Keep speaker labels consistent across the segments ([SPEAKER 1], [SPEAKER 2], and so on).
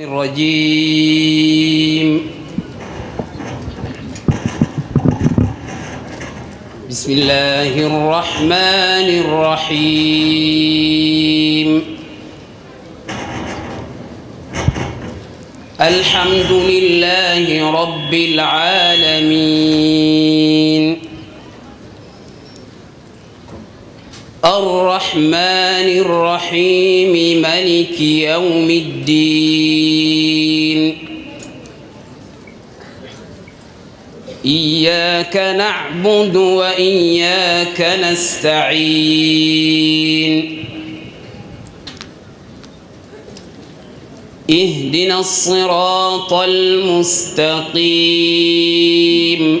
[SPEAKER 1] الرجيم بسم الله الرحمن الرحيم الحمد لله رب العالمين الرحمن الرحيم ملك يوم الدين إياك نعبد وإياك نستعين اهدنا الصراط المستقيم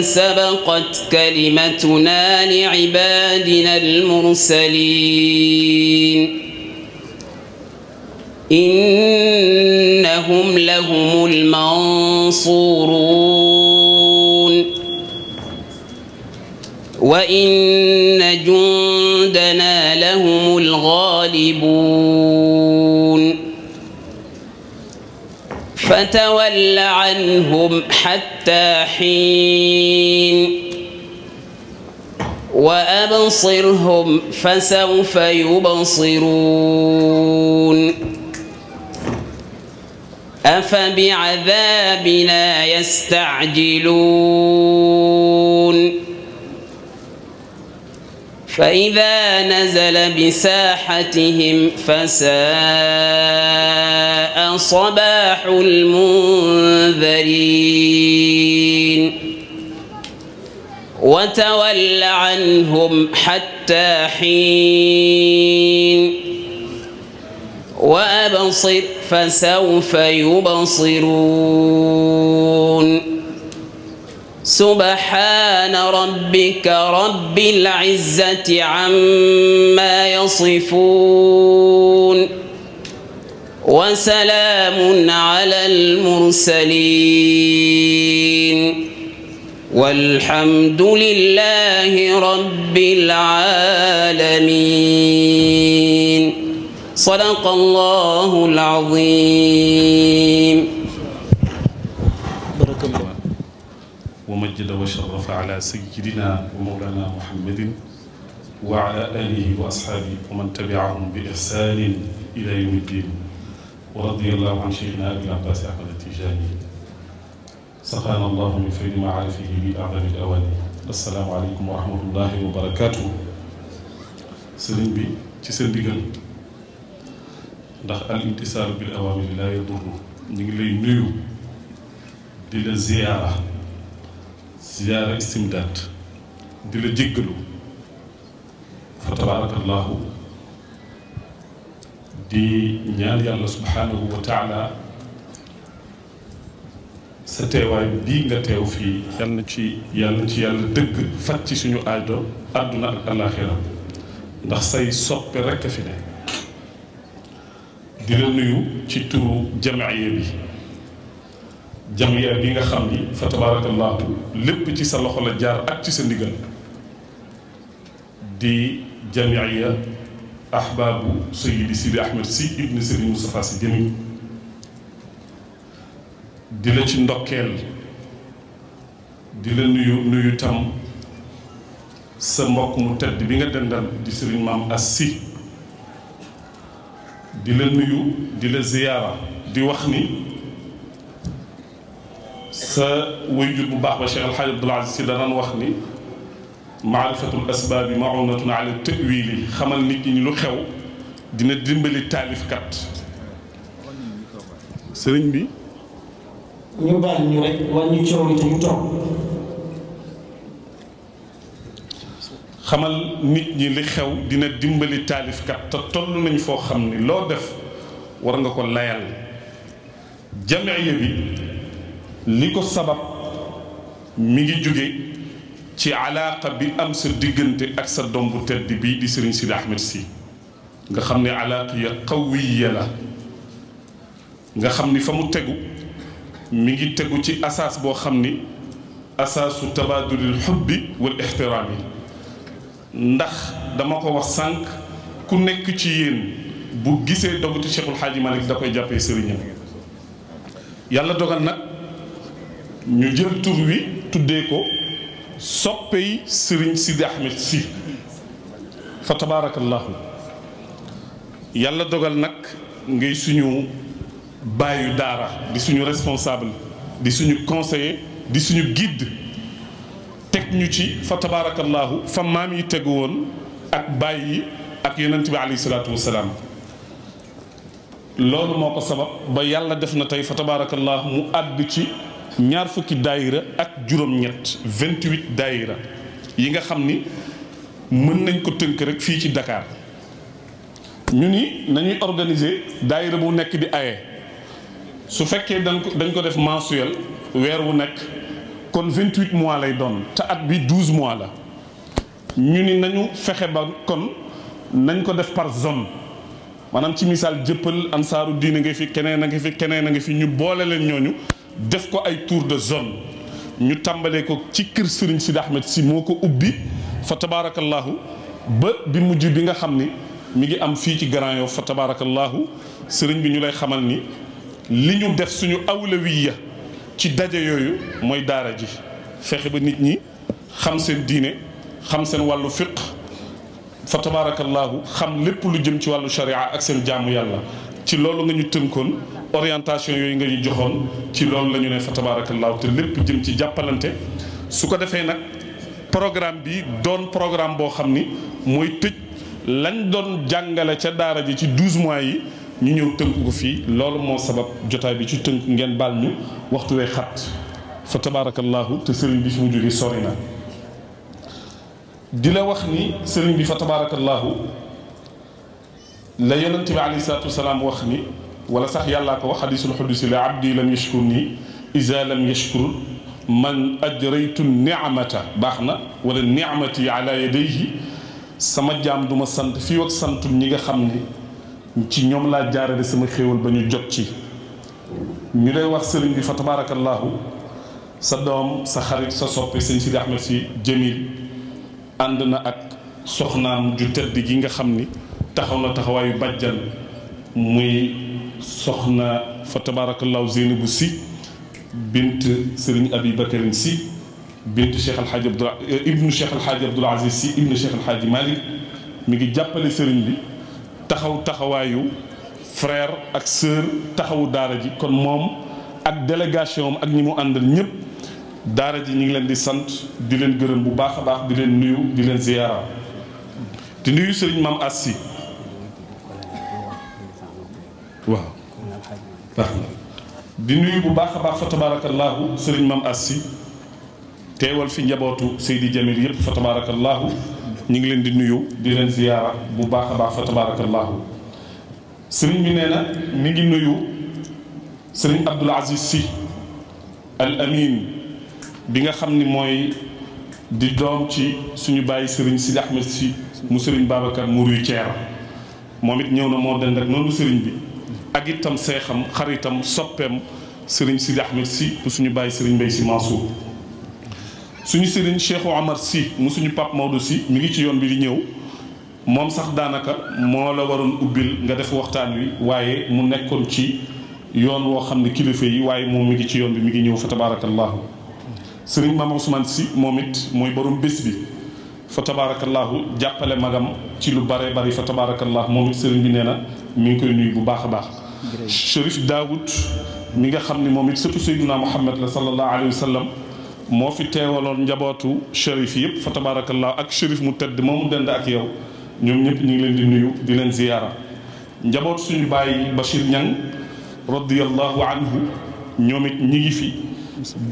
[SPEAKER 1] سبقت كلمتنا لعبادنا المرسلين إنهم لهم المنصورون وإن جندنا لهم الغالبون فتول عنهم حتى حين وأبصرهم فسوف يبصرون أفبعذابنا يستعجلون فإذا نزل بساحتهم فساء صباح المنذرين وتول عنهم حتى حين وأبصر فسوف يبصرون سبحان ربك رب العزة عما يصفون وسلام على المرسلين والحمد لله رب العالمين صدق الله العظيم
[SPEAKER 2] jalla wa sharafa ala sayidina wa mawlana muhammadin wa ala alihi wa ashaabihi wa man tabiahum bi ihsanin ila yawmi ddin wa radiyallahu an cheikhina abil abbas ahmad atijani saqaana allahu min faydi maarifihi bi adami l awani assalaamu aleykum wa rahmatullahi wa barakaatuhu sëriñ bi ci seen diggal ndax al imtisaalu bil awaamiri laa yadurru ñu ngi lay nuyu di la ziyaara ziyaara istimdaat di la jéggalu fa tabaarakallaahu di ñaan yàlla subhaanahu wa taala sa teewaay bii nga teew fii yal na ci yal ci yàlla dëgg faj ci suñu aajo àdduna ak alaaxira ndax say soppe rekk a fi ne di la nuyu ci turu jamaaya bi jamiya gi nga xam ni fa tabaarakallaahu lépp ci sa loxo la jaar ak ci sa ndigal di jamiya ahbaabu sayidi sidi ahmed si ibn sidi moustapha si jëmi di la ci ndokkeel di la nuyu nuyu tam sa mbokk mu tedd bi nga dendal di sëriñ maam as si di la nuyu di la ziyaara di wax ni sa wayjur bu baax ba Cheikh Alxaaj Abdul Aziz Si danañ wax ni maarifatul asbaabi maunatun ala tawili xamal nit ñi lu xew dina dimbali taalifkat sëriñ bi ñu xamal nit ñi li xew dina dimbali taalifkat te toll nañ foo xam ni loo def war nga ko layal jamiya bi li ko sabab mi ngi jóge ci alaaqa bi am sa diggante ak sa doom bu tedd bii di Serigne Sidi Ahmed si nga xam ne alaaqa ya qawiya la nga xam ni fa mu tegu mi ngi tegu ci asaas boo xam ni asaasu tabaadulil xubbi wal ixtiraam yi ndax dama ko wax sànq ku nekk ci yéen bu gisee doguti Cheikhul Xaaji Malik da koy jàppee sëriñam yàlla dogal nag ñu jël tur wi tuddee ko soppey sëriñ Sidi Ahmed si fa tabaarakallaahu yàlla dogal nag ngay suñu bàyyu daara di suñu responsable di suñu conseiller di suñu gidd teg ñu ci fa tabaarakallaahu fa maam yi tegu woon ak bàyyi yi ak yonent bi alayhi salaatu wasalaam loolu moo ko sabab ba yàlla def na tey fa tabaarakallaahu mu àgg ci ñaar fukki daayira ak juróom-ñett 28 daayira yi nga xam ni mën nañ ko tënk rek fii ci dakaar ñu ni nañuy organiser daayira bu nekk di aye su fekkee dañ ko dañ ko def mensuel weer wu nekk kon 28 mois lay doon te at bi 12 mois la ñu ni nañu fexe ba kon nañ ko def par zone maanaam ci misaal jëppal ansaaru diine nga fi keneen a nga fi keneen a nga fi ñu boole leen ñooñu def ko ay tour de zone ñu tàmbalee ko ci kër Serigne Sidi Ahmed si moo ko ubbi fa tabaarakallaahu ba bi mujj bi nga xam ni mu ngi am fii ci Grand Yoff fa tabaarakallaahu sëriñ bi ñu lay xamal ni li ñu def suñu awlawiya ci daje yooyu mooy daara ji fexe ba nit ñi xam seen diine xam seen wàllu fiq fa tabaarakallaahu xam lépp lu jëm ci wàllu sharia ak seen jaamu yàlla ci loolu nga ñu tënkoon orientation yooyu nga ñu joxoon ci loolu la ñu ne fa tabaarakallaahu te lépp jëm ci jàppalante su ko defee nag programme bi doon programme boo xam ni mooy tëj lañ doon jàngale ca daara ji ci 12 mois yi ñu ñëw tënk ko fii loolu moo sabab jotaay bi ci tënk ngeen baal ñu waxtu wee xat fa tabaarakallaahu te sëriñ bi fi mu jógee sori na di la wax ni sëriñ bi fa tabaarakallaahu la yonent bi alayhi salaatu wasalaam wax ni wala sax yàllaa ko wax xadisul xudusi la abdi lam yashkur nii isa lam yashkur man ajraytu niamata baax na wala niamati ala yadayhi sama jaam du ma sant fii ak santul ñi nga xam ne ci ñoom laa jaarale sama xéewal ba ñu jot ci ñu lay wax sëriñ bi fa tabaarakallaahu sa doom sa xarit sa soppe sëñ Sidi Ahmed si Jamil ànd na ak soxnaam ju tedd gi nga xam ni taxaw na taxawaayu bàjjan muy soxna fa tabarakallahu Zeynabu si bint Serigne Abi Bakarin si bint Cheikh El Hadj Abdoul euh, ibnu Cheikh El Hadj Abdoul si ibnu Cheikh mi ngi jàppale Serigne bi taxaw taxawaayu frère ak sœur taxawu daara ji kon moom ak délégation ak ñi mu àndal ñëpp daara ji ñu ngi leen di sant di leen gërëm bu baax a baax di leen nuyu di leen ziyaara di nuyu Serigne Maam Assi waaw baax di nuyu bu baax a baax fa tabaarakallaahu sëriñ Mam si teewal fi njabootu Seydi Jamil yépp fa tabaarakallaahu ñu ngi leen di nuyu di leen ziyaara bu baax a baax fa tabaarakallaahu sëriñ bi nee na mi ngi nuyu sëriñ Abdul Aziz si al Amin bi nga xam ni mooy di doom ci suñu bàyyi sëriñ si Ahmed Sy mu sëriñ Babacar Mourou Thier moom it ñëw na moo dend rek noonu sëriñ bi ak itam seexam xaritam soppeem sëriñ Sidi Ahmed si bu suñu bàyyi sëriñ Mbaye si Mansour suñu sëriñ Cheikh Omar si mu suñu Pape Maodo si mi ngi ci yoon bi di ñëw moom sax daanaka moo la waroon ubbil nga def waxtaan wi waaye mu nekkoon ci yoon woo xam ne kilifa yi waaye moom mi ngi ci yoon bi mi ngi ñëw fa tabaarakallaahu sëriñ Mame Ousmane si moom it mooy borom bis bi fa tabaarakallaahu jàppale magam ci lu bare bari fa tabaarakallaahu moom it sëriñ bi nee na mi ngi bu baax a baax Chérif Daoud mi nga xam ni moom it sëpp Seydina Muhammad la sallallahu alayhi wa sallam moo fi teewaloon njabootu chérif yëpp fa tabarakallah ak chérif mu tëdd tedd mu dend ak yow ñoom ñëpp ñu ngi leen di nuyu di leen ziyaara njaboot suñu bàyyi Bachir Niang radiyallahu anhu ñoom it ñi ngi fi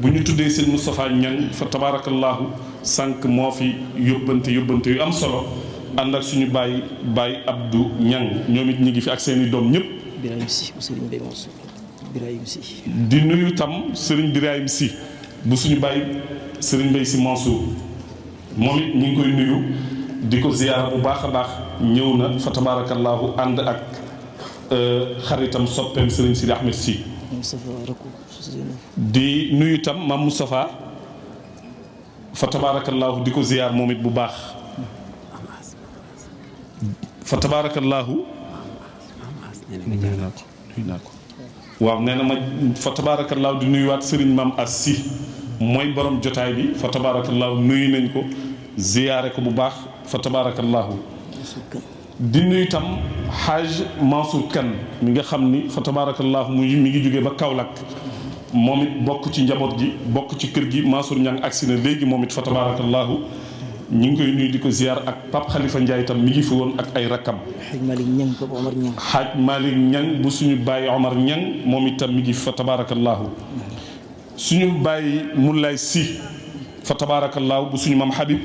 [SPEAKER 2] bu ñu tuddee seen Moustapha Niang fa tabarakallahu sànq moo fi yóbbante yóbbante yu am solo ànd ak suñu bàyyi bàyyi Abdou Niang ñoom it ñi ngi fi ak seeni doom ñëpp Birahim Sy di nuyu itam sëriñ Birahim Sy bu suñu bàyyi sëriñ Mbaye Sy Mansour moom it ñu ngi koy nuyu di ko ziyaara bu baax a baax ñëw na fa tabaarakallaahu ànd ak euh, xaritam soppeem Serigne Sidi Ahmed si di nuyu tam Mame Moustapha fa tabaarakallaahu di ko ziyaar moom it bu baax fa tabaarakallaahu nuyu naa ko nuyu naa ko waaw nee na ma fa tabaarakallaahu di nuyuwaat sëriñ maam as mooy borom jotaay bi fa tabaarakallaahu nuyu nañ ko ziyaare ko bu baax fa tabaarakallaahu di nuyu itam xaaj Mansour Kane mi nga xam ni fa tabaarakallaahu mu mi ngi jógee ba Kaolack moom it bokk ci njaboot gi bokk ci kër gi Mansour Niang agsi na léegi moom it fa tabaarakallaahu ñu ngi koy nuyu di ko ziar ak Pape Khalifa Ndiaye tam mi ngi fi woon ak ay rakkam. xaaj Malick Niang Pape Omar Niang. xaaj Malick bu suñu bàyyi Omar Niang moom itam mi ngi fa tabaarakallaahu suñu bàyyi Moulay Si fa tabaarakallaahu bu suñu maam Habib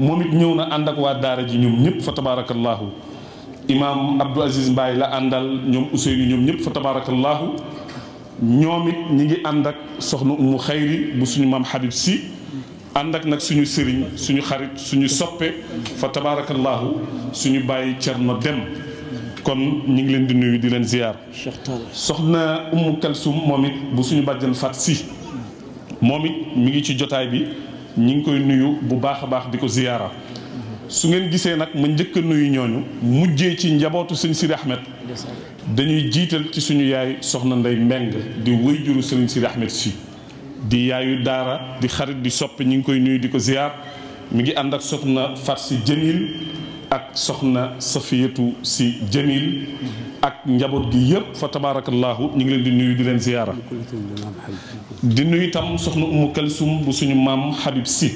[SPEAKER 2] moom it ñëw na ànd ak waa daara ji ñoom ñëpp fa tabaarakallaahu imaam Abdou Aziz Mbaye la àndal ñoom Ousseynou ñoom ñëpp fa tabaarakallaahu ñoom it ñi ngi ànd ak soxna Umu Xayri bu suñu maam Habib si. ànd ak nag suñu sëriñ suñu xarit suñu soppe fa tabaarakallaahu suñu bàyyi Cerno Dem kon ñu ngi leen di nuyu di leen ziar soxna Umu Kalsum moom it bu suñu bàjjan Fat Si moom it mu ngi ci jotaay bi ñi ngi koy nuyu bu baax a baax di ko ziyaara su ngeen gisee nag ma njëkk nuyu ñooñu mujjee ci njabootu sëñ Sidi Ahmed dañuy jiital ci suñu yaay soxna Ndey Mbeng di wëy juru sëriñ Sidi Ahmed si di yaayu daara di xarit di sopp ñu ngi koy nuyu di ko ziar mi ngi ànd ak soxna far si jëmil ak soxna safiyatu si jëmil ak njaboot gi yëpp fa tabaarakallaahu ñu ngi leen di nuyu di leen ziyaara di nuyu itam soxna umu kalsum bu suñu maam Habib si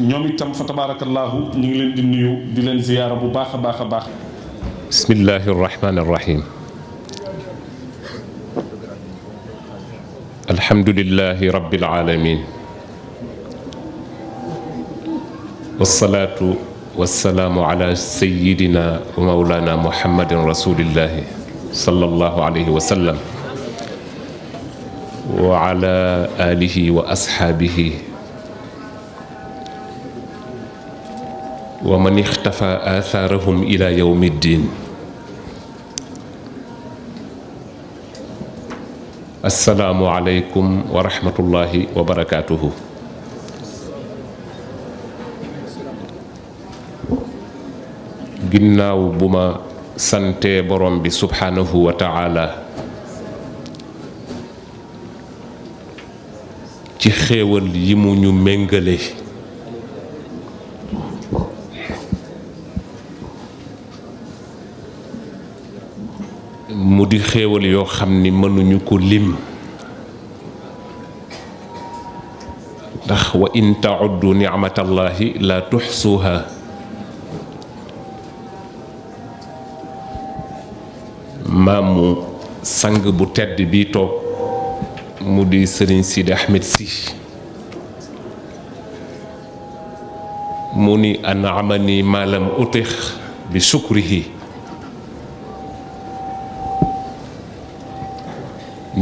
[SPEAKER 2] ñoom itam fa tabaarakallaahu ñu ngi leen di nuyu di leen ziyaara bu baax a baax a baax
[SPEAKER 3] bismillahi rahmaani alhamdulilahi rabbil aalamiin wasalaatu wasalaamu ala sayyidina wa mawlaana muhammadin rasulillahi sallallahu alayhi wa sallam wa ala aalihi wa asxaabihi wa man ixtafa aathaarahum ila yawmi ddiin asalaamualeykum wa rahmatullahi wa barakaatuhu. ginnaaw bu ma sante borom bi subhaanahu wa taala ci xéewal yi mu ñu méngale mu di xéewal yoo xam ni mënuñu ko lim ndax wa in tauddu nicmatallahi la tuxsuha maamu sang bu tedd bi toog mu di sëriñ Sidi Ahmed si mu ni anamani maalam utix bi shukrihi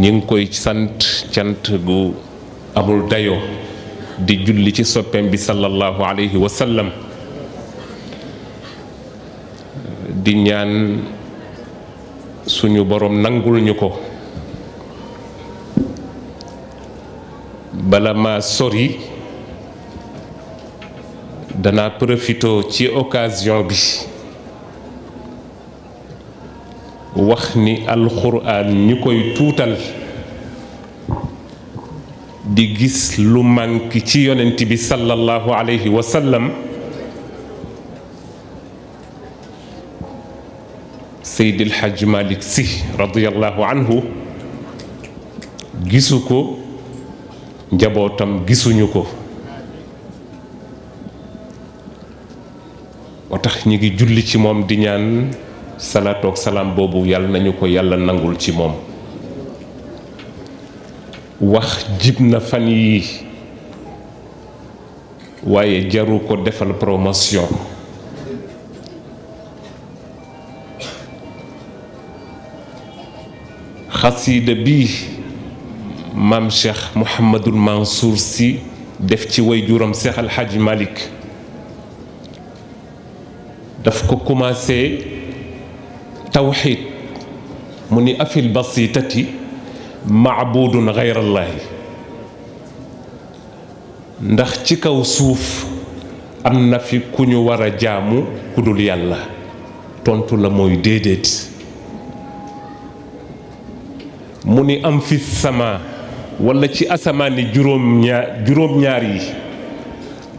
[SPEAKER 3] ñi ngi koy sant cant gu amul dayoo di julli ci soppeem bi sallallahu alayhi wa sallam di ñaan suñu boroom nangul ñu ko bala ma sori danaa profité ci occasion bi wax ni alxuraan ñi koy tuutal di gis lu mànk ci yonent bi sallallahu alayhi wa sallam Seydi El Hadj anhu gisu ko njabootam gisuñu ko moo tax ñi ngi julli ci moom di ñaan salaatoog salaam boobu yàlla nañu ko yàlla nangul ci moom wax jib na fan yi waaye jaru ko defal promotion xasiida bi maam Cheikh Mouhamadul Mansour si def ci way juram Cheikh Alxaaji Malick daf ko commencé tawxiid mu ni afil basitati maabudun xayrallaahi ndax ci kaw suuf am na fi ku ñu war a jaamu ku yàlla tontu la mooy déedéet mu ni am fi sama wala ci asamaani juróom juróom ñaar yi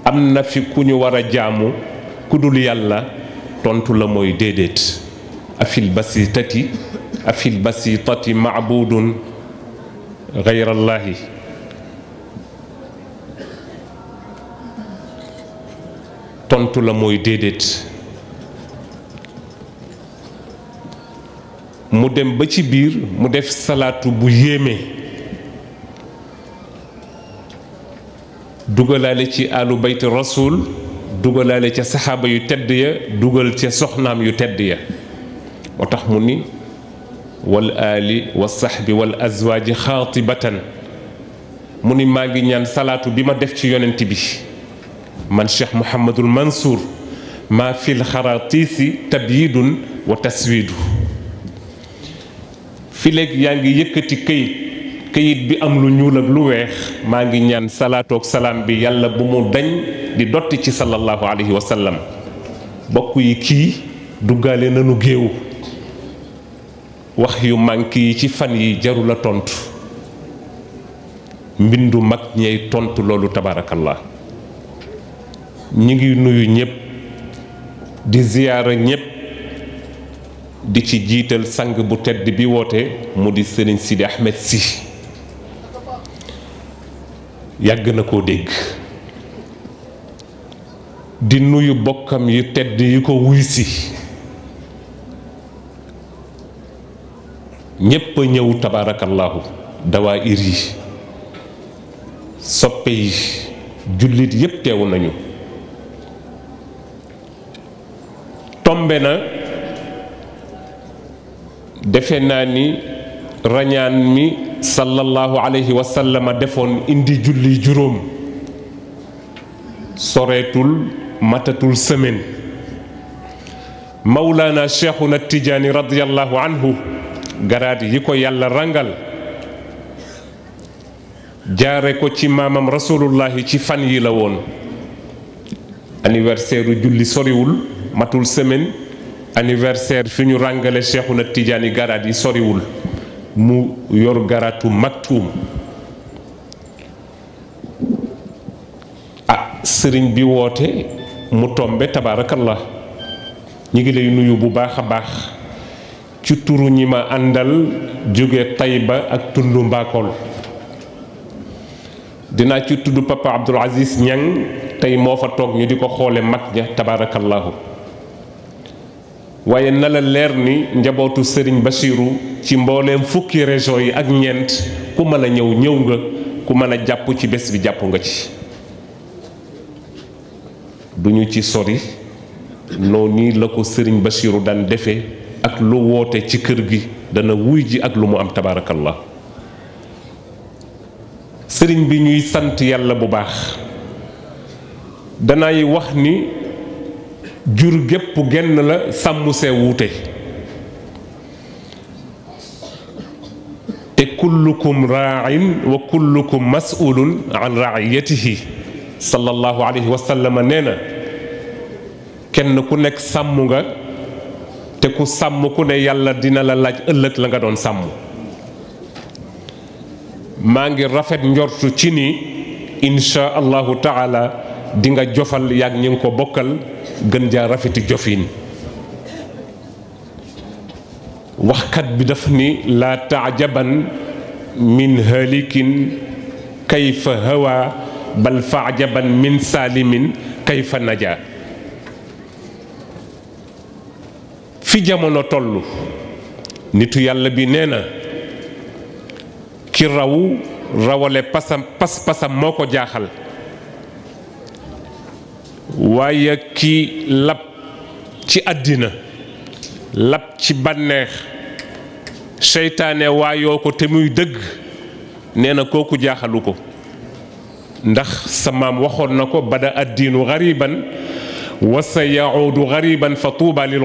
[SPEAKER 3] am na fi ku ñu war a jaamu ku dul yàlla tontu la mooy déedéet afil basitati afil basitati maabudun gayrallaahi tontu la mooy déedéet mu dem ba ci biir mu def salaatu bu yéeme dugalaale ci alu bayti rasul dugalaale ca saxaaba yu tedd ya dugal ca soxnaam yu tedd ya moo tax mu ni wal aali wa saxbi wal azwaaji xaatibatan mu ni maa ngi ñaan salaatu bi ma def ci yonent bi man cheikh mouhamadul mansour maa fil xaraatiisi tabyidun wa taswiidu fi yaa ngi yëkkati këyit këyit bi am lu ñuul ak lu weex maa ngi ñaan salaatoog salaam bi yàlla bu mu dañ di dotti ci sallallahu alayhi wa sallam bokk yi kii duggaale nanu géewu wax yu mànk yi ci fan yi jarula tontu mbindu mag ñey tontu loolu tabaarakallah ñi ngi nuyu ñépp di ziyaara ñépp di ci jiital sang bu tedd bi woote mu di sëriñ Sidi Ahmed si yàgg na koo dégg di nuyu bokkam yu tedd yi ko wuy si ñépp ñëw tabaarakallaahu dawaa ir yi soppe yi jullit yépp teew nañu tombe na defe naa ni rañaan mi sallallahu alayhi wa defoon indi julli juróom soreetul matatul semaine mawlaana cheikhuna tijaani radiyallahu anhu garaat yi ko yàlla ràngal jaare ko ci maamam rasulullahi ci fan yi la woon anniversaire u julli soriwul matul semaine anniversaire fi ñu ràngale Cheikhuna Tidiane garaat yi soriwul mu yor garaatu mag tuum a ah, sëriñ bi woote mu tombe tabaarakallah ñu ngi lay nuyu bu baax a baax ci turu ñi ma àndal jóge Tayba ak tund Mbakol dinaa ci tudd papa Abdoul Aziz Niang tey moo fa toog ñu di ko xoole mag ña tabaarakallaahu waaye na la leer ni njabootu sëriñ basiiru ci mbooleem fukki région yi ak ñeent ku mën a ñëw ñëw nga ku mën a jàpp ci bés bi jàpp nga ci duñu ci sori noonu la ko sëriñ basiiru daan defee ak lu woote ci kër gi dana wuy ji ak lu mu am tabaarakallah sëriñ bi ñuy sant yàlla bu baax danay wax ni jur gépp genn la sàmmu see wuute te kullukum raain wa kullukum masulun an raiyatihi nee na kenn ku nekk sàmm nga te ku sàmm ku ne yàlla dina la laaj ëllëg la nga doon sàmm maa ngi rafet njortu ci ni insha allahu taala dinga jofal yaag ñi nga ko bokkal gën jaa rafeti jofin waxkat bi dafa ni laa taajaban min halikin kayfa hawa bal faajaban min saalimin kayfa najaa fi jamono toll nitu yàlla bi nee na ki raw rawale pasam pas-pasam moo ko jaaxal waaye ki lab ci àddina lab ci bànneex seytaane waayoo ko te muy dëgg nee na kooku jaaxalu ko ndax sa maam waxoon na ko bada addiinu gariban wa sa yaudu gariban fa tuuba lil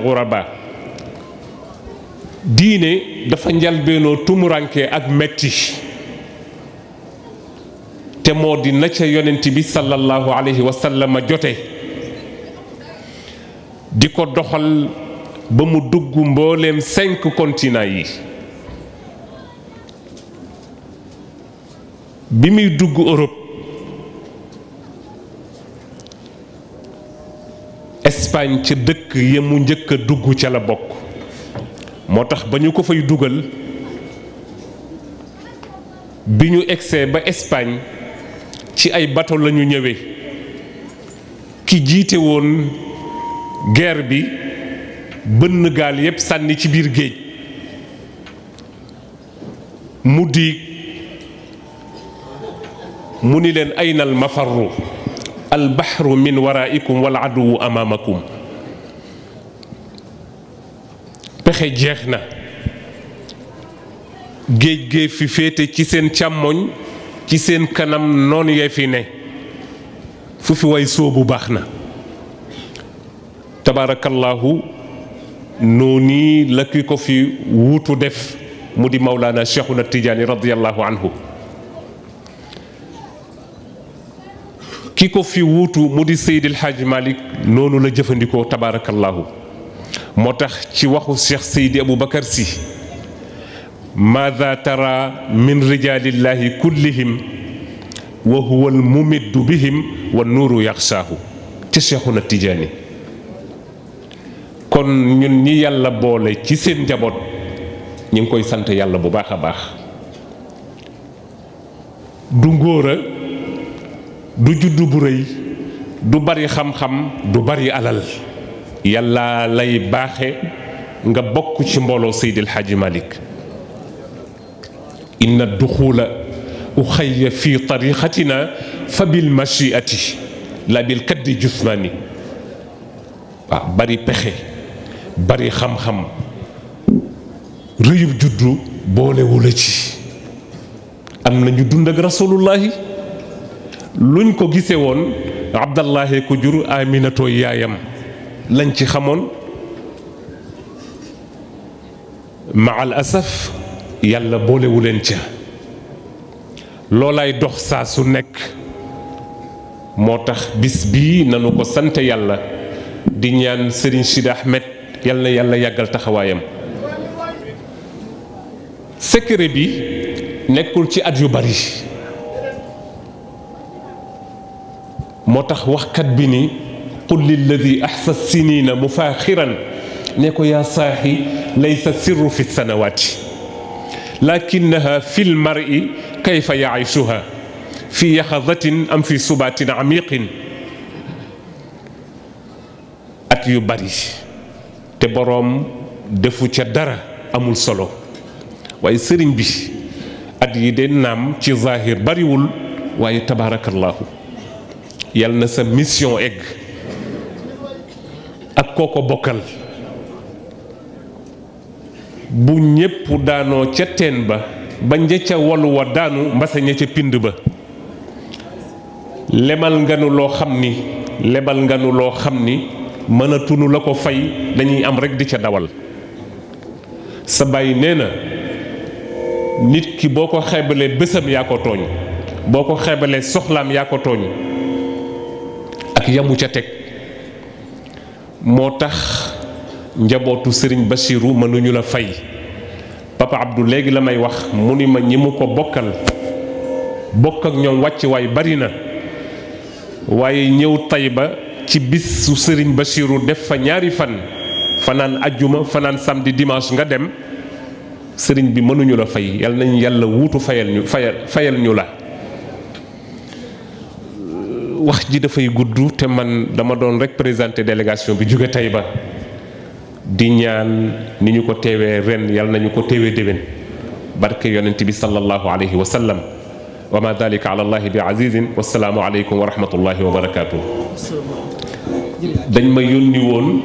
[SPEAKER 3] diine dafa njalbeenoo tumuraanke ak metti te moo di na ca yonent bi sallallahu alayhi wa sallam jote di ko doxal ba mu dugg mbooleem cinq continents yi bi muy dugg Europe Espagne ca dëkk ya mu njëkk a dugg ca la bokk moo tax ba ñu ko fay dugal bi ñu egsee ba Espagne ci ay bateau la ñu ñëwee ki jiite woon guerre bi bënn gaal yépp sànni ci biir géej mu di mu ni leen aynal mafarru albaxru min waraikum wal aduwu amaamakum pexe jeex na géej gee fi féete ci seen càmmoñ ci seen kanam noon yee fi ne fu fi way soobu baax na tabaarakallaahu noonu la ki ko fi wuutu def mu di mawlaana cheikhuna tijaani radiallahu anhu ki ko fi wuutu mu di seydil hajj malik noonu la jëfandikoo tabaarakallaahu moo tax ci waxu Cheikh Seydi Aboubacar Sy maada tara min rijalillahi kullihim wa huwa almumiddu bihim wa nuuru yaxsaahu ci Cheikhuna Tijaani kon ñun ñi yàlla boole ci seen njaboot ñu ngi koy sant yàlla bu baax a baax du ngóora du juddu bu rëy du bari xam-xam du bari alal yàlla lay baaxe nga bokk ci mbooloo Seydil Hadji Malick inna duxula uxayya fi tariqatina fa bil machiati la bil kaddi jusmani waaw bari pexe bari xam-xam rëyub juddu boolewula ci am na ñu dund luñ ko gisee woon abdallahi ko jur yaayam lañ ci xamoon ma al yàlla boolewu leen ca loolaay dox saa su nekk moo tax bis bii nanu ko sant yàlla di ñaan Serigne Sidi Ahmed yàlla yàlla yàggal taxawaayam secret bi nekkul ci at yu bari moo tax waxkat bi ni qul lilladi ahsa sinina mufaaxiran ne ko yaa saaxi laysa sirru fi sanawaati lakinnaha fi lmari kayfa yaishuha fi yaxadatin am fi subaatin amiqin at yu bari te boroom defu ca dara amul solo waaye sëriñ bi at yi de naam ci zahir bariwul waaye tabaarakallaahu yal na sa mission egg ak kooko bokkal bu ñépp daanoo ca teen ba ba ña ca walu daanu mbasa ca pind ba lebal nganu loo xam ni lebal mënatunu la ko fay dañuy am rekk di ca dawal sa bàyyi nee na nit ki boo ko xebalee bésam yaa ko tooñ boo ko xeebalee soxlaam yaa ko tooñ ak yamu ca teg moo tax njabootu Serigne Bachiru mënuñu la fay papa Abdou léegi la may wax mu ni ma ñi mu ko bokkal bokk ak ñoom wàcc waay bari na waaye ñëw Tayba ci bis su Serigne def fa ñaari fan fanaan ajjuma fanaan samdi dimanche nga dem Serigne bi mënuñu la fay yal nañu yàlla wuutu fayal ñu fayal fayal ñu la. wax ji dafay gudd te man dama doon rek présenté délégation bi jóge ba di ñaan ni ñu ko teewee ren yàlla nañu ko teewee déwén barke yonent bi sallallahu alayhi wa sallam wa ma dalika ala allahi bi azizin wasalaamu aleykum wa rahmatullahi wa dañ ma yónni woon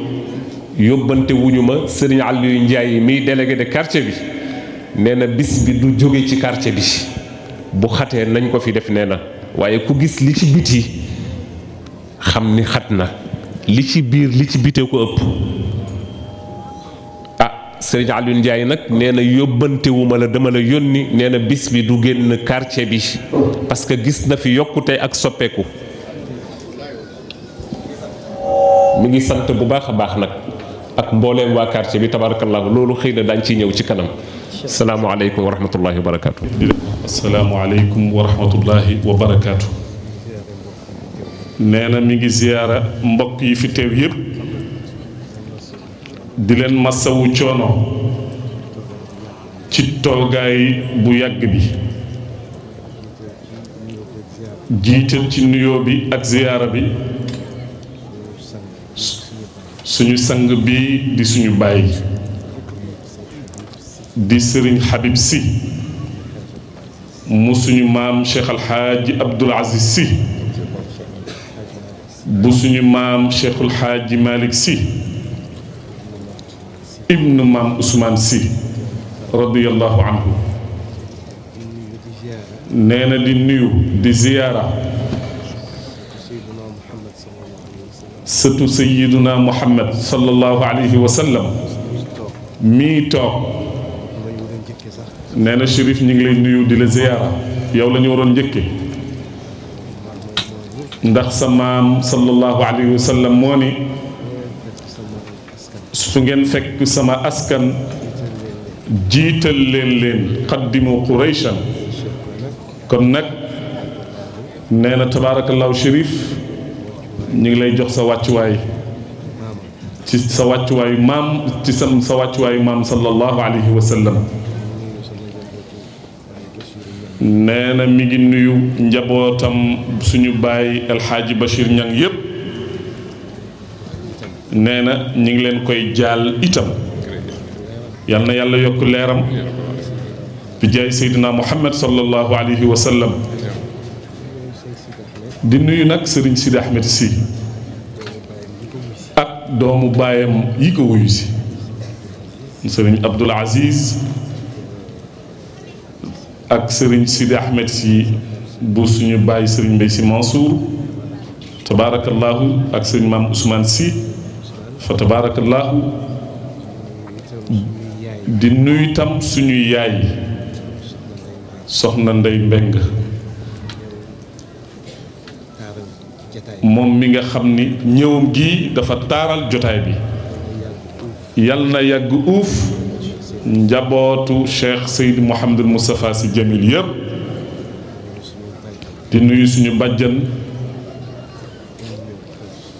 [SPEAKER 3] yóbbante ma sëriñ Aliou Ndiaye miy délégué de quartier bi nee na bis bi du jóge ci quartier bi bu xatee nañ ko fi def nee na waaye ku gis li ci biti xam ni xat na li ci biir li ci bitee ko ëpp ah sëriñ Alioune nag nee yóbbantewuma la dama la yónni neena na bis bi du génn kàrce bi parce que gis na fi yokkute ak soppeeku mu ngi sant bu baax a baax nag ak mbooleem waa quartier bi tabarakallahu loolu xëy na daañ ciy ñëw ci
[SPEAKER 2] kanam salaamualeykum wa rahmatullahi wa barakaatu. asalaamaaleykum wa barakaatu. nee na mi ngi ziyaara mbokk yi fi teew yépp di leen masawu coono ci toogaay bu yàgg bi jiital ci nuyoo bi ak ziyaara bi suñu sang bi di suñu bàyyi di sëriñ Habib Sy mu suñu maam Cheikh Alxaaji Abdul Aziz si bu suñu maam Cheikhul Xaaji Malick Sy ibnu maam Ousmane Sy radiyallahu anhu nee na di nuyu di ziyaara sëtu sayiduna muhammad sallallahu alayhi wa sallam mii toog nee na shérif ñu ngi lay nuyu di la ziyaara yow la ñu waroon njëkke ndax sa maam sallallahu alayhi wa sallam moo ni su ngeen fekk sama askan jiital leen leen xaddimu qurayshan kon nag nee na tabaarakallaahu shérif ñu ngi lay jox sa wàccuwaay ci sa wàccuwaayu maam ci sam sa wàccuwaayu maam sallallahu alayhi wa sallam nee na mi ngi nuyu njabootam suñu baay alxaaji Bachir Ñang yépp nee na ñi ngi leen koy jaal itam yal na yàlla yokk leeram bi jaay seydina muhammad sallallahu alayhi wa sallam di nuyu nag sëriñ Sidi Ahmed si ak doomu baayam yi ko wuyu si sëriñ Abdul Aziz ak sëriñ Sidi Ahmed si bu suñu bàyyi sëriñ Mbaye si Mansour tabaarakallaahu ak sëriñ maam Ousmane si fa tabaarakallaahu di nuyu tam suñuy yaay soxna Ndey Mbeng moom mi nga xam ni ñëwam gi dafa taaral jotaay bi yal na yàgg uuf njabootu Cheikh Seyd Mouhamadul Moustapha si Jamil yëpp di nuyu suñu bàjjan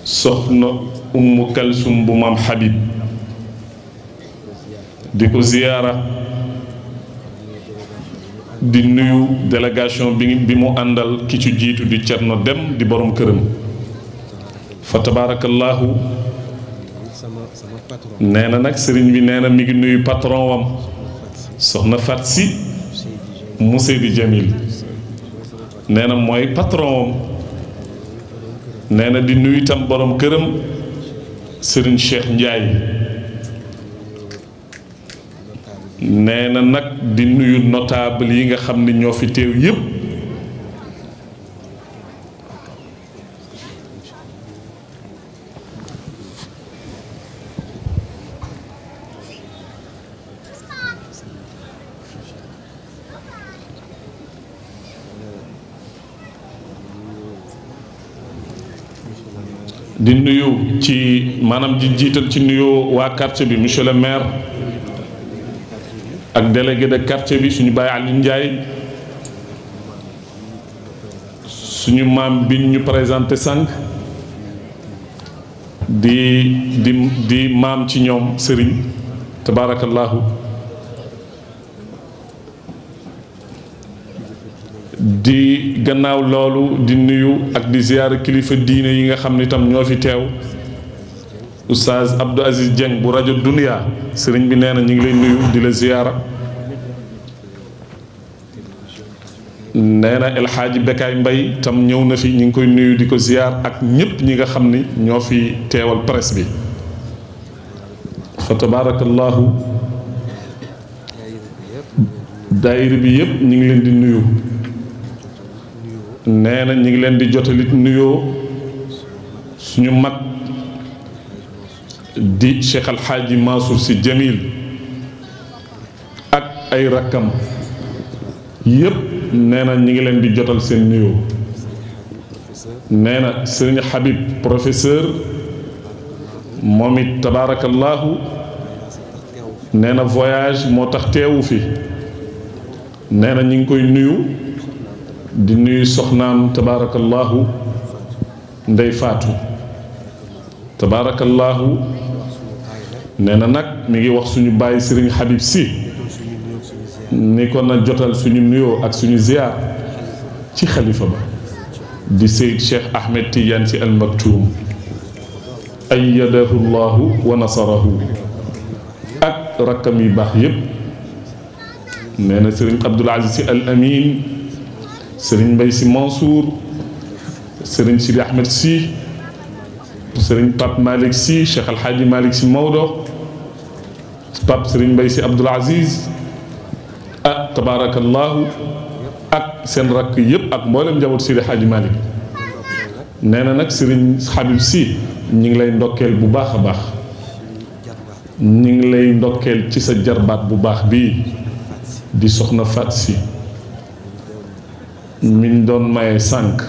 [SPEAKER 2] soxna Umm Kalsum bu maam Habib di ko ziyaara di nuyu delegation bi bi mu àndal ki ci jiitu di Cerno Dem di borom këram fa tabaarakallaahu nee na nag sëriñ bi nee na mi ngi nuyu patron wam soxna Fat Si mu Seydi Jamil nee na mooy patron wam nee na di nuyu itam boroom këram sëriñ Cheikh Ndiaye nee na nag di nuyu notable yi nga xam ne ñoo fi teew yépp di nuyu ci maanaam di jiital ci nuyu waa quartier bi monsieur le maire ak délégué de quartier bi suñu bàyyi Aliou Ndiaye suñu maam bi ñu présenté sànq di di di maam ci ñoom Serigne tabaarakallaahu di gannaaw loolu di nuyu ak di ziyaara kilifa diine yi nga xam ni tam ñoo fi teew oustaz Abdou Aziz Dieng bu rajo Dunia sëriñ bi nee na ñu ngi leen nuyu di la ziyaara nee na El Bekaay Mbay tam ñëw na fi ñu ngi koy nuyu di ko ziyaar ak ñépp ñi nga xam ni ñoo fi teewal presse bi fa tabaarakallahu daayira bi yépp ñu ngi leen di nuyu nee na ñu ngi leen di jotalit nuyoo suñu mat di Cheikh Al Hadji Mansour Sy ak ay rakkam yépp nee na ñu ngi leen di jotal seen nuyoo neena na Serigne Habib professeur moom it tabaarakallaahu nee na voyage moo tax teewu fi nee na ñu ngi koy nuyu. di nuyu soxnaam tabaarakallaahu ndey faatu tabaarakallaahu nee na nag mi ngi wax suñu bàyyi sëriñ Habib si ni ko na jotal suñu nuyoo ak suñu ziyaar ci xalifa ba di Seyd Cheikh Ahmed Tidiane si Al Maktoum ayyadahu wa nasarahu ak rakkam yu baax yépp nee na sëriñ Aziz si Al sëriñ mbay si Mansour sëriñ Sidi Ahmed si sëriñ Pape Malick Sy Cheikh Al Hadji Malick Sy Maodo Pape sëriñ Mbaye Sy Abdoul Aziz ah tabaarakallaahu ak seen rakk yëpp ak mboolem njaboot Sidi Hadji Malick nee na nag sëriñ Habib si ñu ngi lay ndokkeel bu baax a baax ñu ngi lay ndokkeel ci sa jarbaat bu baax bii di soxna Faat si miñ doon maye sànq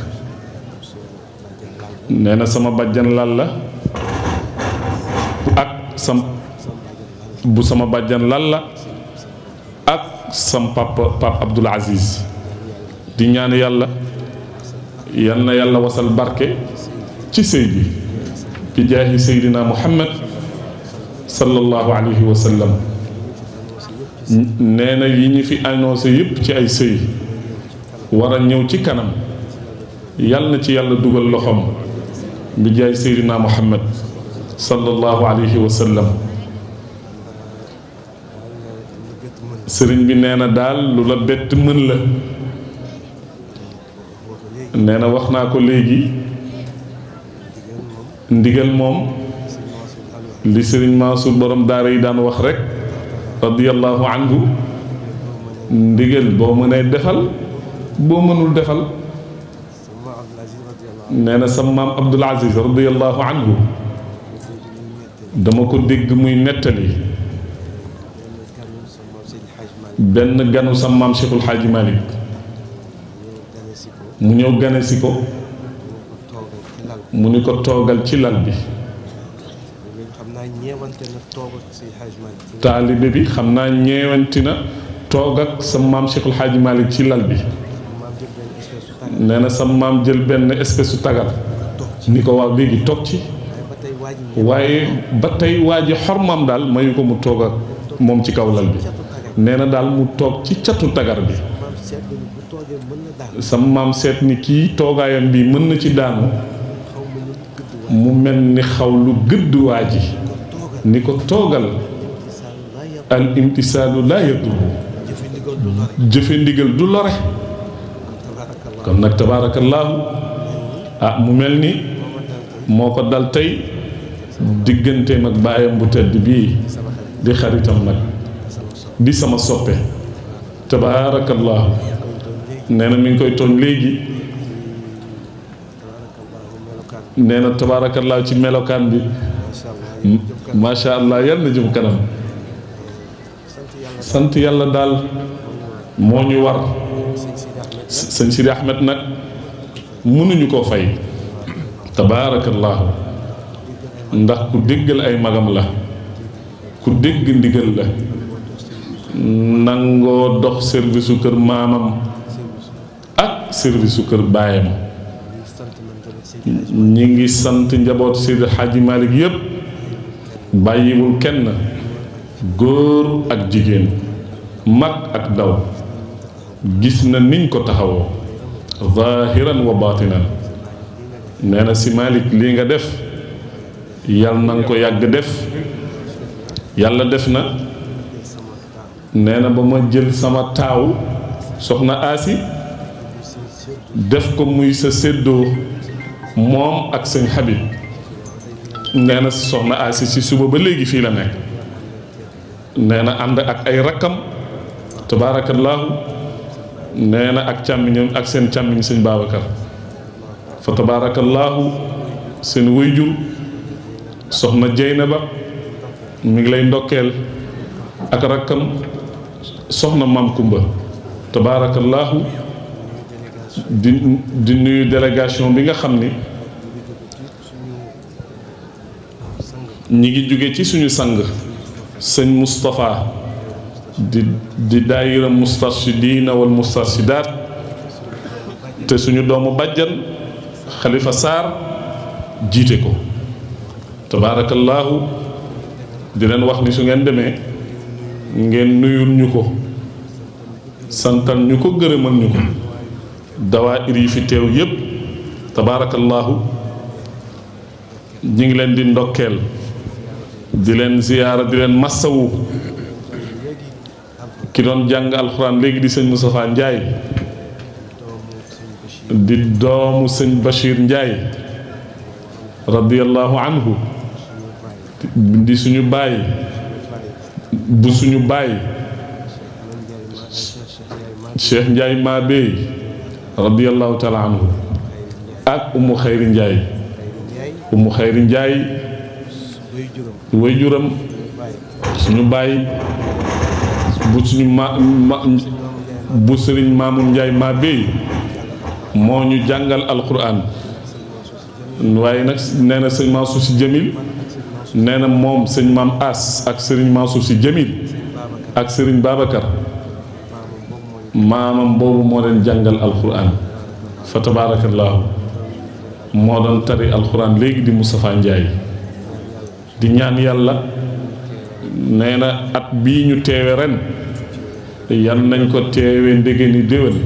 [SPEAKER 2] nee na sama bàjjan lal la ak sam bu sama bàjjan lal la ak sam papa papa Abdoul Aziz di ñaan yàlla yal na yàlla wasal barke ci sëy bi bi jaahi seydina muhammad sallallahu alayhi wa nee na yi ñu fi annoncé yëpp ci ay sëy war a ñëw ci kanam yàlla na ci yàlla dugal loxoom bi jaay seydina muhammad sallallahu alayhi wa sallam sëriñ bi nee na daal lu la bett mën la nee na wax naa ko léegi ndigal moom li sëriñ Mansour borom daara yi daan wax rekk radiyallahu anhu ndigal boo mënee defal boo mënul defal nee na sa maam Abdul Aziz radiyallahu anhu dama ko dégg muy nettali benn ganu sa maam Cheikhul Xaaji Malick mu ñëw gane ko mu ni ko toogal ci lal bi
[SPEAKER 4] taalibe bi
[SPEAKER 2] xam naa ñeewanti na toog ak sa maam Cheikhul Xaaji Malick ci lal bi neena na sa maam jël benn espèce su tagal ni ko waaw léegi toog ci waaye ba tey waa ji xormaam daal mayu ko mu toogal moom ci kaw lal bi nee na daal mu toog ci catu tagar bi sa maam seet ni kii toogaayam bi mën na ci daanu mu mel ni xaw lu gëdd waa ji ni ko toogal al imtisaalu laa yaduru jëfe ndigal du lore kon nag tabaarakallaahu ah mu mel ni moo ko dal tey digganteem ak baayam bu tedd bii di xaritam nag di sama soppe tabaarakallaahu nee na mi ngi koy tooñ léegi nee na tabaarakallaahu ci melokaan bi macha allah yal na jëm kanam sant yàlla daal moo ñu war sëñ Sidi Ahmed nag mënuñu koo fay tabaarakallaahu ndax ku déggal ay magam la ku dégg ndigal la nangoo dox service su kër maamam ak service su kër baayam ñi ngi sant njaboot Seydi Hadji Malick yépp bàyyiwul kenn góor ak jigéen mag ak daw gis na niñ ko taxawoo zahiran wa batinan nee na si Malick lii nga def yal na nga ko yàgg def yàlla def na nee na ba ma jël sama taaw soxna aasi def ko muy sa séddoo moom ak sëñ Habib nee soxna aasi si suba ba léegi fii la nekk nee ànd ak ay rakkam tabaarakallaahu nee na ak càmmiñam ak seen càmmiñ sëñ Babacar fa tabaarakallaahu seen wayjur soxna Jeynaba mi ngi lay ndokkeel ak rakkam soxna Maam Kumba tabaarakallaahu di di nuyu délégation bi nga xam ni ñi ngi jóge ci suñu sang sëñ Moustapha di di daayira mustarshidina wal mustarshidaat te suñu doomu bàjjan xalifa Sarr jiite ko tabaarakallaahu di leen wax ni su ngeen demee ngeen nuyul ñu ko santal ñu ko gërëmal ñu ko dawaayir yi fi teew yépp tabaarakallaahu ñi ngi leen di ndokkeel di leen ziyaara di leen massawu ki doon jàng alxuraan léegi di sëñ Moustapha Ndiaye di doomu sëñ Bachir Ndiaye radiyallahu anhu di suñu baay bu suñu baay Cheikh Ndiaye Mabey radiyallahu taala anhu ak Umu Xayri Ndiaye Umu Xayri Ndiaye way juram suñu baay bu suñu ma bu sëriñ Mamour Ndiaye maa béy moo ñu jàngal alquran waaye nag nee na sëñ Mansour Sy Djamil nee na moom sëñ maam As ak sëriñ Mansour Sy Djamil ak sëriñ Babacar maamam boobu moo leen jàngal alquran fa tabaarakallaahu moo doon tari alquran léegi di Moustapha Ndiaye di ñaan yàlla. nee na at bii ñu teewe ren yan nañ ko teewe ndégéni déwén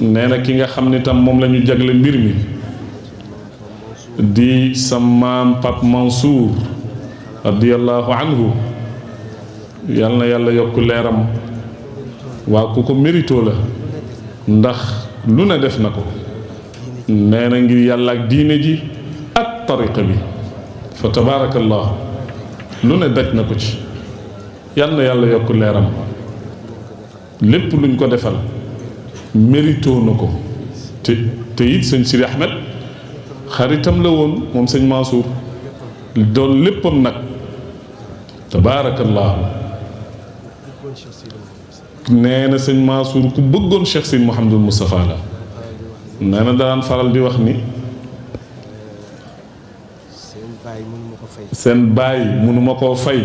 [SPEAKER 2] nee ki nga xam ni tam moom lañu jagle mbir mi di sa maam Pape Mansour radiallahu anhu yal na yàlla yokk leeram waa ku ko mérito la ndax lu ne def na ko nee na ngir yàlla diine ji ak tariqa bi fa tabaarakallah lu ne daj na ko ci yal na yàlla yokk leeram lépp luñ ko defal mérito na ko te te it sëñ Sidi Ahmed xaritam la woon moom sëñ Mansour doon léppam nag tabaarakallaahu nee na sëñ Mansour ku bëggoon Cheikh Sidi Mouhamadul Moustapha la nee na daan faral di wax ni
[SPEAKER 4] seen baay mënuma koo fay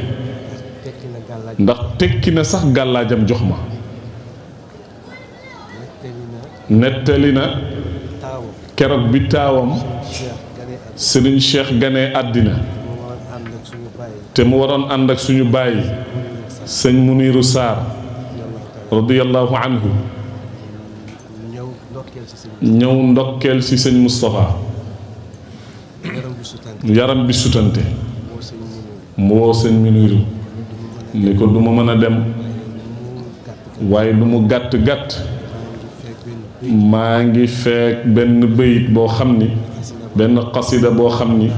[SPEAKER 4] ndax
[SPEAKER 2] tekki na sax gàllaajam jox ma nettali na keroog bi taawam sëriñ Cheikh ganee àddina te mu waroon ànd ak suñu bàyyi sëñ Muniru Saar radiyallahu anhu ñëw ndokkeel ci sëñ Moustapha yaram bi sutante mu seen sëñ ni ko du ma mën a dem waaye lu mu gàtt gàtt maa ngi feek benn bëyit boo xam ni benn xasida boo xam ni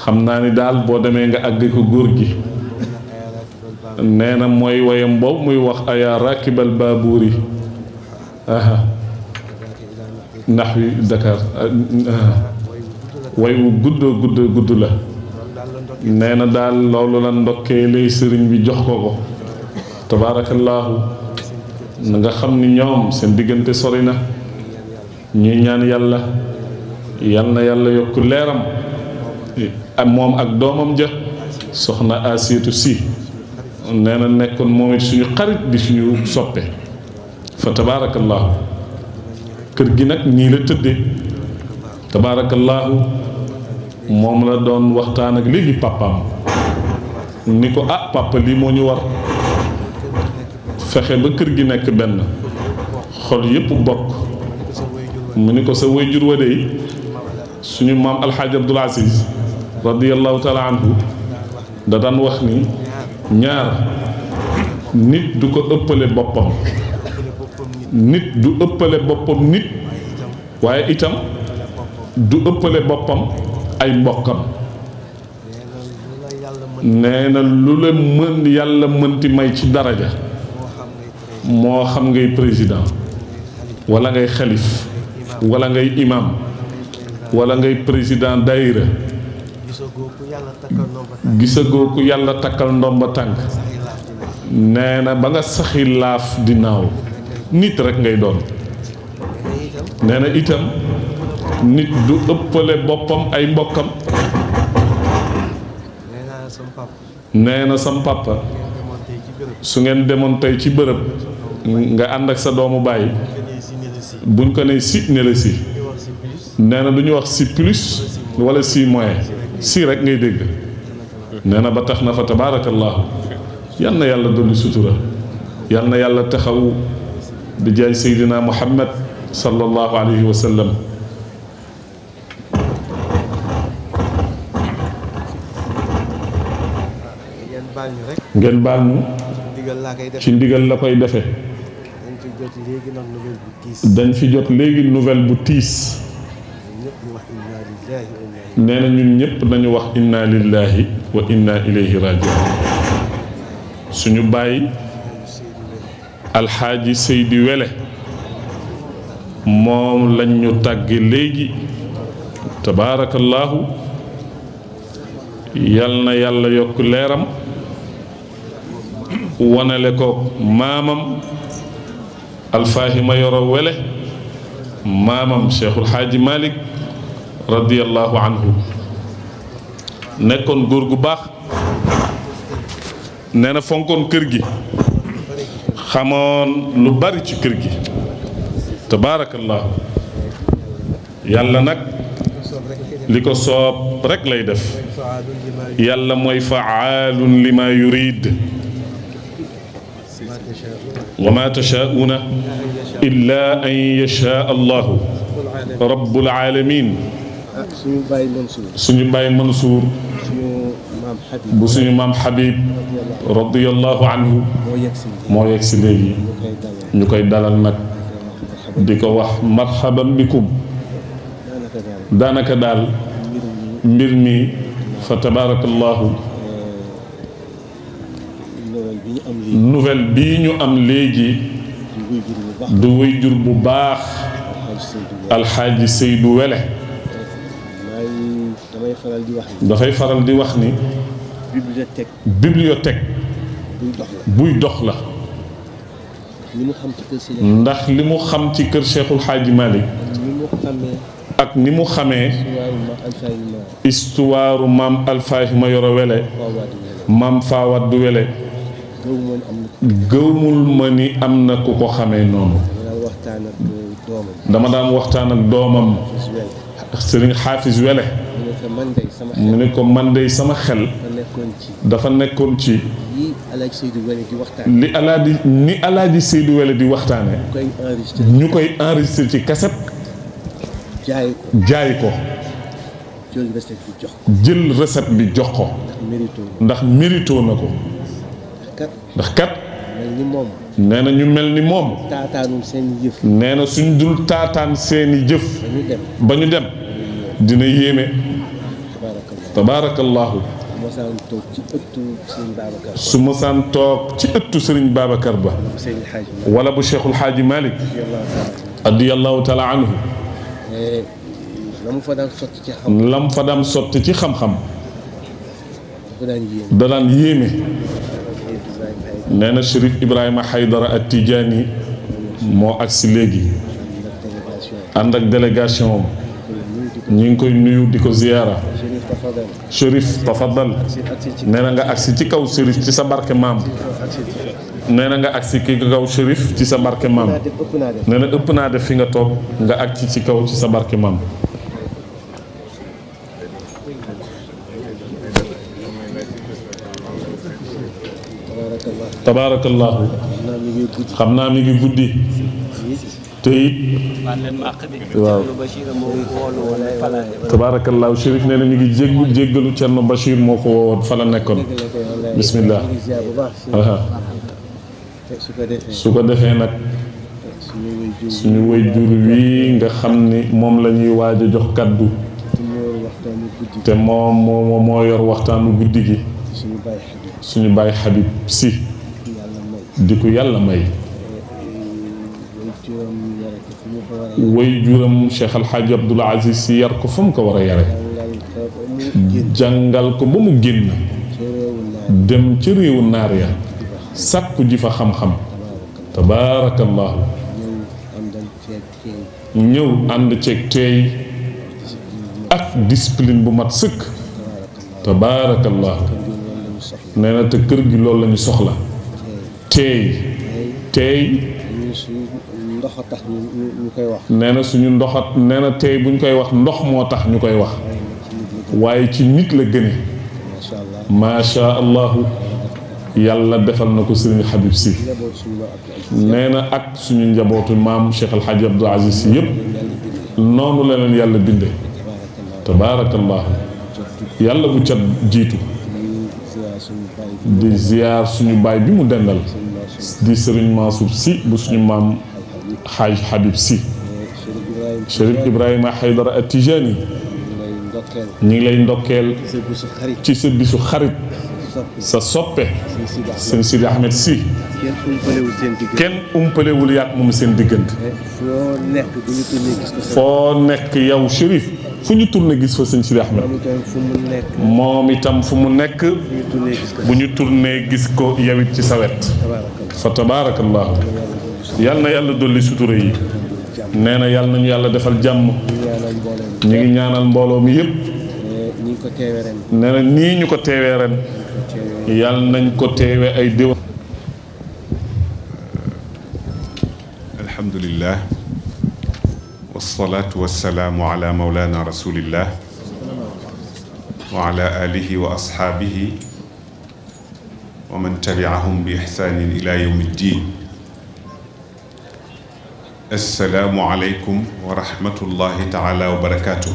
[SPEAKER 2] xam naa ni daal boo demee nga àgg ko góor gi nee na mooy wayam boobu muy wax ayaa rakibal baabuur yi aha nax wi Dakar ah, ah. way guddoo guddoo gudd la nee na daal loolu la ndokkee lay sëriñ bi jox ko ko tabaarakallaahu na nga xam ni ñoom seen diggante sori na ñuy ñaan yàlla yal na yàlla yokk leeram moom ak doomam ja soxna Asiitu Si nee na nekkoon moom it suñu xarit di suñu soppe fa tabaarakallaahu kër gi nag nii la tëddee tabaarakallaahu moom la doon waxtaan ak léegi pàppam ni ko ah pàppa lii moo ñu war fexe ba kër gi nekk benn xol yépp bokk mu ni ko sa wayjur wa dey suñu maam alxaaji abdul asiis radiallahu taala anhu da daan wax ni ñaar nit du ko ëppale boppam nit du ëppale boppam nit waaye itam du ëppale boppam ay mbokkam nee na lu la mën yàlla mënti may ci daraja moo xam ngay président walla ngay xalif walla ngay imam wala ngay président daayira gisagoo ku yàlla takkal ndomba tànk nee na ba nga saxi laaf di naaw nit rek ngay doon nee itam nit du ëppale boppam ay mbokkam nee na sam papa su ngeen demoon tey ci bërëb nga ànd ak sa doomu bàyyi buñ ko nee si ne la nee na du ñu wax si plus wala si moyen si rek ngay dégg nee na ba tax na fa tabaarakallaahu yal na yàlla dolli sutura yal na yàlla taxaw bi jaay seydina muhammad sallallahu alayhi wa ngeen baal ñu ci ndigal la koy defe dañ fi jot léegi nouvelle bu tiis nee na ñun ñëpp nañu wax inna lillahi wa inna ilayhi rajiun suñu bàyyi alxaaji Seydi Wele moom lañ ñu tàgge léegi tabaarakallaahu yal na yàlla yokk leeram wanale ko maamam alfaahima yoro wele maamam cheikhul xaaji malik radiallahu anhu nekkoon góor gu baax nee na fonkoon kër gi xamoon lu bari ci kër gi tabaarakallahu yàlla nag li ko soob rekk lay def yàlla mooy faalun lima yurid
[SPEAKER 4] wa maa tashaauna illa
[SPEAKER 2] an yashaa allahu rabbul aalamiin
[SPEAKER 4] suñu bàyyi Mansour suñu
[SPEAKER 2] bàyyi Mansour
[SPEAKER 4] bu suñu maam Habib
[SPEAKER 2] radiyallahu anhu moo yegg si léegi ñu koy dalal nag di ko wax marhaban bikum daanaka daal mbir mi fa tabaarakallahu nouvelle bii ñu am léegi du way bu baax alxaaji Seydou Wele dafay faral di wax ni bibliothèque buy dox la ndax li mu xam ci kër Cheikhul Xaaji Malick ak ni mu xamee histoire maam Alfaahi ma yoro wele maam Fawad du wele gëwmul ma ni am na ku ko xamee noonu dama daan waxtaan ak doomam sëriñ xaafis wele
[SPEAKER 4] mu ne ko man dey sama xel
[SPEAKER 2] dafa nekkoon ci li alaaji ni alaaji Seydou wele di waxtaane ñu koy enregistré ci kaset jaay ko jël recette bi jox ko ndax mérito na ko ndax kat. nee na ñu mel ni moom. taataanul seen i nee na suñ dul taataan seeni i jëf. ba ñu dem dina yéeme. tabaarakallaahu. su masaan ci ëttu sëriñ Babacar ba. wala bu Cheikhul Xaaji Malick. radiyallaahu taala anhu.
[SPEAKER 4] lam eh, fa ci
[SPEAKER 2] xam. lam fa daan sotti ci xam-xam.
[SPEAKER 4] da daan yéeme.
[SPEAKER 2] nee na Chérif Ibrahima Haydara at Tijaani moo agsi léegi ànd ak délégation am ñu ngi koy nuyu di ko ziyaara Chérif tafaddal nee na nga agsi ci kaw Chérif ci sa barke maam nee na nga agsi ki kaw Chérif ci sa barke maam nee na ëpp naa def fi nga toog nga agsi ci kaw ci sa barke maam tabaarakallaahu xam naa mi ngi guddi te it
[SPEAKER 4] waaw
[SPEAKER 2] nee na mi ngi jégg jéggalu Thierno Bachir moo ko woowoon fa la nekkoon bisimilah
[SPEAKER 4] su ko defee nag suñu way jur
[SPEAKER 2] wii nga xam ni moom lañuy ñuy waaj a jox kàddu te moom moo moo yor waxtaanu guddi gi suñu bàyyi Habib si di ko yàlla may woy juram Cheikh Al Hadj Abdoul Aziz si yar ko fa mu ko war a yare jàngal ko ba mu génn dem ci réewu naar ya sàkku ji fa xam-xam tabaarakallaahu ñëw ànd ceeg teey ak discipline bu mat sëkk tabaarakallaahu nee te kër gi loolu lañu soxla teey teey
[SPEAKER 4] ndox tax ñu
[SPEAKER 2] na suñu ndoxa nee na tey buñ koy wax ndox moo tax ñu koy wax waaye ci nit la gëne macha allahu yàlla defal na ko sëriñ Habib si nee na ak suñu njabootu maam Cheikh El Hadj Abdou Aziz si noonu la leen yàlla binde tabaarakallahu yàlla bu cat jiitu di ziar suñu baay bi mu dendal. di sëriñ Mansour si bu suñu maam xaaj Habib si
[SPEAKER 4] Chérif Ibrahima
[SPEAKER 2] Haydara Atijani ñu ngi lay ndokkeel ci sa xarit sa soppe seen Ahmed si kenn umpalewul yàq moom seen diggante foo nekk yow Chérif fu ñu tourné gis fa seen Sidi Ahmed moom itam fu mu nekk bu ñu tourné gis ko yawit ci sa fa tabaarakallaahu yal na yàlla dolli sutura yi nee na yàlla nañu yàlla defal jàmm ñu ngi ñaanal mbooloo mi yëpp nii ñu ko teewee ren yàlla nañ ko teewee ay déwén alhamdulillah
[SPEAKER 5] wasalaatu wasalaamu ala maulana rasulillah wa ala alihi wa tabiahum bi ixsaanin ila yowm ddin assalaamu aleykum wa rahmatullahi wa barakaatu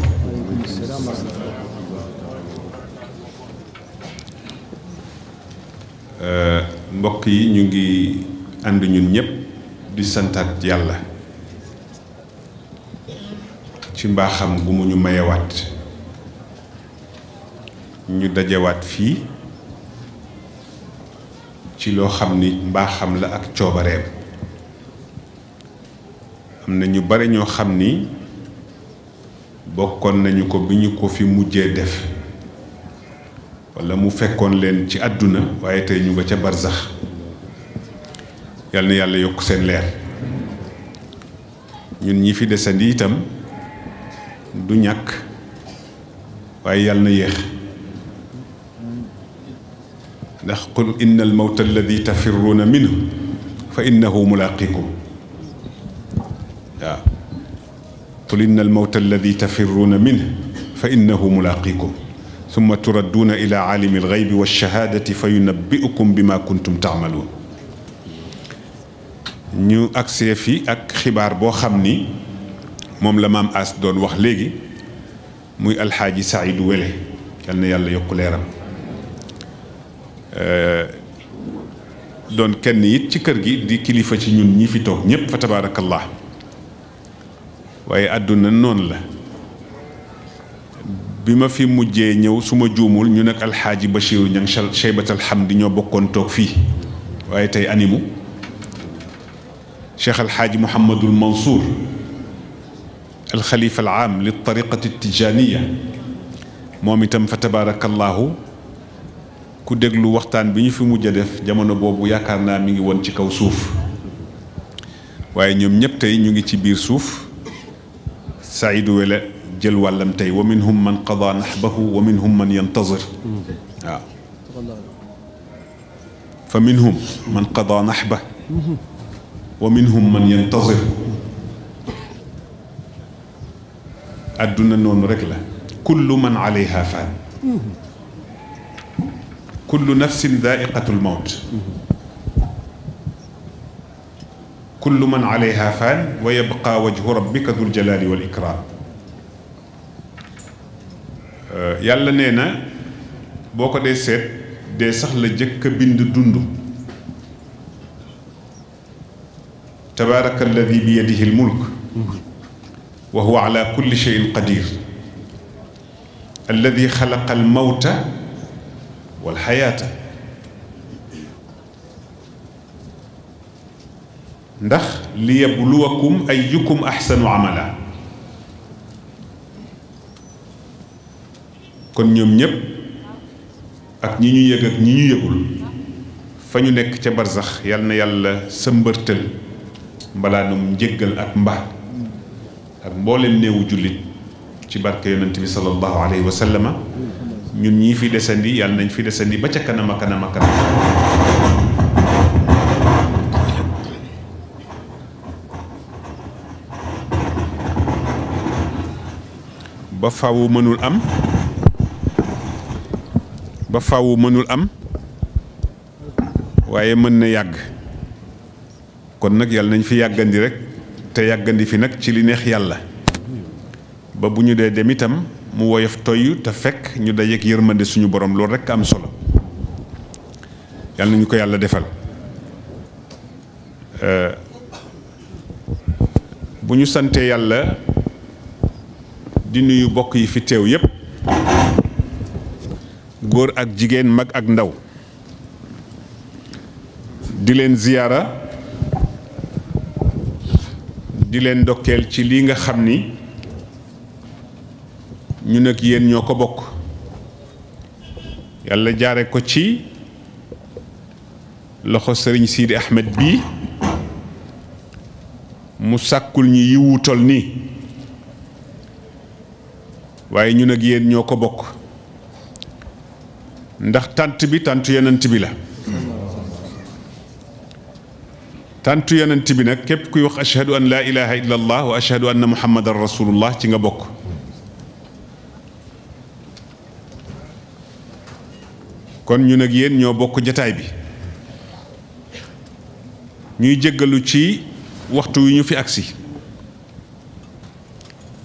[SPEAKER 5] mbokk yi ñu ngi ànd ñun ñëpp di santaat yàlla ci mbaaxam gu mu ñu mayewaat ñu dajewaat fii ci loo xam ni mbaaxam la ak coobareem am na ñu bari ñoo xam ni bokkoon nañu ko bi ñu ko fi mujjee def walla mu fekkoon leen ci àdduna waaye tey ñu nga ca barzax yal na yàlla yokk seen leer ñun ñi fi desandi itam du ñàkk waaye yal na yéex ndax qul inna al mawta alladi tafirruuna minhu fa innahu mulaqikum waaw qul inna al mawta alladi tafirruuna minhu fa innahu mulaqikum summa turadduuna ila aalimi alxaybi walchahaadati fa yunabbiukum bima kuntum taamaluun ñu agsee fi ak xibaar boo xam ni moom la maam as doon wax léegi muy alxaaji Saïdu Wele yal na yàlla yokku leeram Euh, doon kenn it ci kër gi di kilifa ci ñun ñi fi toog ñëpp fa tabaarakallah waaye àdduna noon la bi ma fi mujjee ñëw su ma juumul ñu nag alxaaji Bachiru ñang cheybat alhamdi ñoo bokkoon toog fii waaye tey animu cheikh alxaaji Mouhamadul Mansour alxalifa al aam li tariqati moom itam fa tabaarakallahu ku déglu waxtaan bi ñu fi mujj a def jamono boobu yaakaar naa mi ngi won ci kaw suuf waaye ñoom ñëpp tey ñu ngi ci biir suuf Saïdou Wele jël wàllam tey wa minhum man qada nahbahu wa minhum man yantazir waaw fa minhum man qada nahba wa minhum man yantazir adduna noonu rek la kullu man alayha fan kullu nafsin daa'iqatul mawt kullu man alayha faan wa yabqa wajhu rabbika dul jalaali wal ikraam euh, yàlla nee na boo ko dee seet dee sax la jëkk a bind dund tabaaraka alladi bi yadihi al mulk wa huwa ala kulli cheyin qadir alladi xalaqa al mawta wal xayaata ndax li lu yabluwakum ayyukum ahsanu amala kon ñoom ñépp ak ñi ñu yëg ak ñi ñu yëgul fa ñu nekk ca barsax yal na yàlla sëmbërtël mu njëggal ak mba ak mboolem néewu jullit ci barke yonent bi sallallahu alayhi wa sallama ñun ñii fi desandi yàlla nañ fi desandi ba ca kanam a kanam a kanam ba faawu mënul am mënul am waaye mën na yàgg kon nag yàlla nañ fi yàggandi rekk te yàggandi fi nag ci li neex yàlla ba bu ñu dee dem itam mu woyof toyyu te fekk ñu dajeek yërmande suñu borom loolu rekk am solo yàlla nañu ko yàlla defal bu ñu santee yàlla di nuyu bokk yi fi teew yépp góor ak jigéen mag ak ndaw di leen ziyaara di leen ndokkeel ci lii nga xam ni ñu nag yéen ñoo ko bokk yàlla jaare ko ci loxo sëriñ Sidi Ahmed bi mu sàkkul ñi yiwu tol nii waaye ñu nag yéen ñoo ko bokk ndax tànt bi tàntu yonent bi la tàntu yonent bi nag képp kuy wax ashhadu an laa ilaha illa allah wa ashhadu anna muhammadan rasulullah ci nga bokk kon ñu ak yéen ñoo bokk jataay bi ñuy jéggalu ci waxtu wi ñu fi agsi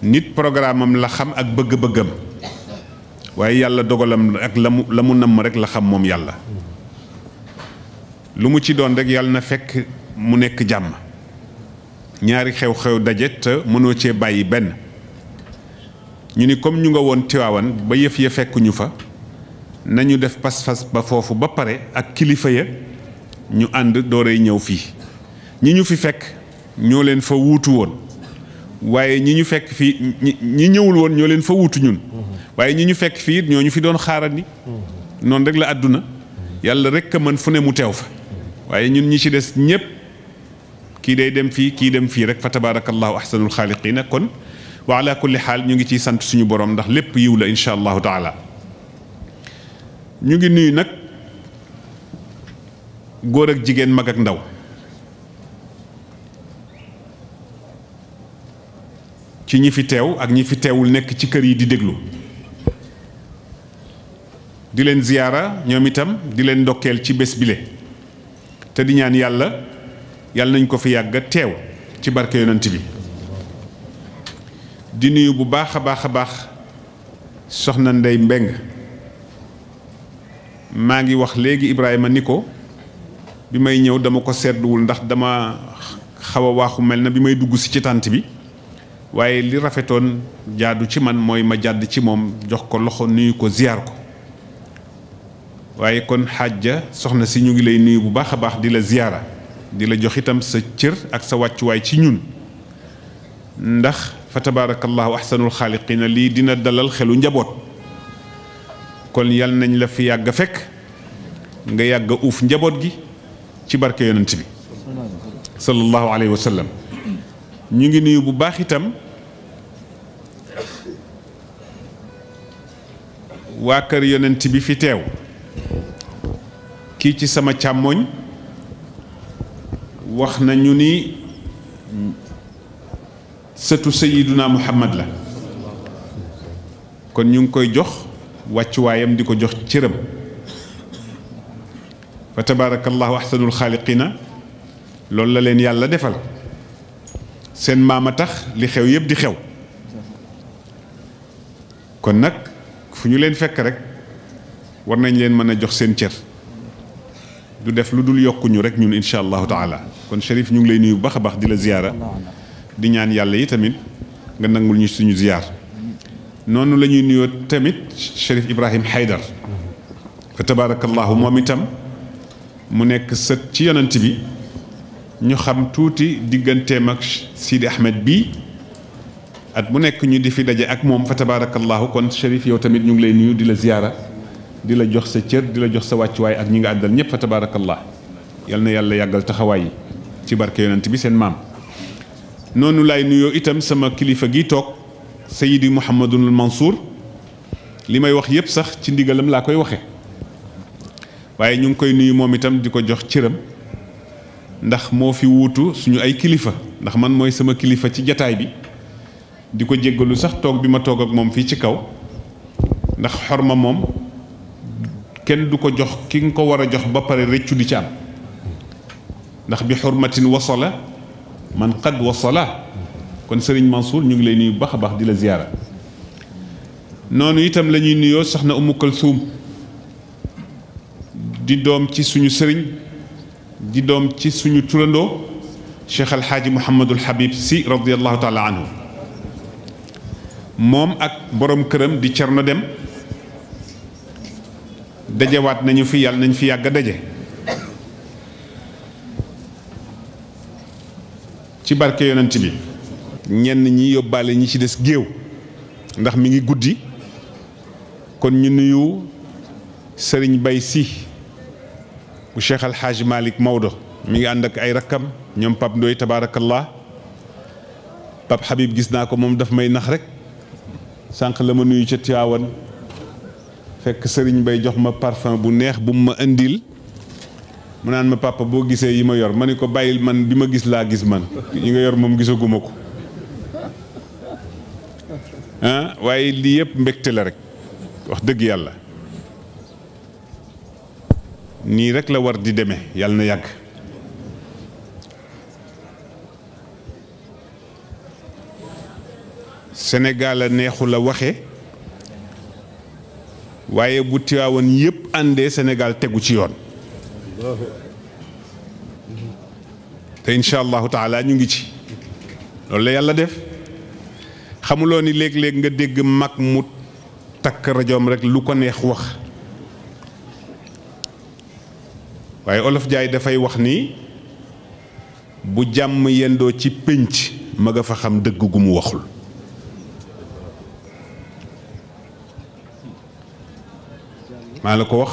[SPEAKER 5] nit programme am la xam ak bëgg-bëggam waaye yàlla dogalam ak la mu namm rek la xam moom yàlla lu mu ci doon rek yàlla na fekk mu nekk jàmm ñaari xew-xew daje te mënoo cee bàyyi benn ñu ni comme ñu nga woon Tiwaawan ba yëf ya fekkuñu fa nañu def pas-pas ba foofu ba pare ak kilifa ya ñu ànd doorey ñëw fii ñi ñu fi fekk ñoo leen fa wuutu woon waaye ñi ñu fekk fii ñi ñëwul woon ñoo leen fa ñun waaye ñi ñu fekk fii ñoo ñu fi doon xaaral ni noonu rek la àdduna yàlla rek a mën fu ne mu teew fa waaye ñun ñi ci des ñépp kii day dem fii kii dem fii rek fa tabarakallahu ahsanul xaaliqina kon wa ala kulli xaal ñu ngi ciy sant suñu borom ndax lépp yiw la incha allahu taala ñu ngi nuyu nag góor ak jigéen mag ak ndaw ci ñi fi teew ak ñi fi teewul nekk ci kër yi di déglu di leen ziyaara ñoom itam di leen ndokkeel ci bés bile te di ñaan yàlla yàlla nañ ko fi yàgg teew ci barke yonent bi di nuyu bu baax a baax a baax soxna Ndey Mbeng maa ngi wax léegi Ibrahima ni ko bi may ñëw dama ko sedduwul ndax dama xaw a waaxu mel na bi may dugg si ci tànt bi waaye li rafetoon jaadu ci man mooy ma jàdd ci moom jox ko loxo nuyu ko ziyaar ko waaye kon xajja soxna si ñu ngi lay nuyu bu baax a baax di la ziyaara di la jox itam sa cër ak sa wàccuwaay ci ñun ndax fa tabaarakallaahu ahsanul xaaliqina lii dina dalal xelu njaboot kon yal nañ la fi yàgg fekk nga yàgg uuf njaboot gi ci barke yonent bi sallallahu alayhi wa ñu ngi nuyu bu baax itam waa kër yonent bi fi teew kii ci sama càmmoñ wax nañu ni sëtu sayiduna muhammad la kon ñu ngi koy jox wàccuwaayam di ko jox cëram fa tabarakallahu ahsanul xaaliqina loolu la leen yàlla defal seen maam a tax li xew yëpp di xew kon nag fu ñu leen fekk rek war nañ leen mën a jox seen cër du def lu dul yokkuñu rek ñun incha allahu taala kon Cherif ñu ngi lay nuyu bu baax a baax di la ziyaara di ñaan yàlla yi tamit nga nangul ñu suñu ziyaar noonu la ñuy nuyoo tamit Cherif Ibrahim Haydar fa tabarakallahu moom itam mu nekk sët ci yonent bi ñu xam tuuti digganteem ak Sidi Ahmed bii at mu nekk ñu di fi daje ak moom fa tabarakallahu kon Cherif yow tamit ñu ngi lay nuyu di la ziyaara di la jox sa cër di la jox sa wàccuwaay ak ñi nga àddal ñëpp fa tabarakallah yal na yàlla yàggal taxawaay yi ci barke yonent bi seen maam noonu laay nuyoo itam sama kilifa gi toog sayidi muhammadunul mansour li may wax yépp sax ci ndigalam laa koy waxe waaye ñu ngi koy nuyu moom itam di ko jox cëram ndax moo fi wuutu suñu ay kilifa ndax man mooy sama kilifa ci jataay bi di ko jéggalu sax toog bi ma toog ak moom fii ci kaw ndax ma moom kenn du ko jox ki nga ko war a jox ba pare rëccu di ci am ndax bi xurmatin wasala man qad wasala kon Serigne Mansour ñu ngi lay nuyu baax a baax di la ziyaara noonu itam la ñuy nuyoo soxna Umu Kalsuum di doom ci suñu sëriñ di doom ci suñu turandoo Cheikh xaaji Hadj Mouhamadul Habib si radiyallahu taala moom ak boroom këram di Cerno Dem dajewaat nañu fi yàlla nañ fi yàgg daje ci barke yonent bi ñenn ñi yóbbaale ñi ci des géew ndax mi ngi guddi kon ñu nuyu sëriñ Bay Si bu Cheikh Al Hadj Malick Maodo mi ngi ànd ak ay rakkam ñoom Pape Ndoy tabaarakallah Pape Habib gis naa ko moom dafa may nax rek sànq la ma nuyu ca Tiwaawan fekk sëriñ Bay jox ma parfum bu neex bu mu ma indil mu naan ma papa boo gisee yi ma yor ma ne ko bàyyil man bi ma gis laa gis man yi nga yor moom gisaguma ko Ah, waaye lii yëpp mbégte la rek wax dëgg yàlla nii rek la war di deme yàlla na yàgg Sénégal a neexu la waxe waaye bu Tiwaawan yépp àndee senegaal tegu ci yoon te incha allahu taala ñu ngi ci loolu la yàlla def xamuloo ni léeg-léeg nga dégg mag mu takk rajoom rekk lu ko neex wax waaye olof jaay dafay wax ni bu jàmm yendoo ci pénc ma nga fa xam dëgg gu mu waxul maa la ko wax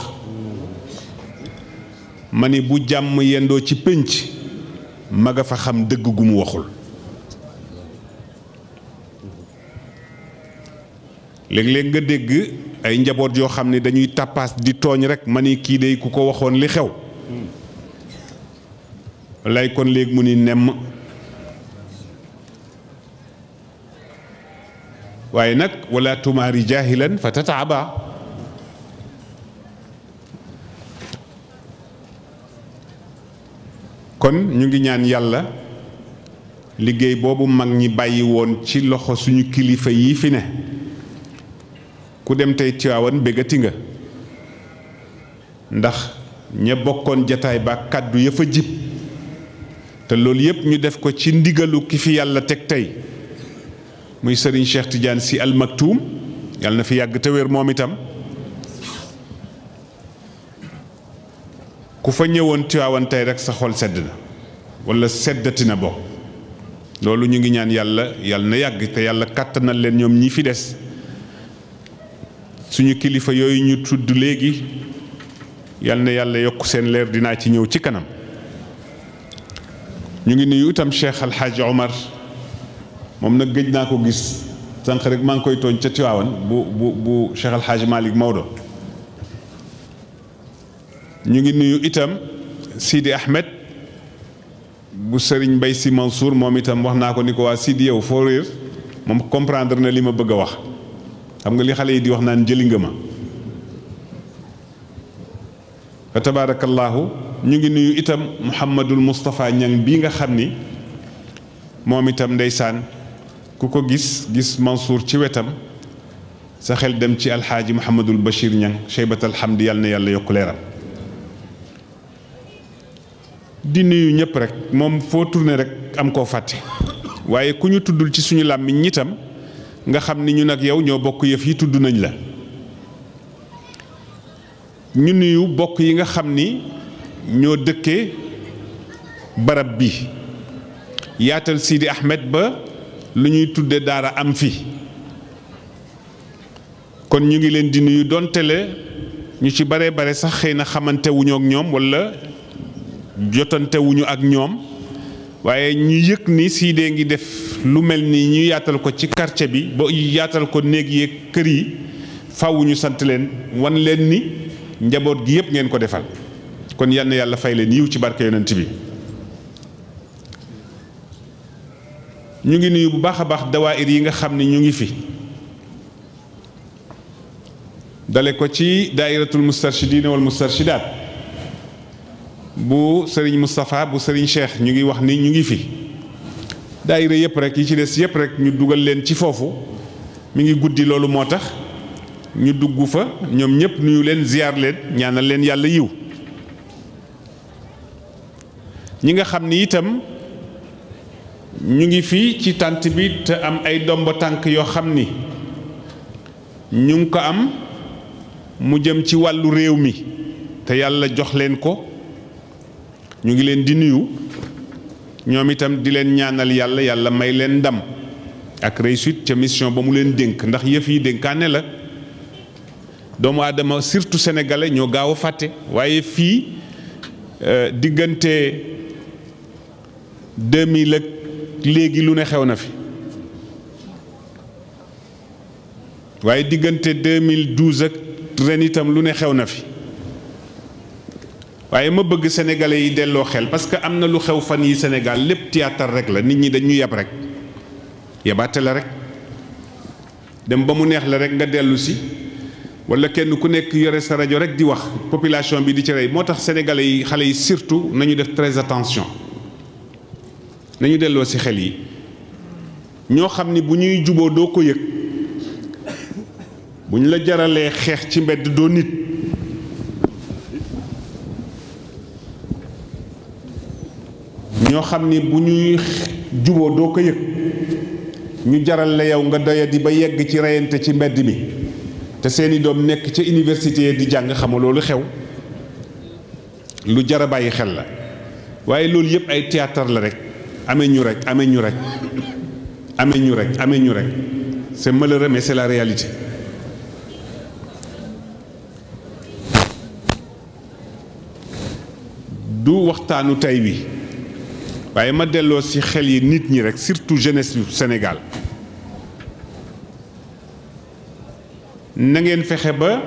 [SPEAKER 5] ma ni bu jàmm yendoo ci pénc ma nga fa xam dëgg gu mu waxul léeg-léeg nga dégg ay njaboot yoo xam ne dañuy tappaas di tooñ rek ma ni kii day ku ko waxoon li xew lay kon léegi mu ni nemm waaye nag wala tumaari jaahilan fa tataaba kon ñu ngi ñaan yàlla liggéey boobu mag ñi bàyyi woon ci loxo suñu kilifa yi fi ne ku dem tey Tiwaawan béggati nga ndax ña bokkoon jataay ba kàddu ya fa jib te loolu yépp ñu def ko ci ndigalu ki fi yàlla teg tey muy sëriñ Cheikh Tidiane si almaktuum yàlla na fi yàgg te wér moom itam ku fa ñëwoon Tiwaawan tey rek sa xol sedd na wala seddati na bokk loolu ñu ngi ñaan yàlla yàlla na yàgg te yàlla kàttanal leen ñoom ñi fi des suñu kilifa yooyu ñu tudd léegi yal na yàlla yokk seen leer dinaa ci ñëw ci kanam ñu ngi nuyu itam Cheikh Al Omar moom nag géej naa ko gis sànq rek maa ngi koy tooñ ca Tiwaawan bu bu bu Cheikh Al Hadj Malick ñu ngi nuyu itam Sidi Ahmed bu Serigne Mbaye Sy Mansour moom itam wax naa ko ni ko waa Sidi yow foo réer moom comprendre na li ma bëgg a wax. xam nga li xale yi di wax naan jëli nga ma fa tabaarakallaahu ñu ngi nuyu itam Mouhamadul Moustapha Niang bii nga xam ni moom itam ndeysaan ku ko gis gis Mansour ci wetam sa xel dem ci alxaaji Mouhamadul Bachir Niang Cheybat di yàlla na yàlla yokk leeram di nuyu ñëpp rek moom foo tourné rek am koo fàtte waaye ku ñu tuddul ci suñu làmmiñ ñitam nga xam ni ñu nag yow ñoo bokk yëf yi tudd nañ la ñu nuyu bokk yi nga xam ni ñoo dëkkee barab bi yaatal Sidi Ahmed ba lu ñuy tudde daara am fi kon ñu ngi leen di nuyu dontele ñu ci bare bare sax xëy na xamante wuñu ak ñoom walla jotante ak ñoom waaye ñu yëg ni Sidy ngi def lu mel ni ñu yaatal ko ci karce bi ba yaatal ko néeg yeeg kër yi faaw sant leen wan leen ni njaboot gi yëpp ngeen ko defal kon yal yàlla fay leen yiw ci barke yonent bi ñu ngi nuyu bu baax a baax dawaayir yi nga xam ni ñu ngi fi dale ko ci daayiratul mustarshidina wal mustarshidaat bu sëriñ Moustapha bu Serigne Cheikh ñu ngi wax ni ñu ngi fi daayira yëpp rek yi ci des yëpp rek ñu dugal leen ci foofu mi ngi guddi loolu moo tax ñu dugg fa ñoom ñëpp nuyu leen ziar leen ñaanal leen yàlla yiw ñi nga xam ni itam ñu ngi fii ci tànt bi te am ay domba tànk yoo xam ni ñu ngi ko am mu jëm ci wàllu réew mi te yàlla jox leen ko ñu ngi leen di nuyu ñoom itam di leen ñaanal yàlla yàlla may leen ndam ak réussite ca mission ba mu leen dénk ndax yëf yi dénkaane la doomu aadama surtout sénégalais ñoo gaaw a fàtte waaye fii euh, diggante 2000 ak léegi lu ne xew na fi waaye diggante 2012 ak ren itam lu ne xew na fi waaye ma bëgg sénégalais yi delloo xel parce que am na lu xew fan yi Sénégal lépp théâtre rek la nit ñi dañu yab rek yabaate la rek dem ba mu neex la rek nga dellu si wala kenn ku nekk yore sa rajo rek di wax population bi di ci rey moo tax sénégalais yi xale yi surtout nañu def très attention nañu delloo si xel yi ñoo xam ni bu ñuy juboo doo ko yëg bu ñu la jaralee xeex ci mbedd doo nit ñoo xam ni bu ñuy juboo doo ko yëg ñu jaral la yow nga doya di ba yegg ci reyante ci mbedd mi te seeni doom nekk ca université di jàng xama loolu xew lu jara bàyyi xel la waaye loolu yëpp ay théâtre la rek amee ñu rek amee ñu rek amee ñu rek amee ñu rek c'est la réalité du waxtaanu tey wi waaye ma delloo ci xel yi nit ñi rek surtout jeunesse yu Sénégal na ngeen fexe ba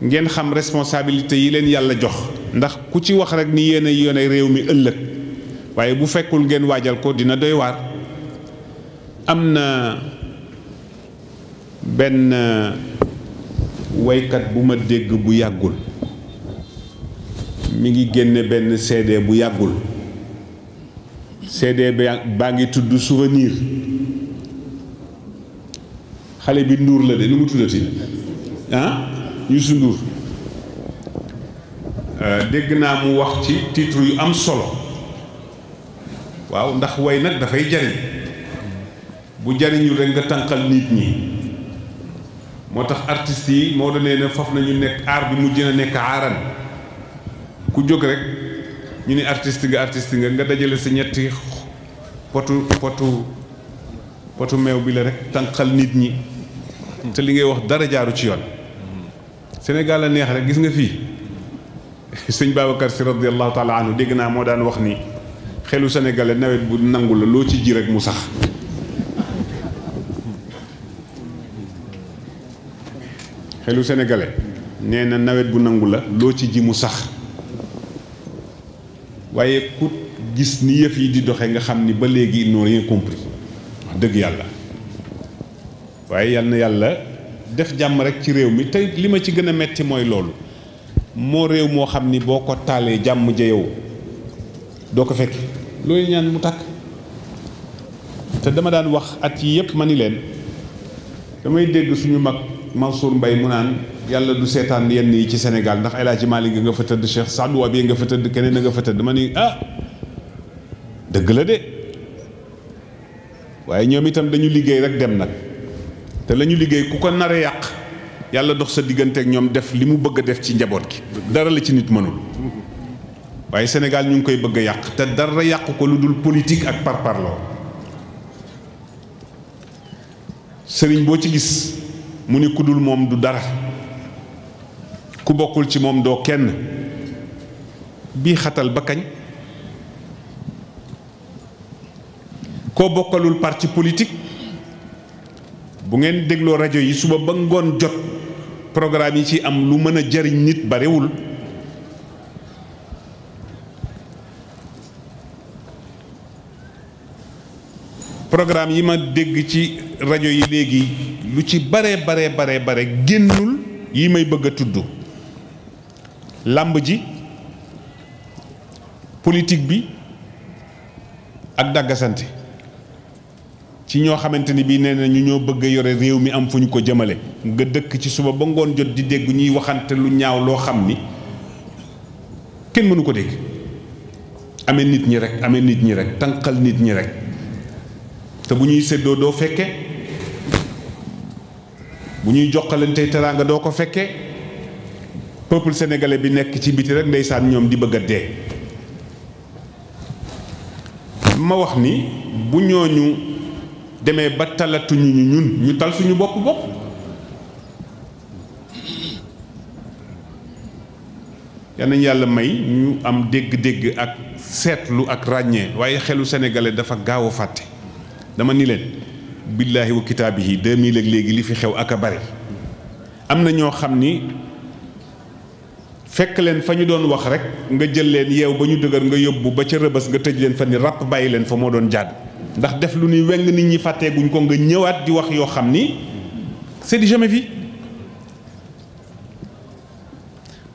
[SPEAKER 5] ngeen xam responsabilité yi leen yàlla jox ndax ku ci wax rek ni yéen a yone réew mi ëllëg waaye bu fekkul ngeen waajal ko dina doy waar am na benn woykat bu ma dégg bu yàggul mu ngi génne benn CD bu yàggul CD baa ngi tudd souvenir xale bi Ndour la de nu mu tuddati ah Youssou Ndour euh, dégg naa mu wax ci titre yu am solo waaw ndax way nag dafay jariñ bu jariñul rek nga tànqal nit ñi moo tax artistes yi moo doonee ne faf nañu nekk aar bi mujj na nekk aaran ku jóg rek ñu ni artiste nga artiste nga nga dajale sa ñetti potu potu potu meew bi la rek tànqal nit ñi te li ngay wax dara jaaru ci yoon Sénégal la neex rek gis nga fii sëñ Babacar si radiallahu taala anhu dégg naa moo daan wax nii xelu sénégalais nawet bu nangu la loo ci ji rek mu sax xelu sénégalais nee na nawet bu nangu la loo ci ji mu sax waaye ku gis ni yëf yi di doxee nga xam ni ba léegi ils n'ont rien dëgg yàlla waaye yal yàlla def jàmm rek ci réew mi tey li ma ci gën a metti mooy loolu moo réew moo xam ni boo ko taalee jàmm ja yow doo ko fekk loolu ñaan mu takk te dama daan wax at yi yëpp ma ni leen damay dégg suñu mag Mansour mbay mu naan yàlla du seetaan yenn yi ci Sénégal ndax El Hadji Malick nga fa tëdd Cheikh Sadou Wabi nga fa tëdd keneen nga fa tëdd ma ni ah dëgg la de waaye ñoom itam dañu liggéey rek dem nag te lañu liggéey ku ko nar yàq yàlla dox sa diggante ak ñoom def li mu bëgg a def ci njaboot gi dara la ci nit mënul waaye Sénégal ñu ngi koy bëgg yàq te dara yàq ko lu dul politique ak parparloo sëriñ boo ci gis mu ni ku dul moom du dara ku bokkul ci moom doo kenn bii xatal ba kañ koo bokkalul parti politik bu ngeen dégloo rajo yi suba ba ngoon jot programme yi ci am lu mën a jariñ nit barewul programme yi ma dégg ci rajo yi léegi lu ci bare bare bare bare génnul yi may bëgg tudd làmb ji politique bi ak dàggasante ci ñoo xamante ni bii nee na ñu ñoo bëgg yore réew mi am fu ñu ko jëmale nga dëkk ci suba ba ngoon jot di dégg ñuy waxante lu ñaaw loo xam ni kenn mënu ko dégg amee nit ñi rek amee nit ñi rek tanqal nit ñi rek te bu ñuy séddoo doo fekke bu ñuy jokkalante teraanga doo ko fekke peuple sénégalais bi nekk ci biti rek ndeysaan ñoom di bëgg a dee ma wax ni bu ñu demee ba talatuñu ñu ñun ñu tal suñu bopp bopp yal yàlla may ñu am dégg-dégg ak seetlu ak ràññee waaye xelu sénégalais dafa gaaw a fàtte dama ni leen billaahi wa kitaabihi 2000 ak léegi li fi xew ak a bari am na ñoo xam ni fekk leen fa ñu doon wax rek nga jël leen yeew ba ñu dëgër nga yóbbu ba ca rëbës nga tëj leen fa ni ràpp bàyyi leen fa moo doon jaadu ndax def lu ñuy weng nit ñi fàtteeguñ ko nga ñëwaat di wax yoo xam ni c'est du jamais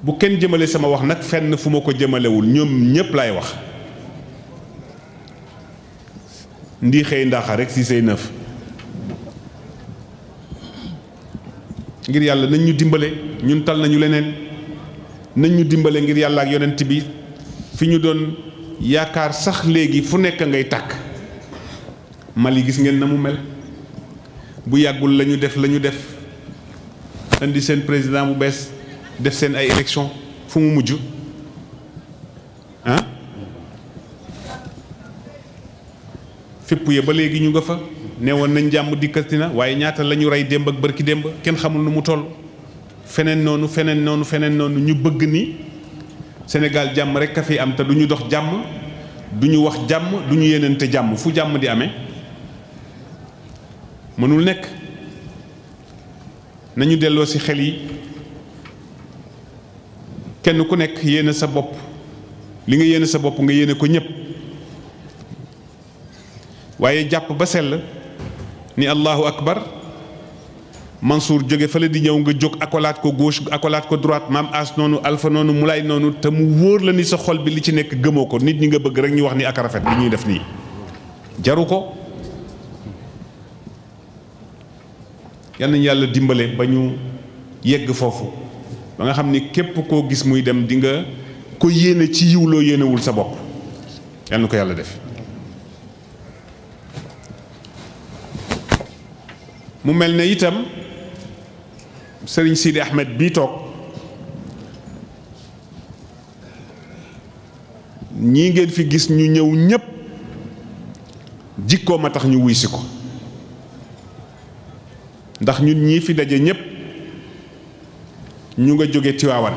[SPEAKER 5] bu kenn jëmale sama wax nag fenn fu ma ko jëmalewul ñoom ñëpp laay wax ndi xëy ndax rek si say neuf ngir yàlla nañ ñu dimbale ñun tal nañu leneen nañ ñu dimbale ngir yàlla ak yonent bi fi ñu doon yaakaar sax léegi fu nekk ngay tàkk Mali gis ngeen na mu mel bu yàggul lañu def la ñu def indi seen président bu bees def seen ay élection fu mu mujj fépp ya ba léegi ñu nga fa ne woon nañ jàmm dikkati na waaye ñaata la ñu rey démb ak bërki démb kenn xamul nu mu toll feneen noonu feneen noonu feneen ñu bëgg ni senegal jàmm rek a fi am te du ñu dox jàmm du ñu wax jàmm du ñu yéenante jàmm fu jàmm di amee mënul nekk nañu delloo ci xel yi kenn ku nekk yéene sa bopp li nga yéene sa bopp nga yéene ko ñëpp waaye jàpp ba sell ni allahu akbar Mansour jóge fële di ñëw nga jóg akolaat ko gauche akolaat ko droite maam as noonu alpha noonu mulaay noonu te mu wóor la ni sa xol bi li ci nekk gëmoo ko nit ñi nga bëgg rek ñu wax ni ak rafet bi ñuy def nii jaru ko yal yàlla dimbale ba ñu yegg foofu ba nga xam ni képp koo gis muy dem dinga nga ko yéene ci yiw yéenewul sa bopp yal na ko yàlla def mu mel ne itam sëriñ Sidi Ahmed bii toog ñii ngeen fi gis ñu ñëw ñépp jikkoo ma tax ñu wuy ko ndax ñun ñii fi daje ñépp ñu nga jóge Tiwaawan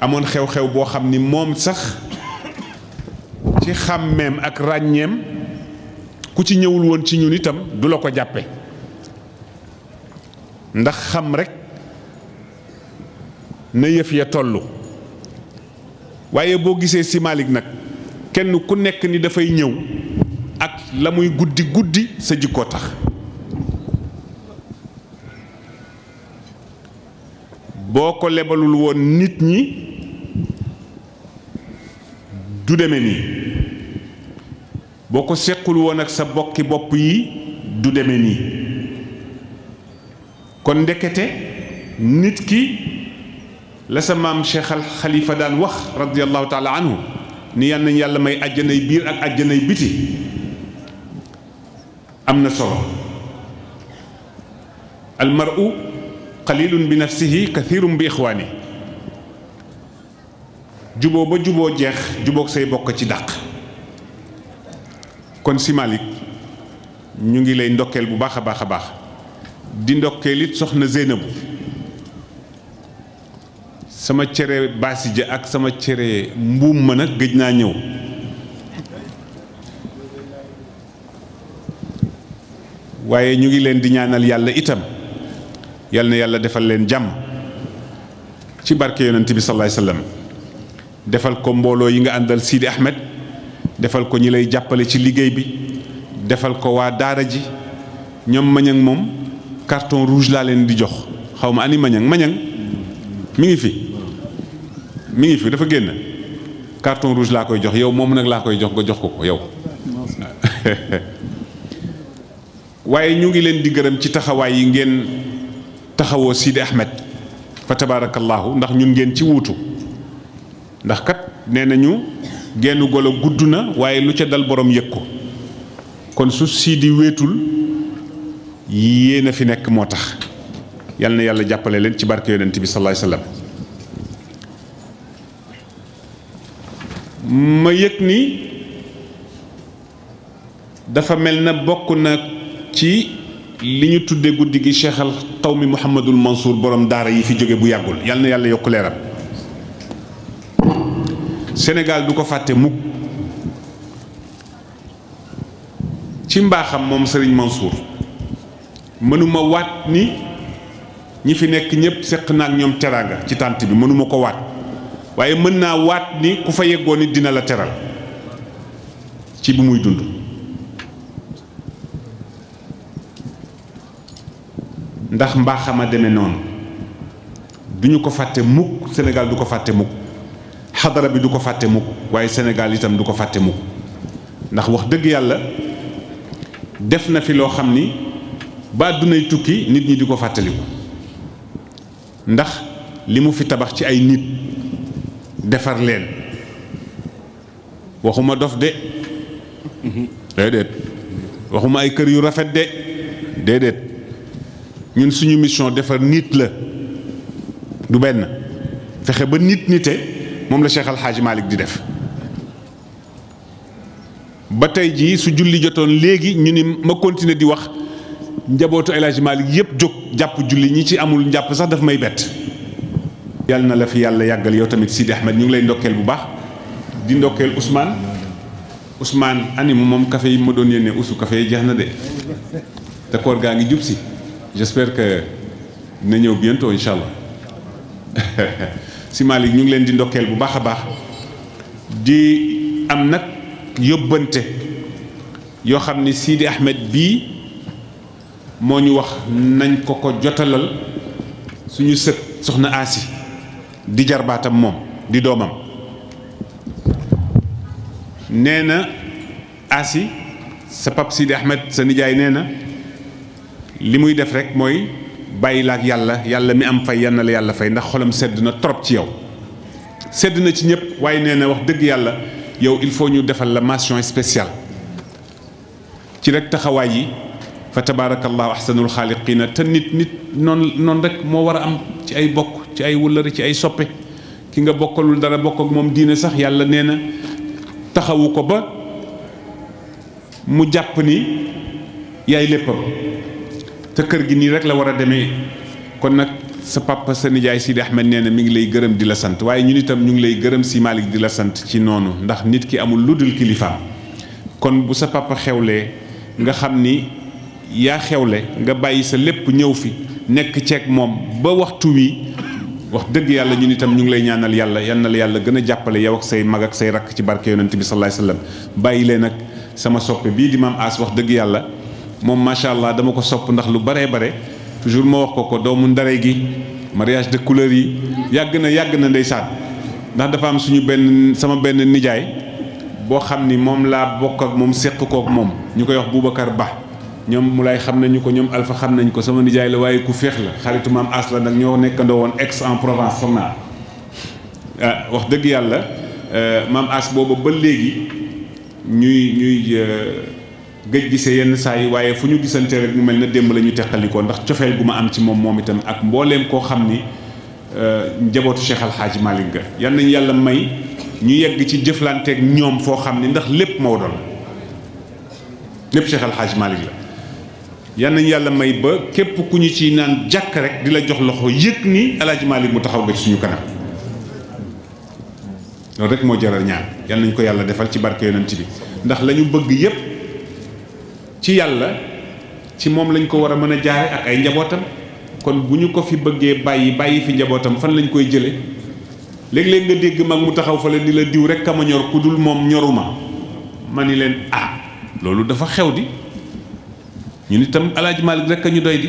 [SPEAKER 5] amoon xew-xew boo xam ni moom sax ci xàmmeem ak ràññeem ku ci ñëwul woon ci ñun itam du la ko jàppe ndax xam rekk na yëf ya tollu waaye boo gisee si nag kenn ku nekk ni dafay ñëw ak la muy guddi guddi sa jikkoo tax boo ko lebalul woon nit ñi du deme nii boo ko sequl woon ak sa bokki bopp yi du deme nii kon ndekete nit ki la sa maam Cheikh Al daan wax radiyallahu taala anhu ni yàlla may àjjanay biir ak àjjanay biti am na solo al mar'u qalilun bi nafsihi kathirun bi ixwaani juboo ba juboo jeex juboog say bokk ci dàq kon si ñu ngi lay ndokkeel bu baax a baax a baax di ndokkee soxna Zeynabu sama cere baasi ak sama cere mbuum ma nag gëj naa ñëw waaye ñu ngi leen di ñaanal yàlla itam yal na yàlla defal leen jàmm ci barke yonent bi salaay sallam defal ko mbooloo yi nga àndal Sidi Ahmed defal ko ñi lay jàppale ci liggéey bi defal ko waa daara ji ñoom mañ ak moom carton rouge laa leen di jox xaw ma ani mañang mañang mi ngi fi mi ngi fi dafa génn carton rouge laa koy jox yow moom nag laa koy jox nga jox ko ko yow waaye ñu ngi leen di gërëm ci taxawaay yi ngeen taxawoo Sidi Ahmed fa tabaarakallaahu ndax ñun ngeen ci wutu ndax kat nee nañu genn golo gudd na waaye lu ca dal borom yëg ko kon su Sidi wéetul yéen a fi nekk moo tax yal na yàlla jàppale leen ci barke yonent bi salaay salaam ma yëg ni dafa mel na bokk na ci li ñu tudde guddi gi seexal taw mi Mouhamadul Mansour boroom daara yi fi jóge bu yàggul yal na yàlla yokk leeram Sénégal du ko fàtte mukk ci mbaaxam moom sëriñ Mansour mënuma waat ni ñi fi nekk ñépp seq naa ñoom teraanga ci tànt bi mënuma ko waat waaye mën naa waat ni ku fa yeggoon it dina la teral ci bi muy dund ndax mbaaxama demee noonu duñu ko fàtte mukk Sénégal du ko fàtte mukk xadara bi du ko fàtte mukk waaye Sénégal itam du ko fàtte mukk ndax wax dëgg yàlla def na fi loo xam ni ba dunay tukki nit ñi di ko fàttaliku ndax li mu fi tabax ci ay nit defar leen waxuma dof de déedéet waxuma ay kër yu rafet de déedéet ñun suñu mission defar nit la du benn fexe ba nit nite moom la Cheikh Al Hadj di def ba tey jii su julli jotoon léegi ñu ni ma continuer di wax njabootu El Hadj Malick yëpp jóg jàpp julli ñi ci amul njàpp sax daf may bett. yàlla na la fi yàlla yàggal yow tamit Sidi Ahmed ñu ngi lay ndokkeel bu baax di ndokkeel Ousmane usmaan ani moom kafe yi ma doon yéene usu kafe yi jeex na de te koor gaa ngi jub si j'espère que dina ñëw bientôt incha allah si Malick ñu ngi leen di ndokkeel bu baax a baax di am nag yóbbante yoo xam ne Sidi Ahmed bii. moo ñu wax nañ ko ko jotalal suñu sët soxna Asi di jarbaatam moom di doomam nee na Asi sa pap Sidi sa nijaay nee na li muy def rek mooy bàyyi la yàlla yàlla mi am fay yal na yàlla fay ndax xolam sedd na trop ci yow sedd na ci ñëpp waaye nee na wax dëgg yàlla yow il faut ñu defal la mention spéciale ci rek taxawaay yi fa tabaarakallaahu ahsanul xaaliqiina te nit nit noon noonu rek moo war a am ci ay bokk ci ay wëllëri ci ay soppe ki nga bokkalul dara bokk ak moom diine sax yàlla nee na taxawu ko ba mu jàpp ni yaay léppam te kër gi nii rek la war a demee kon nag sa papa sa nijaay Sidi Ahmed nee na mi ngi lay gërëm di la sant waaye ñun itam ñu ngi lay gërëm si Malick di la sant ci noonu ndax nit ki amul lu dul kilifaam kon bu sa papa xewlee nga xam ni yaa xewle nga bàyyi sa lépp ñëw fi nekk ceeg moom ba waxtu wi wax dëgg yàlla ñu itam ñu ngi lay ñaanal yàlla yal na la yàlla gën a jàppale yow ak say mag ak say rakk ci barke yonent bi salaay sallam bàyyi leen ak sama soppe bii di maam As wax dëgg yàlla moom macha allah dama ko sopp ndax lu baree bare toujours ma wax ko ko doomu ndare gi mariage de couleur yi yàgg na yàgg na saat ndax dafa am suñu benn sama benn nijaay boo xam ni moom laa bokk ak moom séq kook moom ñu koy wax Boubacar Ba ñoom mu lay xam nañu ko ñoom Alpha xam nañ ko sama nijaay la waaye ku feex la xaritu maam As la nag ñoo nekkandoo woon ex en Provence xam naa ah, wax dëgg yàlla euh, maam As booba ba léegi ñuy ñuy euh, gëj gisee yenn saa yi waaye fu ñu gisante rek mu mel na démb la ñu teqalikoo ndax cofeel gu ma am ci moom moom itam ak mbooleem koo xam ni euh, njabootu Cheikh Al Hadj Malick ga yàlla may ñu yegg ci jëflanteek ñoom foo xam ni ndax lépp Maodo la lépp Cheikh Al Hadj Malick yal nañ yàlla may ba képp ku ñu ci naan jàkk rek di la jox loxo yëg ni El Hadj mu taxaw nga ci suñu kanam loolu rek moo jaral ñaan yal nañ ko yàlla defal ci barke yonent bi ndax lañu bëgg yépp ci yàlla ci moom lañ ko war a mën a jaare ak ay njabootam kon bu ñu ko fi bëggee bàyyi bàyyi fi njabootam fan lañ koy jële léegi léeg nga dégg mag mu taxaw fale ni la diw rek kama ñor ku dul moom ñoru ma ma ni leen ah loolu dafa xew di ñu ni tam alaaji Malick rek a ñu doy di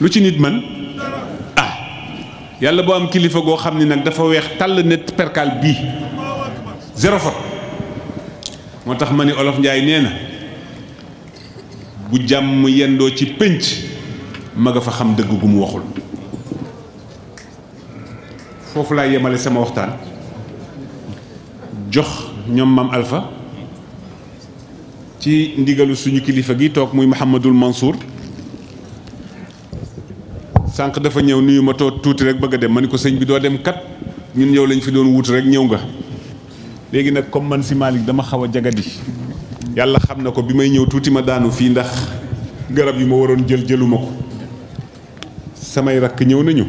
[SPEAKER 5] lu ci nit man ah. yàlla boo am kilifa goo xam ne nag dafa weex tàll ne perkaal bii zéro faute moo tax ma ni olof njaay nee na bu jàmm yendoo ci pénc ma nga fa xam dëgg gu mu waxul foofu laa yemale sama waxtaan jox ñoom maam Alpha ci ndigalu suñu kilifa gi toog muy Mouhamadul Mansour sanq dafa ñëw nii ma toog tuuti rek bëgg a dem ma ni ko sëñ bi doo dem kat ñun yow lañ fi doon wut rek ñëw nga. léegi nag comme man si Malick dama xaw a jagadi yàlla xam na ko bi may ñëw tuuti ma daanu fii ndax garab yi ma waroon jël jëluma ko samay rakk ñëw nañu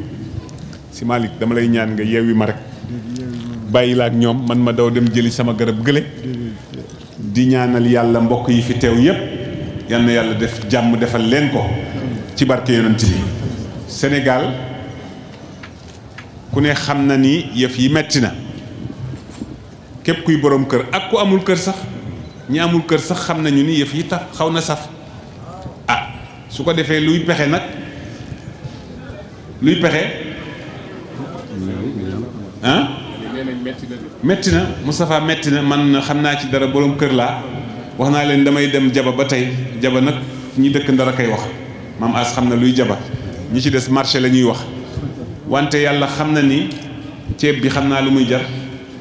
[SPEAKER 5] si Malick dama lay ñaan nga yeewi ma rek bàyyi la ak ñoom man ma daw dem jëli sama garab gële. di ñaanal yàlla mbokk yi fi teew yépp yal yàlla def jàmm defal leen ko ci barke yonent bi Sénégal ku ne xam na ni yëf yi metti na képp kuy boroom kër ak ku amul kër sax ñi amul kër sax xam nañu ni yëf yi tax xaw na saf ah su ko defee luy pexe nag luy pexe ah métti na mustafaa métti na man xam naa ci dara borom kër laa wax naa leen damay dem jaba ba tey jaba nag ñi dëkk ndara koy wax maam as xam na luy jaba ñi ci des marché la ñuy wax wante yàlla xam na ni ceeb bi xam naa lu muy jar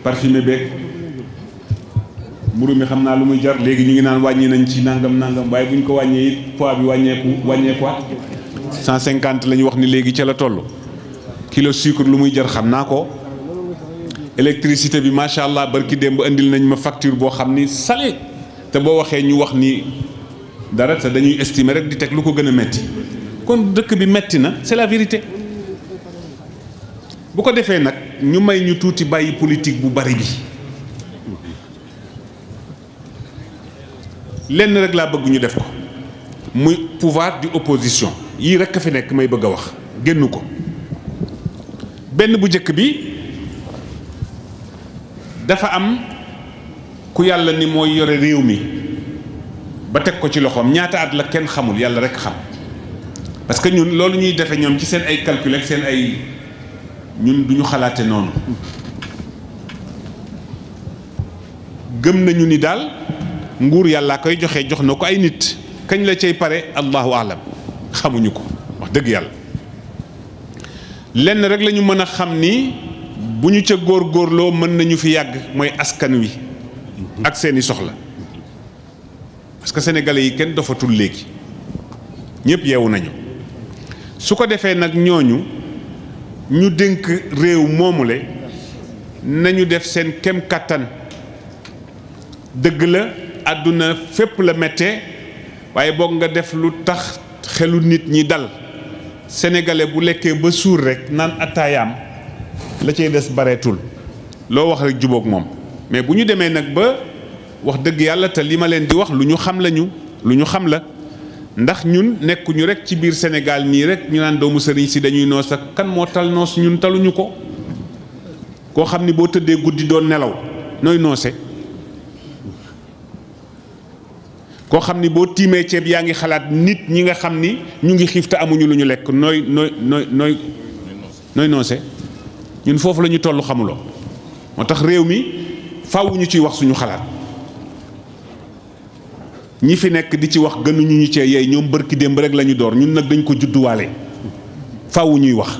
[SPEAKER 5] parfumé beeg mburu mi xam naa lu muy jar léegi ñu ngi naan wàññi nañ ci nangam nangam waaye bu ñu ko wàññee it poids bi wàññeeku wàññeekuwaat 150 la ñu wax ni léegi ca la tollu kilo sucre lu muy jar xam naa ko électricité bi macha allah barki démb indil nañ ma facture boo xam ni salé te boo waxee ñu wax ni dara te dañuy estimer rek di teg lu ko gën a metti kon dëkk bi metti na c'est la vérité bu ko defee nag ñu may ñu tuuti bàyyi politique bu bari bi lenn rek laa bëgg ñu def ko muy pouvoir di opposition yii rek a fi nekk may bëgg a wax génn ko benn bu jëkk bi dafa am ku yàlla ni mooy yore réew mi ba teg ko ci loxoom ñaata at la kenn xamul yàlla rek xam parce que ñun loolu ñuy defe ñoom ci seen ay calcul seen ay ñun ñu xalaate noonu gëm nañu ni daal nguur yàlla koy joxe jox na ko ay nit kañ la cay pare allahu alam xamuñu ko wax dëgg yàlla lenn rek lañu mën a xam ni bu ñu ca góorloo mën nañu fi yàgg mooy askan wi ak seeni soxla parce que sénégalais yi kenn dofatul léegi ñëpp yeewu nañu su ko defee nag ñooñu ñu dénk réew moomule nañu def seen kem kàttan dëgg la àdduna fépp la méttee waaye boog nga def lu tax xelu nit ñi dal sénégalais bu lekkee ba suur rekk naan attaayaam la cay des bareetul loo wax rek jubóog moom mais bu ñu demee nag ba wax dëgg yàlla te li ma leen di wax lu ñu xam lañu lu ñu xam la ndax ñun nekkuñu rek ci biir Sénégal nii rek ñu naan doomu sëriñ si dañuy noos ak kan moo tal noos ñun taluñu ko koo xam ni boo tëddee guddi doon nelaw nooy noose koo xam ni boo tiimee ceeb yaa ngi xalaat nit ñi nga xam ni ñu ngi xiif te amuñu lu ñu lekk nooy nooy nooy nooy nooy noose ñun foofu la ñu toll xamuloo moo tax réew mi fawuñu ciy wax suñu xalaat ñi fi nekk di ci wax gënuñu ñu cee yeey ñoom bërki démb rek lañu door ñun nag dañ ko judduwaale faaw ñuy wax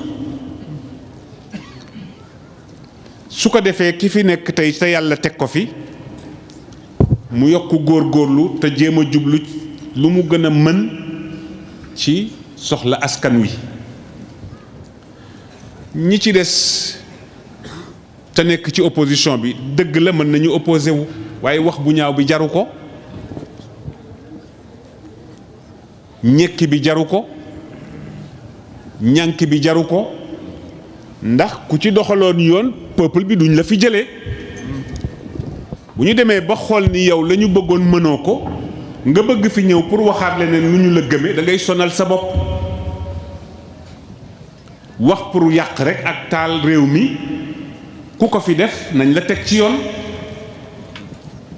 [SPEAKER 5] su ko defee ki fi nekk tey sa yàlla teg ko fi mu yokk góor góorlu te jéem a jublu lu mu gën a mën ci soxla askan wi ñi ci des te nekk ci opposition bi dëgg la mën nañu opposé wu waaye wax bu ñaaw bi jaru ko ñekk bi jaru ko ñànk bi jaru ko ndax ku ci doxaloon yoon peuple bi duñ la fi jëlee bu ñu demee ba xool ni yow lañu bëggoon mënoo ko nga bëgg fi ñëw pour waxaat leneen lu ñu la gëmee da ngay sonal sa bopp wax pour yàq rek ak taal réew mi ku ko fi def nañ la teg ci yoon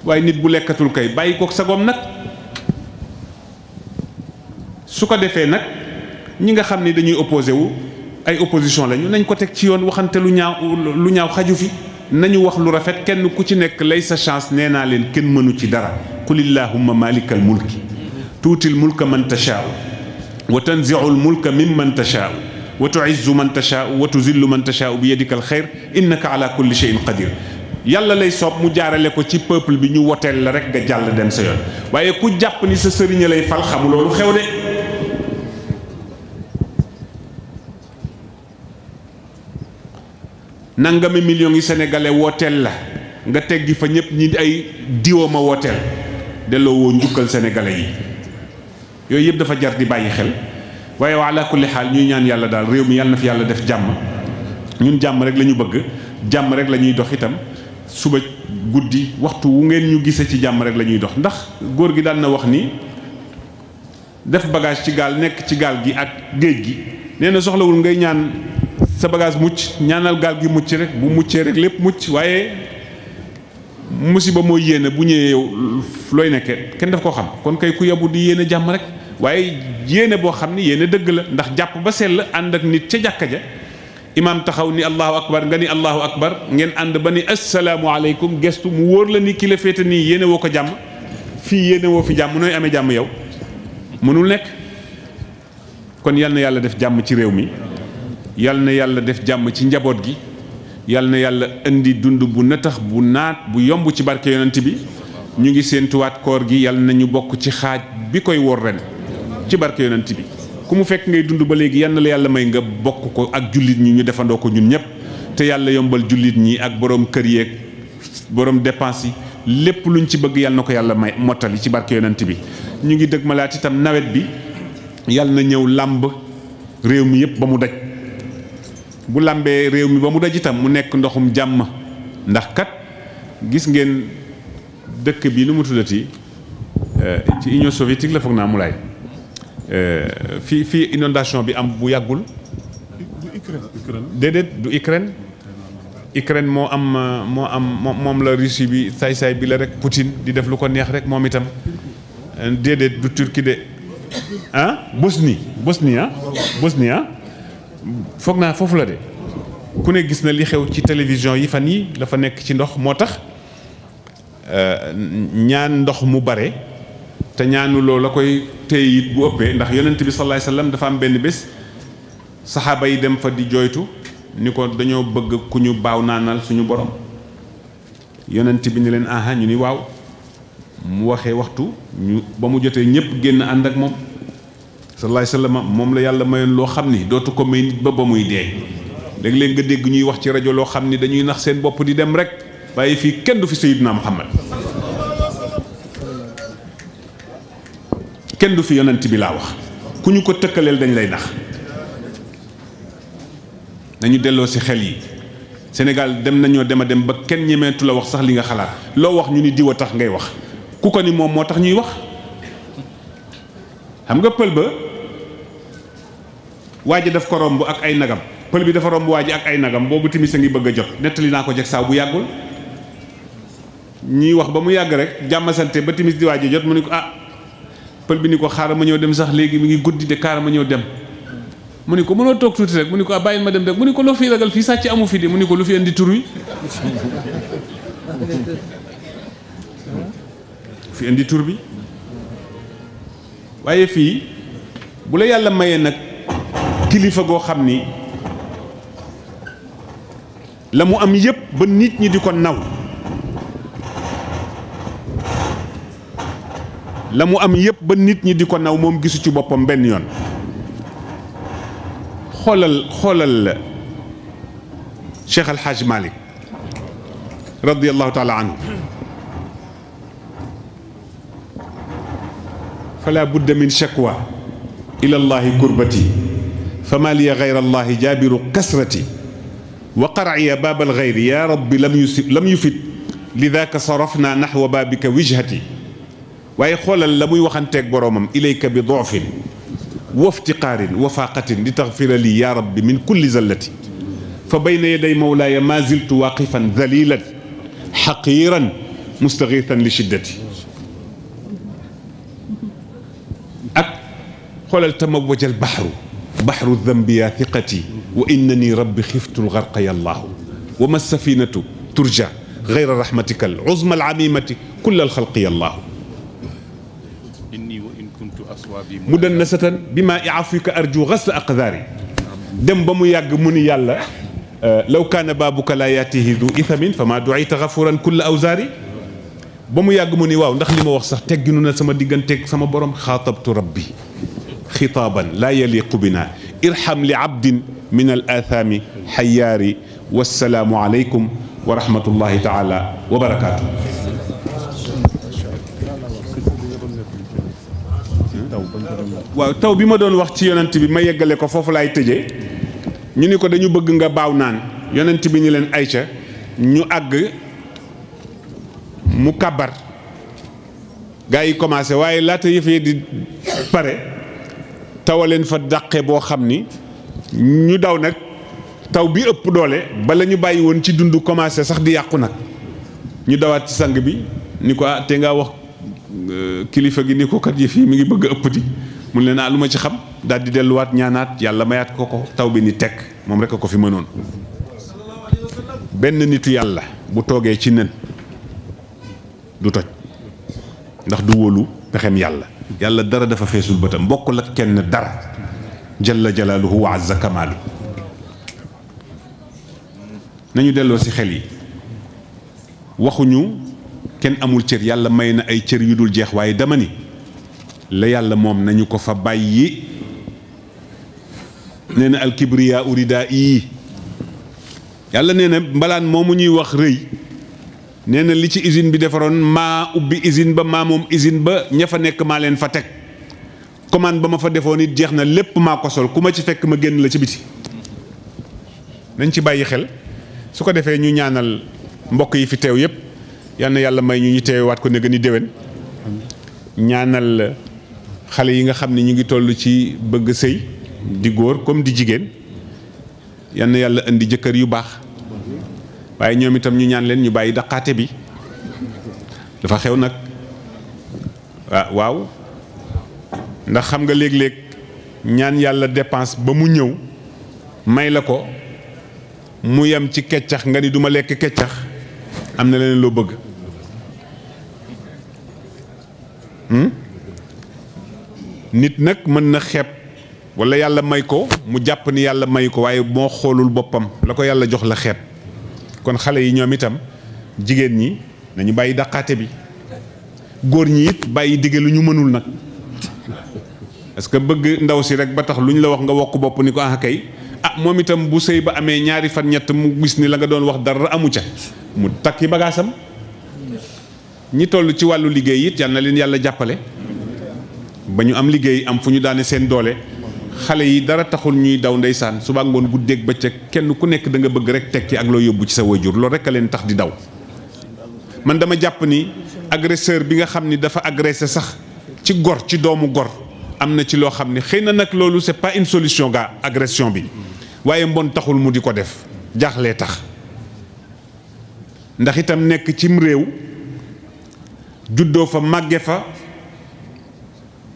[SPEAKER 5] waaye nit bu lekkatul kay bàyyi ko sagoom nag su ko defee nag ñi nga xam ni dañuy opposé wu ay opposition lañu nañ ko teg ci yoon waxante lu ñaaw lu ñaaw xaju fi nañu wax lu rafet kenn ku ci nekk lay sa chance nee naa leen kenn mënu ci dara qulillahumma malikal mulki tuutil mulka man tashaau wa tanziu l mulka mimman tashaau wa tuizzu man tashaau wa tuzillu man tashaau bi yadika al xayr innaka ala kulli shay'in qadir yàlla lay soob mu jaarale ko ci peuple bi ñu woteel la rek nga jàll dem sa yoon waaye ku jàpp ni sa sëriñ lay fal xamu loolu xew de nangami million yi sénégalais wooteel la nga teggi fa ñëpp ñi ay diwooma wooteel delloo woo njukkal sénégalais yi yooyu yëpp dafa jar di bàyyi xel waaye waa ala kulli xaal ñuy ñaan yàlla daal réew mi yàlla na fi yàlla def jàmm ñun jàmm rek lañu bëgg jàmm rek la ñuy dox itam suba guddi waxtu wu ngeen ñu gise ci jàmm rek la ñuy dox ndax góor gi daan na wax nii def bagage ci gaal nekk ci gaal gi ak géej gi nee na soxlawul ngay ñaan sa bagage mucc ñaanal gaal gi mucc rek bu muccee rek lépp mucc waaye musiba mooy yéene bu ñëwee yow looy nekkee kenn daf ko xam kon kay ku yabu di yéene jàmm rek. waaye yéene boo xam ne yéene dëgg la ndax jàpp ba sell ànd ak nit ca jàkka ja imaam taxaw ni allahu akbar nga ni allahu akbar ngeen ànd ba ni asalaamu aleykum gestu mu wóor la ni ki la féete nii yéene woo ko jàmm fii yéene woo fi jàmm nooy amee jàmm yow mënul nekk kon yal na yàlla def jàmm ci réew mi yal na yàlla def jàmm ci njaboot gi yal na yàlla indi dund bu nëtax bu naat bu yomb ci barke yonent bi ñu ngi seen tuwaat koor gi yal na ñu bokk ci xaaj bi koy wor ren ci barke yonent bi ku mu fekk ngay dund ba léegi yan la yàlla may nga bokk ko ak jullit ñi ñu defandoo ko ñun ñëpp te yàlla yombal jullit ñi ak borom kër yeeg borom dépense yi lépp luñ ci bëgg yàlla na ko yàlla may mottali ci barki yonent bi ñu ngi dëgg malaat itam nawet bi yàlla na ñëw làmb réew mi yëpp ba mu daj bu làmbee réew mi ba mu daj itam mu nekk ndoxum jàmm ndax kat gis ngeen dëkk bii lu mu tuddati eh, ci Union soviétique la foog naa mu laay Euh, fii fii inondation bi am bu yàggul. déedéet du Ukraine. Ukraine moo am moo am moom la Russie bi saay-saay bi la rek Poutine di def lu ko neex rek moom itam déedéet du Turquie de ah Bosnie Bosnie ah Bosnie foog naa foofu la de ku ne gis na li xew ci télévision yi fan yi dafa nekk ci ndox moo tax euh, ñaan ndox mu bare te ñaanuloo la koy téye it bu ëppee ndax yonent bi sallallahu alayhi wasallam dafa am benn bés saxaaba yi dem fa di jooytu ni ko dañoo bëgg ku ñu baaw naanal suñu borom yonent bi ni leen aha ñu ni waaw mu waxee waxtu ñu ba mu jotee ñëpp génn ànd ak moom sallallahu alayhi wasallam moom la yàlla mayoon loo xam ni dootu ko may nit ba ba muy dee léeg-léeg nga dégg ñuy wax ci rajo loo xam ni dañuy nax seen bopp di dem rek waaye fii kenn du fi sayyidina Muhammad kenn du fi yonent bi laa wax ku ñu ko tëkkaleel dañ lay nax nañu delloo ci xel yi Sénégal dem nañoo dem a dem ba kenn ñemeetu la wax sax li nga xalaat loo wax ñu ni a tax ngay wax ku ko ni moom moo tax ñuy wax xam nga pël ba waa ji daf ko romb ak ay nagam pël bi dafa romb waa ak ay nagam boobu timis a ngi bëgg a jot nettali naa ko jeg saa bu yàggul ñuy wax ba mu yàgg rek jàmmasante ba timis di waa ji jot mu ni ko ah pël bi ni ko xaaral ma ñëw dem sax léegi mi ngi guddi de kaara ma ñëw dem mu ni ko mënoo toog tuuti rek mu ni ko ah bàyyil ma dem rek mu ni ko loo fi ragal fii sàcc amu fi de mu ni ko lu fi indi tur bi waaye fii bu la yàlla mayee nag kilifa goo xam ni la mu am yépp ba nit ñi di ko naw la mu am yépp ba nit ñi di ko naw moom gisu ci boppam benn yoon xoolal xoolal Cheikh Al Hadj Malick radiyallahu taala anhu fala budda min shakwa ila llahi kurbati fama liya gayra allahi jaabiru kasrati wa qaraiya baabal gayri ya rabbi lam yufit lidaka sarafna naxwa baabika wijhati waaye xoolal la muy waxanteeg boroomam ilayka bi doofin waftiqaarin wa faaqatin li taxfira lii yaa rabbi min kulli zallati fa bayna yaday mawlaaya ma ziltu waaqifan dalilan xaqiiran mustagiitan li shiddati ak xoolal tamawajal baxru baxru dambi yaa thiqati wa innani rabbi xiftu lgarqa yallaahu wa ma safinatu turja gayra rahmatika al uzma al amimati kulla al xalqi yallaahu mu dan na satan bi maa iafika arju xasla aqdaari dem ba mu yàgg mu ni yàlla euh, law kaana baabuka laa yaatihi du ithamin fa maa duayta xafuran kulla awzaari ba mu yàgg mu ni waaw ndax li ma wax sax tegginu na sama digganteeg sama borom xaatabtu rabbi xitaaban laa yaliqu bina irham li abdin min al aathaami xayaari wasalaamu aleykum wa rahmatullahi taala wa barakaatu waaw taw bi ma doon wax ci yonent bi ma yeggale ko foofu laay tëje ñu ni ko dañu bëgg nga baaw naan yonent bi ñu leen ay ayca ñu àgg mu kàbbar gaa yi commencé waaye laata yëfee di pare tawaleen fa dàqe boo xam ni ñu daw nag taw bi ëpp doole bala ñu bàyyi woon ci dund commencé sax di yàqu nag ñu dawaat ci sang bi ni ko ah te nga wax Euh, kilifa gi ni kokat yi fii mi ngi bëgg ëpp ëppati mu ne naa lu ma ci xam daal di delluwaat ñaanaat yàlla mayaat ko ko taw bi ni tekk moom rek a ko fi mënoon benn nitu yàlla bu toogee ci nen du toj ndax du wóolu pexem yàlla yàlla dara dafa feesul bëtam bokkul ak kenn dara jalla jalaaluhu wa azza kamaalu nañu delloo ci xel yi waxuñu kenn amul cër yàlla may na ay cër yu dul jeex waaye dama ni la yàlla moom nañu ko fa bàyyi nee na alkibriya urida yi yàlla nee na mbalaan mu ñuy wax rëy nee na li ci usine bi defaroon maa ubbi usine ba maa moom usine ba ña fa nekk maa leen fa teg commande ba ma fa defoon it jeex na lépp maa ko sol ku ma ci fekk ma génn la ci biti nañ ci bàyyi xel su ko defee ñu ñaanal mbokk yi fi teew yépp yal yàlla may ñu ñu teewaat ko ne gën a déwén ñaanal xale yi nga xam ne ñu ngi toll ci bëgg sëy di góor comme di jigéen yal yàlla indi jëkkër yu baax waaye ñoom itam ñu ñaan leen ñu bàyyi daqaate bi dafa xew nag ah, waaw ndax xam nga léeg-léeg ñaan yàlla dépense ba mu ñëw may la ko mu yem ci keccax nga ni duma lekk keccax am na leneen loo bëgg Hmm? nit nag mën na xeeb wala yàlla may ko mu jàpp ni yàlla may ko waaye moo xoolul boppam la ko yàlla jox la xeeb kon xale yi ñoom itam jigéen ñi nañu bàyyi daqaate bi góor ñi it bàyyi dige lu ñu mënul nag parce que bëgg ndaw si rek ba tax lu ñu la wax nga wokk bopp ni ko a ah, kay ah moom itam bu sëy ba amee ñaari fan ñett mu gis ni la nga doon wax dara amu ca mu takki bagaasam ñi toll ci wàllu liggéey it yal na leen yàlla jàppale ba ñu am liggéey am fu ñu daane seen doole xale yi dara taxul ñuy daw ndeysaan su suba ngoon guddeeg bëccëg kenn ku nekk da nga bëgg rek tekki ak loo yóbbu ci sa wayjur loolu rek a leen tax di daw man dama jàpp ni agresseur bi nga xam ni dafa agressé sax ci gor ci doomu gor am na ci loo xam ne xëy na nag loolu c'est pas une solution ga agression bi waaye mbon taxul mu di ko def jaaxlee tax ndax itam nekk cim réew juddoo fa màgge fa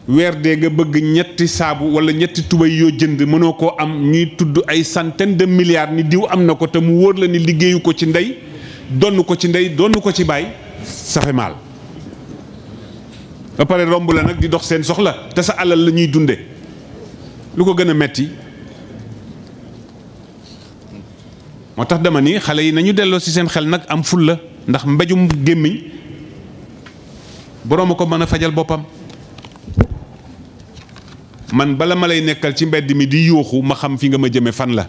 [SPEAKER 5] weer dee nga bëgg ñetti saabu wala ñetti tubay yoo jënd mënoo ko am ñuy tudd ay centaine de milliards ni diw am na ko te mu wóor la ni liggéeyu ko ci ndey donn ko ci ndey donn ko ci baay ça fait mal ba pare romb la nag di dox seen soxla te sa alal la ñuy dunde lu ko gën a metti moo tax dama ni xale yi nañu delloo ci seen xel nag am ful la ndax mbéjum gémmiñ boroom a ko mën a fajal boppam man bala ma lay nekkal ci mbedd mi di yuuxu ma xam fi nga ma jëme fan la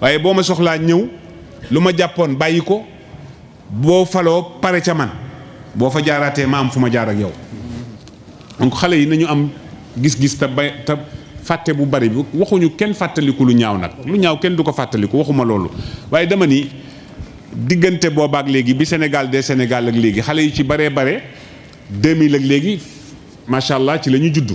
[SPEAKER 5] waaye boo ma soxlaa ñëw lu ma jàppoon bàyyi ko boo faloo pare ca man boo fa jaaraatee ma am fu ma jaar ak yow donc xale yi nañu am gis-gis te ba te fàtte bu bari bi waxuñu kenn fàttaliku lu ñaaw nag lu ñaaw kenn du ko fàttaliku waxuma loolu waaye dama ni diggante boobaak léegi bi Sénégal des Sénégal ak léegi xale yu ci baree bare 2000 ak léegi macha allah ci la ñu judd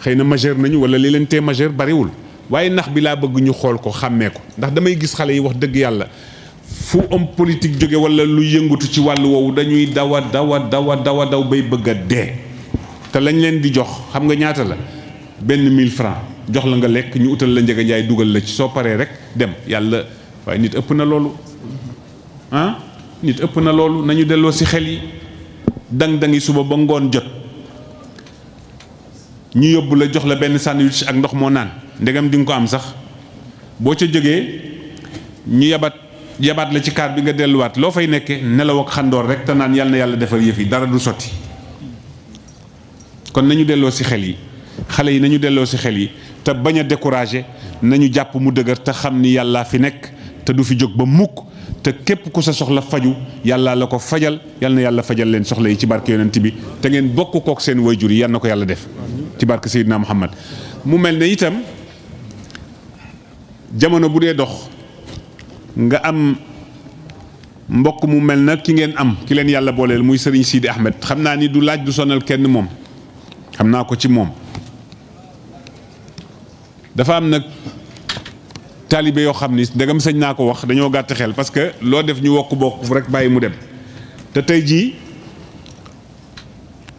[SPEAKER 5] xëy na majeur nañu wala li leen tee majeur bariwul waaye nax bi laa bëgg ñu xool ko xàmmee ko ndax damay gis xale yi wax dëgg yàlla fu homme politique jóge wala lu yëngatu ci wàll woowu dañuy dawa dawa dawa dawa daw bay bëgga a dee te lañ leen di jox xam nga ñaata la benn mille francs jox la nga lekk ñu utal la njëg njaay dugal la ci soo paree rek dem yàlla loolu nit ëpp na loolu nañu delloo ci xel yi dang-dangi suba ba ngoon jot ñu yóbbu la jox la benn sandwich ak ndox moo naan ndegam di nga ko am sax boo ca jógee ñu yabat yabaat la ci kaar bi nga delluwaat loo fay nekke nelaw ak xandoor rek te naan yàlla yàlla defar yëf yi dara du sotti kon nañu delloo ci xel yi xale yi nañu delloo ci xel yi te bañ a découragé nañu jàpp mu dëgër te xam ni yàllaa fi nekk te du fi jóg ba mukk te képp ku sa soxla faju yàlla la ko fajal yal yàlla fajal leen soxla yi ci barke yonent bi te ngeen bokk kook seen wayjur yi yal ko yàlla def ci barke Seydina Muhammad mu mel na itam jamono bu dee dox nga am mbokk mu mel na ki ngeen am ki leen yàlla booleel muy Serigne Sidi Ahmed xam naa ni du laaj du sonal kenn moom xam naa ko ci moom dafa am nag taalibe yoo xam ni ndegam sëñ naa ko wax dañoo gàtt xel parce que loo def ñu wokk bokk rek bàyyi mu dem te tey jii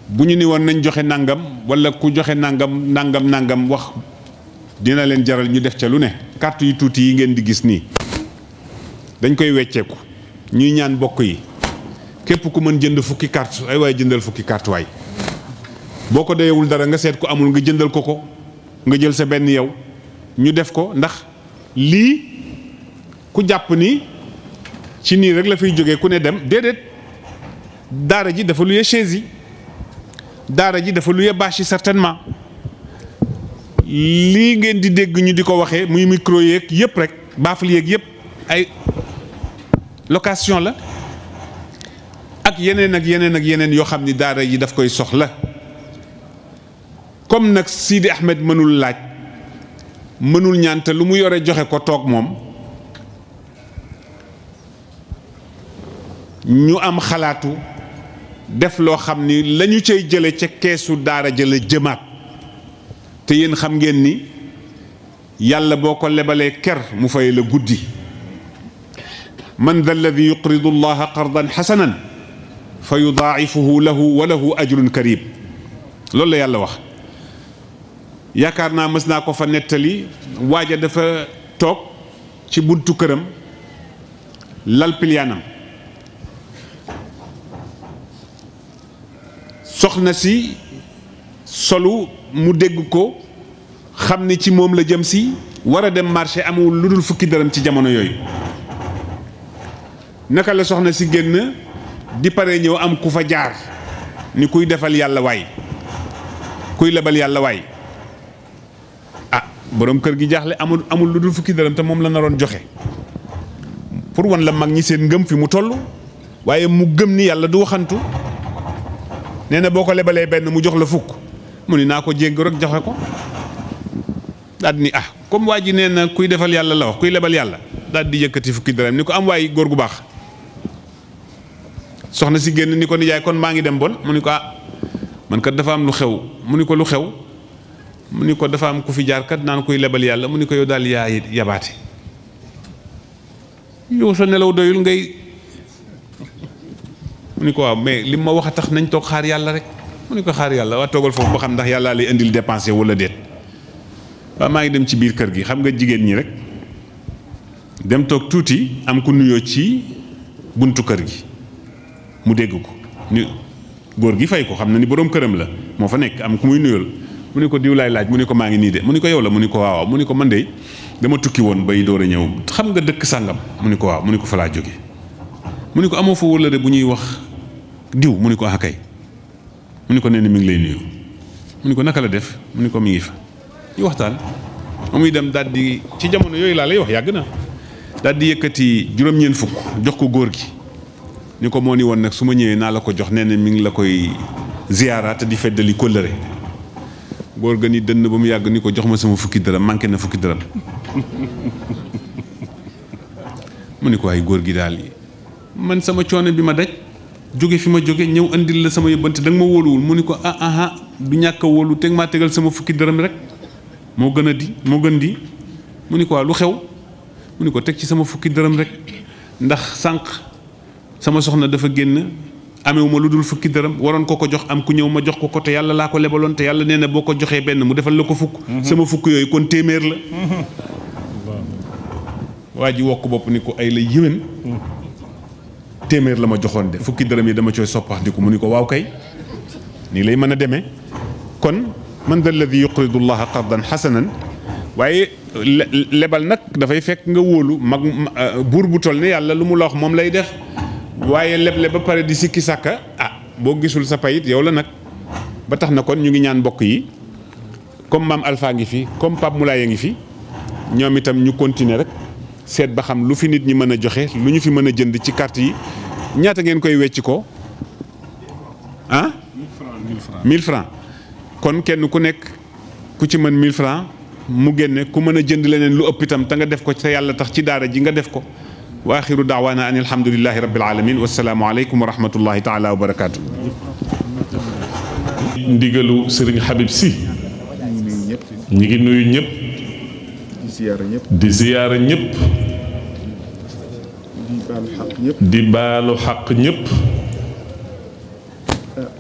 [SPEAKER 5] bu ñu ni woon nañ joxe nangam walla ku joxe nangam nangam nangam wax dina leen jaral ñu def ca lu ne carte yu tuuti yi ngeen di gis nii dañ koy wecceeku ñuy ñaan bokk yi képp ku mën jënd fukki carte ay waay jëndal fukki carte waay boo ko doyewul dara nga seet ku amul nga jëndal ko ko nga jël sa benn yow ñu def ko ndax lii ku jàpp ni ci nii rek la fiy jóge ku ne dem déedéet daara ji dafa luye chaise yi daara ji dafa luye bâche yi certainement lii ngeen di dégg ñu di ko waxee muy micro yéeg yëpp rek baafal yéeg yépp ay location la ak yeneen ak yeneen ak yeneen yoo xam ni daara yi daf koy soxla comme nag Sidi Ahmed mënul laaj mënul ñaante lu mu yore joxe ko toog moom ñu am xalaatu def loo xam ni lañu cay jële ca keesu daara jële jëmaat te yéen xam ngeen ni yàlla boo ko lebalee ker mu fay la guddi man da alladi yuqridu allaha qardan xasanan fa yudaacifuhu lahu wa loolu la yàlla wax yaakaar naa mës naa ko fa nettali waaja dafa toog ci buntu këram lal piliyaanam soxna si solu mu dégg ko xam ni ci moom la jëm si war a dem marché amul lu dul fukki dërëm ci jamono yooyu naka la soxna si génn di pare ñëw am ku fa jaar ni kuy defal yàlla waay kuy lebal yàlla waay borom kër gi jaaxle amul amul lu dul fukki dërëm te moom la na naroon joxe pour wan la mag ñi seen ngëm fi mu toll waaye mu gëm ni yàlla du waxantu nee na boo ko lebalee benn mu jox la fukk mu ni naa ko jégg rek joxe ko daal ni ah comme waa ji nee na kuy defal yàlla la wax kuy lebal yàlla daal di yëkkati fukki dërëm ni ko am waay góor gu baax soxna si génn ni ko nijaay kon maa ngi dem bon mu ni ko ah man kat dafa am lu xew mu ni ko lu xew mu ni ko dafa am ku fi jaar kat naan koy lebal yàlla mu ni ko yow daal yaa yabaate yow sa nelaw doyul ngay mu ni ko waaw mais li ma wax a tax nañ toog xaar yàlla rek mu ni ko xaar yàlla waa toogal foofu ba xam ndax yàllaa lay indil dépensé wala déet waaw maa ngi dem ci biir kër gi xam nga jigéen ñi rek dem toog tuuti am ku nuyoo ci buntu kër gi mu dégg ko ni góor gi fey ko xam na ni boroom këram la moo fa nekk am ku muy nuyool mu ne ko diw laaj mu ni ko maa ngi nii de mu ne ko yow la mu ne ko waaw mu ne ko man de dama tukki woon bay door a xam nga dëkk sàngam mu ne ko waaw mu ne ko falaa laa jóge mu ne ko amoo fa wëllëre bu ñuy wax diw mu ni ko ah mu ne ko nee na mi ngi lay nuyu mu ne ko naka la def mu ni ko mi ngi fa ñu waxtaan ba muy dem daal di ci jamono yooyu laa lay wax yàgg na daal di yëkkati juróom-ñeent fukk jox ko góor gi ni ko moo ni woon nag su ma ñëwee naa la ko jox nee na mi ngi la koy ziyaara te di feddali kóllëre góor ga ni dënn ba mu yàgg ni ko jox ma sama fukki dërëm manqué na fukki dërëm mu ni ko ay góor gi daal man sama coono bi ma daj jóge fi ma jóge ñëw indi la sama yëbbante da ma wóoluwul mu ni ko ah, ah ah du ñàkk a wóolu teg maa tegal sama fukki dërëm rek moo gën a di moo gën di mu ni ko lu xew mu ni ko teg ci sama fukki dërëm rek ndax sànq sama soxna dafa génn amewuma lu dul fukki dërëm waroon ko ko jox am ku ñëw ma jox ko ko te yàlla laa ko lebaloon te yàlla nee boo ko joxee benn mu defal la ko fukk mhm. sama fukk yooyu kon téeméer la mhm. waa ji wokk bopp ni ko ay mhm. téeméer la ma joxoon de fukki dërëm yi dama cooy ko mu ni ko waaw kay nii lay mën a demee kon man da alladi yuqridu llaha qardan xasanan waaye lebal nag dafay fekk nga wóolu mag buur bu toll ne yàlla lu mu la moom lay def waaye leble ba pare di sikki sàkka ah boo gisul sa payit yow la nag ba tax na kon ñu ngi ñaan mbokk yi comme maam alfaa ngi fi comme Pape Moulaye ngi fi ñoom itam ñu continuer rek seet ba xam lu fi nit ñi mën a joxe lu ñu fi mën a jënd ci carte yi ñaata ngeen koy wecc ko ah. 1000 francs kon kenn ku nekk ku ci mën 1000 francs mu génne ku mën a jënd leneen lu ëpp itam te nga def ko te yàlla tax ci daara ji nga def ko. wa axiru daawaana an alhamdulilahi rabbil alamin wasalaamu aleykum wa rahmatullahi taala
[SPEAKER 2] ndigalu sëriñ Habib si. ñu nuyu ñëpp. di ziyaara ñëpp. di ziyaara ñëpp. baalu xaq ñépp di baalu ah,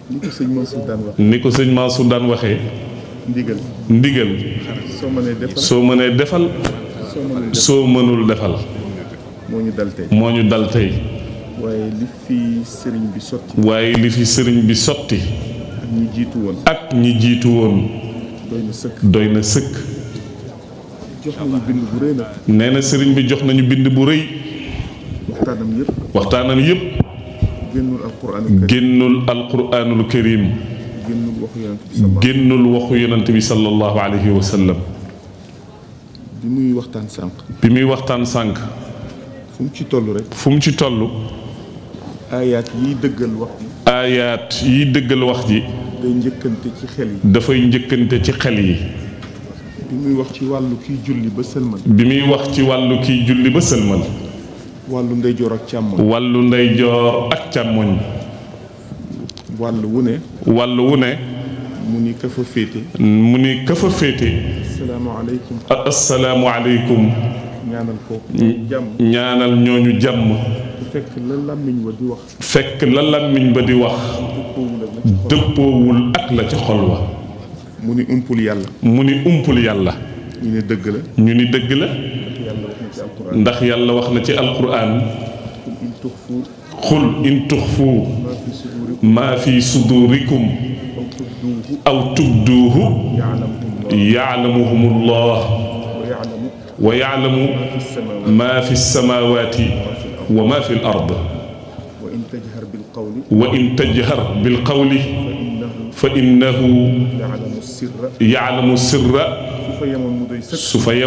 [SPEAKER 2] ni ko sëñ Mansour daan waxee. daan waxee. ndigal. ndigal. soo mënee defal soo mënee defal. soo defal. moo ñu dal tey moo ñu waaye li fi sëriñ bi sotti. ak ñi jiitu woon. ak ñi jiitu woon. doy na sëkk doy na sëkk. nee na sëriñ bi jox nañu bind bu rëy. waxtaanam yëpp. waxtaanam yëpp. génnul alquranul karim génnul alquranul karim. génnul waxu yonent bi sallallahu alayhi wa sallam. bi muy waxtaan sànq. muy waxtaan sànq. fu mu ci toll rek. fu mu ci toll. aayaat yiy dëggal wax dëggal wax ji. yi. dafay njëkkante ci xel yi. bi muy wax ci wàllu kiy julli ba sëlmal. bi muy wax ci wàllu kiy julli ba sëlmal. wàllu ndeyjoor ak càmmoñ. wàllu ndeyjoor ak càmmoñ. wàllu wu ne. wàllu wu ne. mu ni ka fa féete. mu ni ka fa féete. asalaamualeykum. asalaamualeykum. ñaanal ñoo ñu jàmm. fekk la làmmiñ ba di wax. fekk la dëppoowul ak la ci xol wa. mu ni umpul yàlla. ñu ni dëgg la. ñu dëgg la. ndax yàlla wax na ci alquran. xul in tuxfu maa fi sudurikum aw tubduuhu yaalamuhumullah wa yaalamu maa fi samaawaati wa maa fi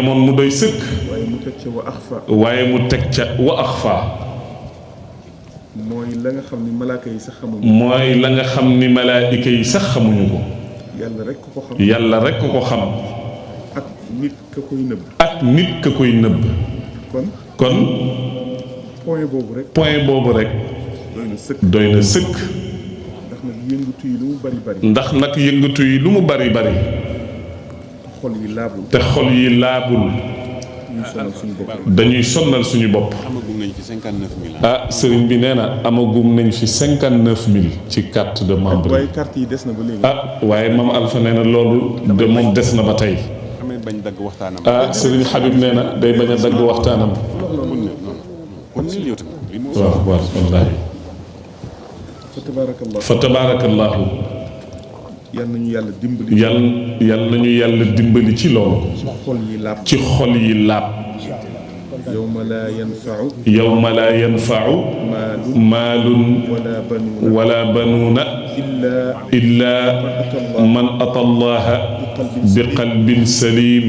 [SPEAKER 2] mu doy sëkk mu teg ca wa axfaa mooy la nga xam ni malaaka yi sax xamuñu mooy la nga xam nit ka koy nëbb. kon kon. point boobu rek point boobu rek. doy na sëkk doy ndax nag yëngatu yi lu mu bari bari. ndax nag yëngatu xol yi laabul te xol yi laabul.
[SPEAKER 5] dañuy sonnal suñu bopp.
[SPEAKER 2] ah sëriñ bi nee na amagum nañ fi cinquante neuf mille ci carte de membre.
[SPEAKER 5] yi des na ba léegi. ah
[SPEAKER 2] waaye moom Alpha nee na loolu de moom des na ba tey.
[SPEAKER 5] bañ dagg waxtaanam.
[SPEAKER 2] ah Serigne Habib nee na day bañ a dagg waxtaanam.
[SPEAKER 5] waaw
[SPEAKER 2] waaw wallaahi. fa tabaarakallaahu. yal na ñu yàlla dimbali. yal dimbali ci loolu. ci xol yi laab yawma laa yanfau yawma laa yanfau maalun wala banuuna illaa man ata allaha bi qalbin salim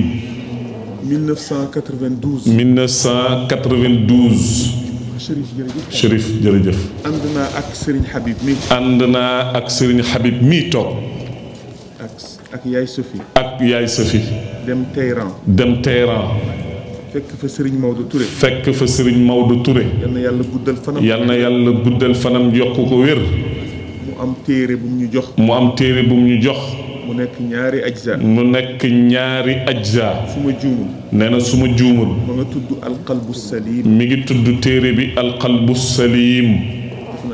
[SPEAKER 2] 1992 1992 Chérif jërëjëf Chérif jërëjëf. ànd naa ak Serigne Habib mi. ànd naa ak Serigne Habib mi toog.
[SPEAKER 5] ak ak Yaay Sophie.
[SPEAKER 2] ak Yaay Sophie.
[SPEAKER 5] dem Téhéran.
[SPEAKER 2] dem Téhéran. fekk fa sëriñ Maodo Touré. fekk fa sëriñ Maodo Touré. yal na yàlla guddal fanam. yal na yàlla guddal fanam yokk ko wér. mu am téere bu mu ñu jox. mu am téere bu mu jox. mu nekk ñaari ajza. mu nekk ñaari ajza. su ma juumul. nee na su ma juumul. ma nga tudd alqalbu salim. mi ngi tudd téere bi alqalbu salim.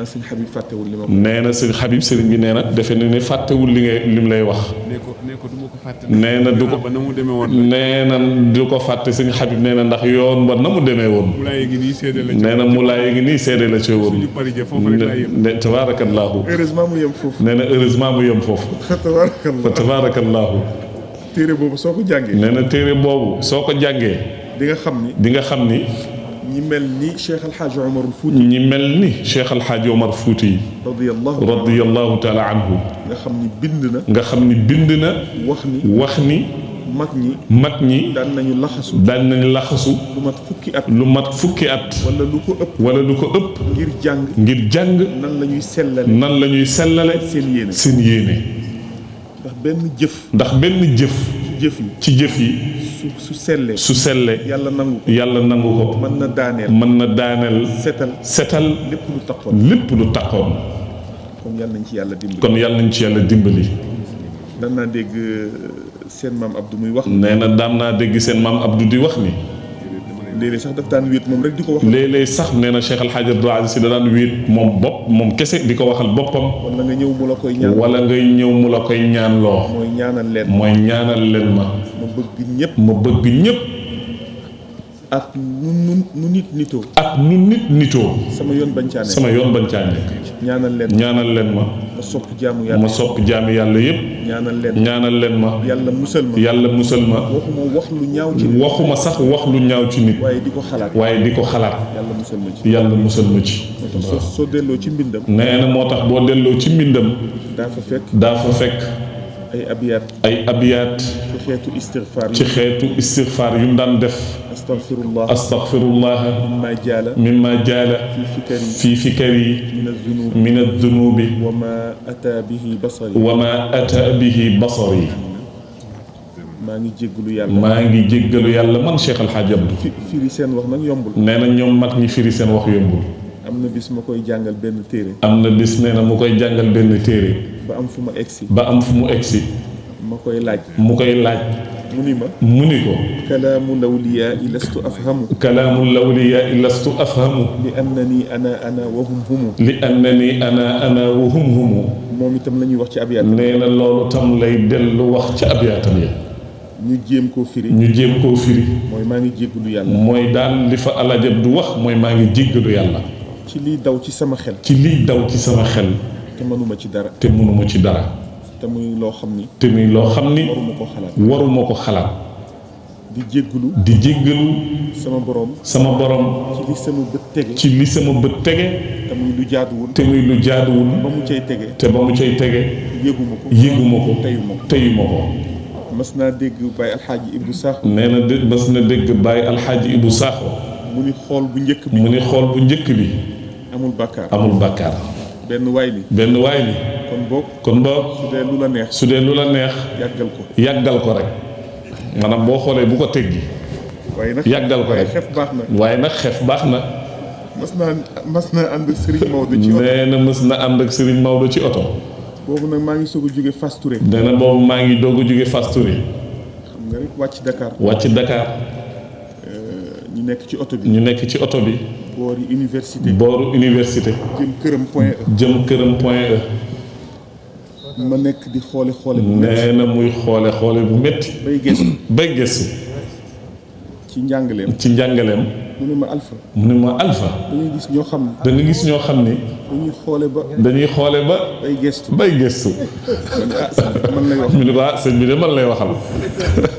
[SPEAKER 2] sëñ Habib fàttewul li ma. nee na sëñ Habib sëriñ bi nee defe na ne fàttewul li ngay lim lay wax. nee du ko fàtte. nee na du ba mu demee woon. nee na du ko fàtte sëñ Habib nee na ndax yoon ba na mu demee woon.
[SPEAKER 5] mulaay gi nii seede la ci nee na mulaay
[SPEAKER 2] gi nii seede la ci woon. suñu pari ne tabaarakallaahu. heureusement mu yem foofu. nee na heureusement mu yem foofu. fa tabaarakallaahu. téere boobu soo ko jàngee. nee na téere boobu soo ko jàngee. di nga xam ni di xam ni. ñi mel ni Cheikh El Hadj Omar Fouti. ñi mel ni Cheikh El Hadj Omar Fouti. radiyallahu radiyallahu taala anhu. nga xam ni bind na. nga xam ni bind na. wax ni wax ñi mag ñi. daan nañu laxasu laxasu. lu mat fukki at lu mat fukki at. wala lu ko ëpp wala lu ko ëpp. ngir jàng ngir jàng. nan la sellale nan la ñuy sellale. seen yéene seen yéene. ndax benn jëf. ndax benn jëf. jëf ci jëf yi. su su sellee. su sellee. yàlla nangu ko yàlla nangu mën na daaneel mën na daaneel. setal setal. lépp lu taxoon lépp lu taxoon. kon yàlla nañ ci yàlla dimbali. kon yàlla nañ ci yàlla dimbali. daan naa dégg euh, seen maam Abdou muy wax. nee na daan naa dégg seen maam Abdou di wax ni. léeg-léeg sax daf daan wéet moom rek di ko wax. léeg-léeg sax nee na Cheikh El Hadj Abdou Aziz Sy da daan wéet moom bopp moom kese di ko waxal boppam. wala nga ñëw mu la koy ñaan wala nga ñëw mu la koy ñaan loo. mooy ñaanal leen mooy ñaanal leen ma. ma bëgg ñëpp ma bëgg ñëpp. ak nu nu nit nitoo. sama yoon bañ sama yoon bañ caa nekk. ñaanal leen ma ñaanal leen ma. ma sopp jaamu yàlla ma sopp jaamu yàlla yëpp. ñaanal leen ma ñaanal leen ma. yàlla musal ma yàlla musal ma.
[SPEAKER 5] waxuma lu ñaaw ci nit. sax wax
[SPEAKER 2] lu ñaaw ci nit. waaye di ko xalaat waaye di ko xalaat. yàlla musal ma ci yàlla musal ma ci. soo delloo ci mbindam. nee moo tax boo delloo ci mbindam. daa fa fekk daa fa fekk. ay abiyaat ay abiyaat ci xeetu istigfaar ci xeetu istigfaar yu mu daan def. astaghfirullah astaghfirullah mimma jaala mimma jaala fii fikari min addunubi wa ma ata bihi basari wa ma ata bihi basari maa ngi jéggalu yàlla maa ngi jéggalu yàlla man Cheikh Al Hadj Abdou. firi seen wax nag yombul. nee na ñoom mag ñi firi seen wax yombul. am na bis ma koy jàngal benn téere. am na bis nee na mu koy jàngal benn téere. ba am fu ma egsi. ba am fu mu egsi. ma koy laaj. mu koy laaj. mu ni ma mu ni ko. kalaamu lawliyaa ilastu afhamu. kalaamu lawliyaa ilastu afhamu. li annani na ana ana ana wa humu. moom itam la ñuy wax ci ab yaatam. nee na loolu tam lay dellu wax ci ab yaatam ñu jéem koo firi. ñu jéem koo firi. mooy maa ngi jéggalu yàlla. mooy daal li fa alajab du wax mooy maa ngi jéggalu yàlla. ci liy daw ci sama xel. ci liy daw ci sama xel. te mënuma ci dara. te mënuma ci dara. te muy loo xam ni. te loo xam ni. waruma ko xalaat waruma ko xalaat. di jéggalu di jéggalu. sama borom sama borom. ci li sama bët tege. ci li sama bët tege. te muy lu jaaduwul. te lu jaaduwul. ba mu cay tege. te ba mu cay tege. yëguma ko ko teyuma ko teyuma ko. mas naa dégg Baye Alxaaji Ibou Sakho. nee na dé mas na dégg Baye Alxaaji Ibou Sakho. mu xool bu njëkk bi mu ni xool bu njëkk bi. amul bàkkaar amul bàkkaar benn waay bi benn waay bi kon boog kon boog su dee lu la neex su dee lu la neex yàggal ko yàggal ko rek maanaam boo xoolee bu ko teggi waaye nag yàggal ko rek xef baax na waaye nag xef baax na mas naa mas na ànd ak Serigne Maodo ci oto nee na mas na ànd ak Serigne Maodo ci oto boobu nag maa ngi soog a jóge Fass Touré na boobu maa ngi doog a jóge Fass Touré xam nga rek wàcc Dakar ñu nekk ci oto bi ñu nekk ci oto bi booru université. booru université. jëm këram point e. jëm këram point E. ma nekk di xoole xoole bu métti na muy xoole xoole bu métti. bay gëstu bay gëstu. ci njàngaleem ci njàngaleem. mu ne ma alpha. mu ne ma alpha. dañuy gis ñoo xam. dañuy gis ñoo xam ni. dañuy xoole ba. dañuy xoole ba. bay gëstu bay gëstu. man lay wax. mu ne ko ah sëñ bi de man lay waxal.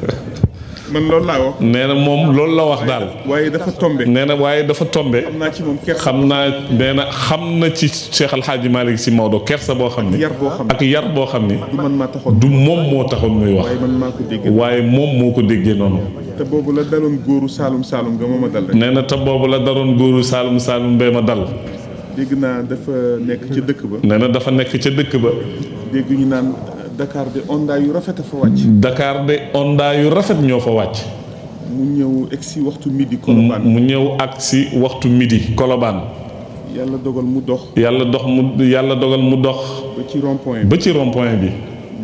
[SPEAKER 2] man loolu laa nee na moom loolu la wax daal. waaye dafa tombe nee na waaye dafa tombe xam naa ci xam naa nee na xam na ci Cheikh Al Hadj Malick si Maodo kersa boo xam ni. ak yar boo xam ni. du man maa taxoon du moom moo taxoon muy wax. waaye moom moo ko déggee noonu.
[SPEAKER 5] te boobu la daloon
[SPEAKER 2] góoru Saalum Saalum nga ma ma dal. nee na te boobu la daroon góoru Saalum Saalum bee ma dal. dégg naa dafa nekk ca dëkk ba. nee na dafa nekk ca dëkk ba. dégg Dakar de Honda yu rafet a fa wàcc. Dakar de Honda yu rafet ñoo fa wàcc. mu ñëw ak si waxtu midi. Colobane mu ñëw ak si waxtu midi Colobane. yàlla dogal mu dox. yàlla dox mu yàlla dogal mu dox. ba ci rond-point bi ba ci rond bi.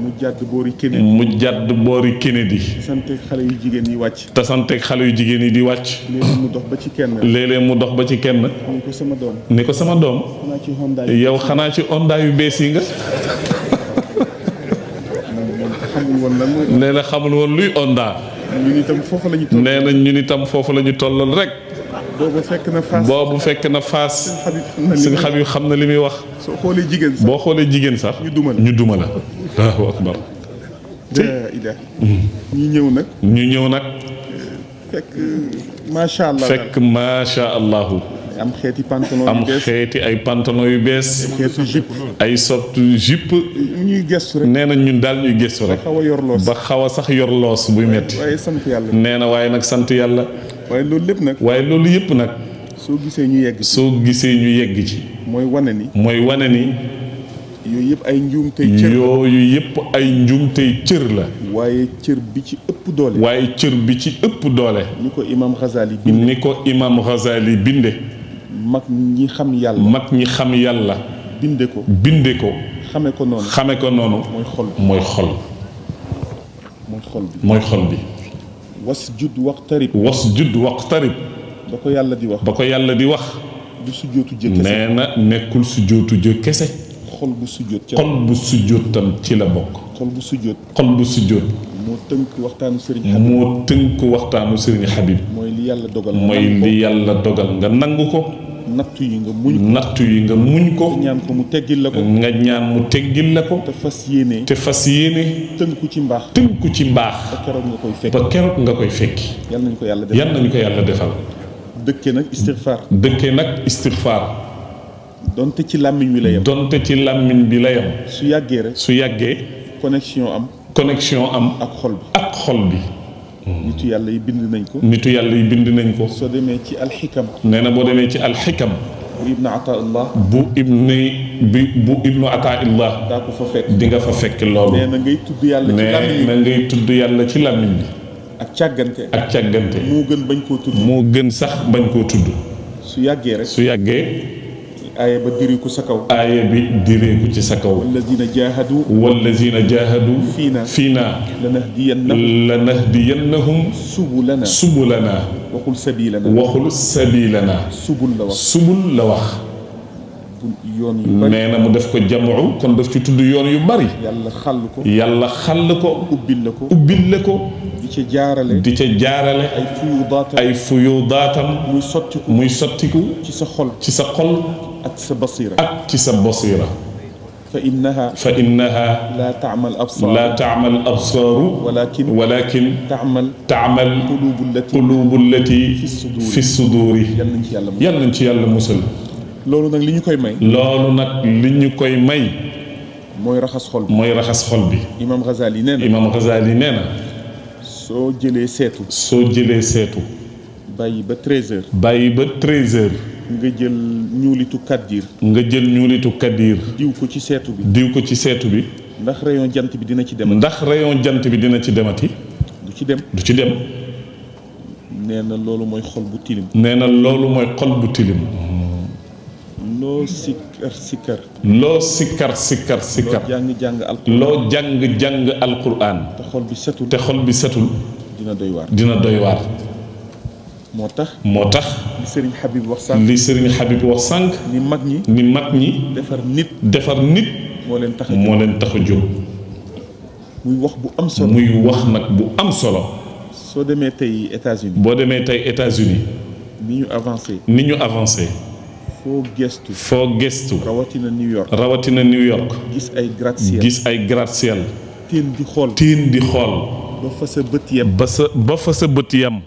[SPEAKER 2] mu jàdd boori Kennedy. mu jàdd boori Kennedy. te santeeg xale yu jigéen yi wàcc. te xale yu jigéen yi di wàcc. léeg mu dox ba ci kenn. léeg mu dox ba ci kenn. ni ko sama doom. ni yow xanaa ci Honda yu bees yi nga. nee na xamul woon luy Onda. ñun la ñu toll nee na ñun itam foofu la ñu tollal rek. boobu fekk na faas boobu fekk na faas. suñ xam yi xam na li muy wax. soo jigéen boo xoolee jigéen sax. ñu duma la ñu duma la. Mm-hmm. ñu ñëw nag. ñu ñëw nag. fekk macha allah fekk allah. am xeeti pantalon yu bees am xeeti ay pantalon yu bees. xeetu jupe ay sot jupe. ñuy gëstu rek nee na ñun daal ñuy gëstu rek. ba xaw a yor loos ba xaw a sax yor loos buy metti waaye sant yàlla nee na waaye nag sant yàlla. waaye loolu lépp nag. waaye loolu yëpp nag. soo gisee ñu yegg ci soo gisee ñu yegg mooy wane ni. mooy wane ni. yooyu yëpp ay njuum tey cër la yëpp ay njuum tey la. waaye cër bi ci ëpp doole. waaye cër bi ci ëpp doole. ni ko imaam Ghazali binde ni ko imaam Ghazali binde. mag ñi xam yàlla. mag ñi xam yàlla. bindee ko bindee ko. xame ko noonu noonu. mooy xol mooy xol. mooy xol bi mooy xol bi. was judd waqtarib. was judd waqtarib. ba ko yàlla di wax ba ko yàlla di wax. du sujjootu jë kese nee na nekkul sujjootu jë kese. xol bu sujjoot ca xol bu sujjoot tam ci la bokk. xol bu sujjoot. xol bu sujjoot. moo tënk waxtaanu Serigne Habib moo tënk waxtaanu Serigne Habib. mooy li yàlla dogal mooy li yàlla dogal nga nangu ko. nattu yi nga muñ ko nattu yi nga muñ ko. ñaan ko mu teggil la ko. nga ñaan mu teggil la ko. te fas yéene. te fas yéene. tënku ci mbaax. tënku ci mbaax. ba keroog nga koy fekki keroog nga koy fekki. yal nañu ko yàlla defal yal nañu ko yàlla defal. dëkke nag istigfaar. dëkke nag istigfaar. donte ci làmmiñ bi la yem. donte ci làmmiñ bi la yem. su yàggee rek. su yàggee. connexion am. connexion am. ak xol bi ak xol bi. Mm. nitu yàlla yi bind nañ ko. nitu yàlla yi bind nañ ko. soo demee ci alxikam. nee na boo demee ci alxikam. bu ibnu Ataillah. bu ibni bu ibnu Ataillah. daa ko fa fekk di nga fa fekk loolu. nee na ngay tudd yàlla ci làmmiñ nee tudd yàlla ci làmmiñ bi. ak càggante. ak càggante. moo gën bañ koo tudd. moo gën sax bañ koo tudd. su yàggee rek su yàggee. aaya sa kaw. aaya bi diriku ci sa kaw. wallazina jaahadu. wallazina jaahadu. fiina fiina. lanahdiyannahum lanahdiyannahum. subulana subulana. waxul sabiilana waxul sabiilana. subul la wax subul la wax. yoon na mu def ko jamu kon def ci tudd yoon yu bari. yàlla xàll ko yàlla xàll ko. ubbil la ko ubbil la ko. di ca jaarale di ca jaarale. ay fuyudaatam ay fuyudaatam muy muy sottiku. ci ci sa xol. ak sa basiira. ak ci sa basiira. fa innaha. fa innaha. laa taamal absaaru laa taamal absaaru. walaakin walaakin. taamal taamal. quluubu llati quluubu llati. fi suduuri fi suduuri. yal nañ ci yàlla musal yal nañ ci yàlla musal. loolu nag li ñu koy may. loolu nag li ñu koy may. mooy raxas xol bi mooy raxas xol bi. imaam Ghazali nee na imaam Ghazali nee na. soo jëlee seetu. soo jëlee seetu. bàyyi ba 13h. bàyyi ba 13h. nga jël ñuulitu kaddiir. nga jël ñuulitu kaddiir. diw ko ci seetu bi. diw ko ci seetu bi. ndax rayon jant bi dina ci demati. ndax rayon jant bi dina ci demati. du ci dem du ci dem. nee na loolu mooy xol bu tilim. nee na loolu mooy xol bu tilim. loo sikkar sikkar. loo sikkar sikkar sikkar. jàng jàng alquran. loo jàng jàng te xol bi setul te xol bi setul. dina doy waar dina doy waar. moo tax moo tax. li Serigne Habib wax sànq. li Serigne Habib wax sànq. ni mag ñi ni mag ñi. defar nit defar nit. moo leen tax a moo leen tax a jóg. muy wax bu am solo muy wax nag bu am solo. soo demee tey États-Unis boo demee tey États-Unis ni ñu avancé ni ñu avancé. foo gestu foo gestu. rawatina New York rawatina New gis ay gratte gis ay gratte-ciel. di xool tiin di xool. ba fa sa bët fa sa bët yem.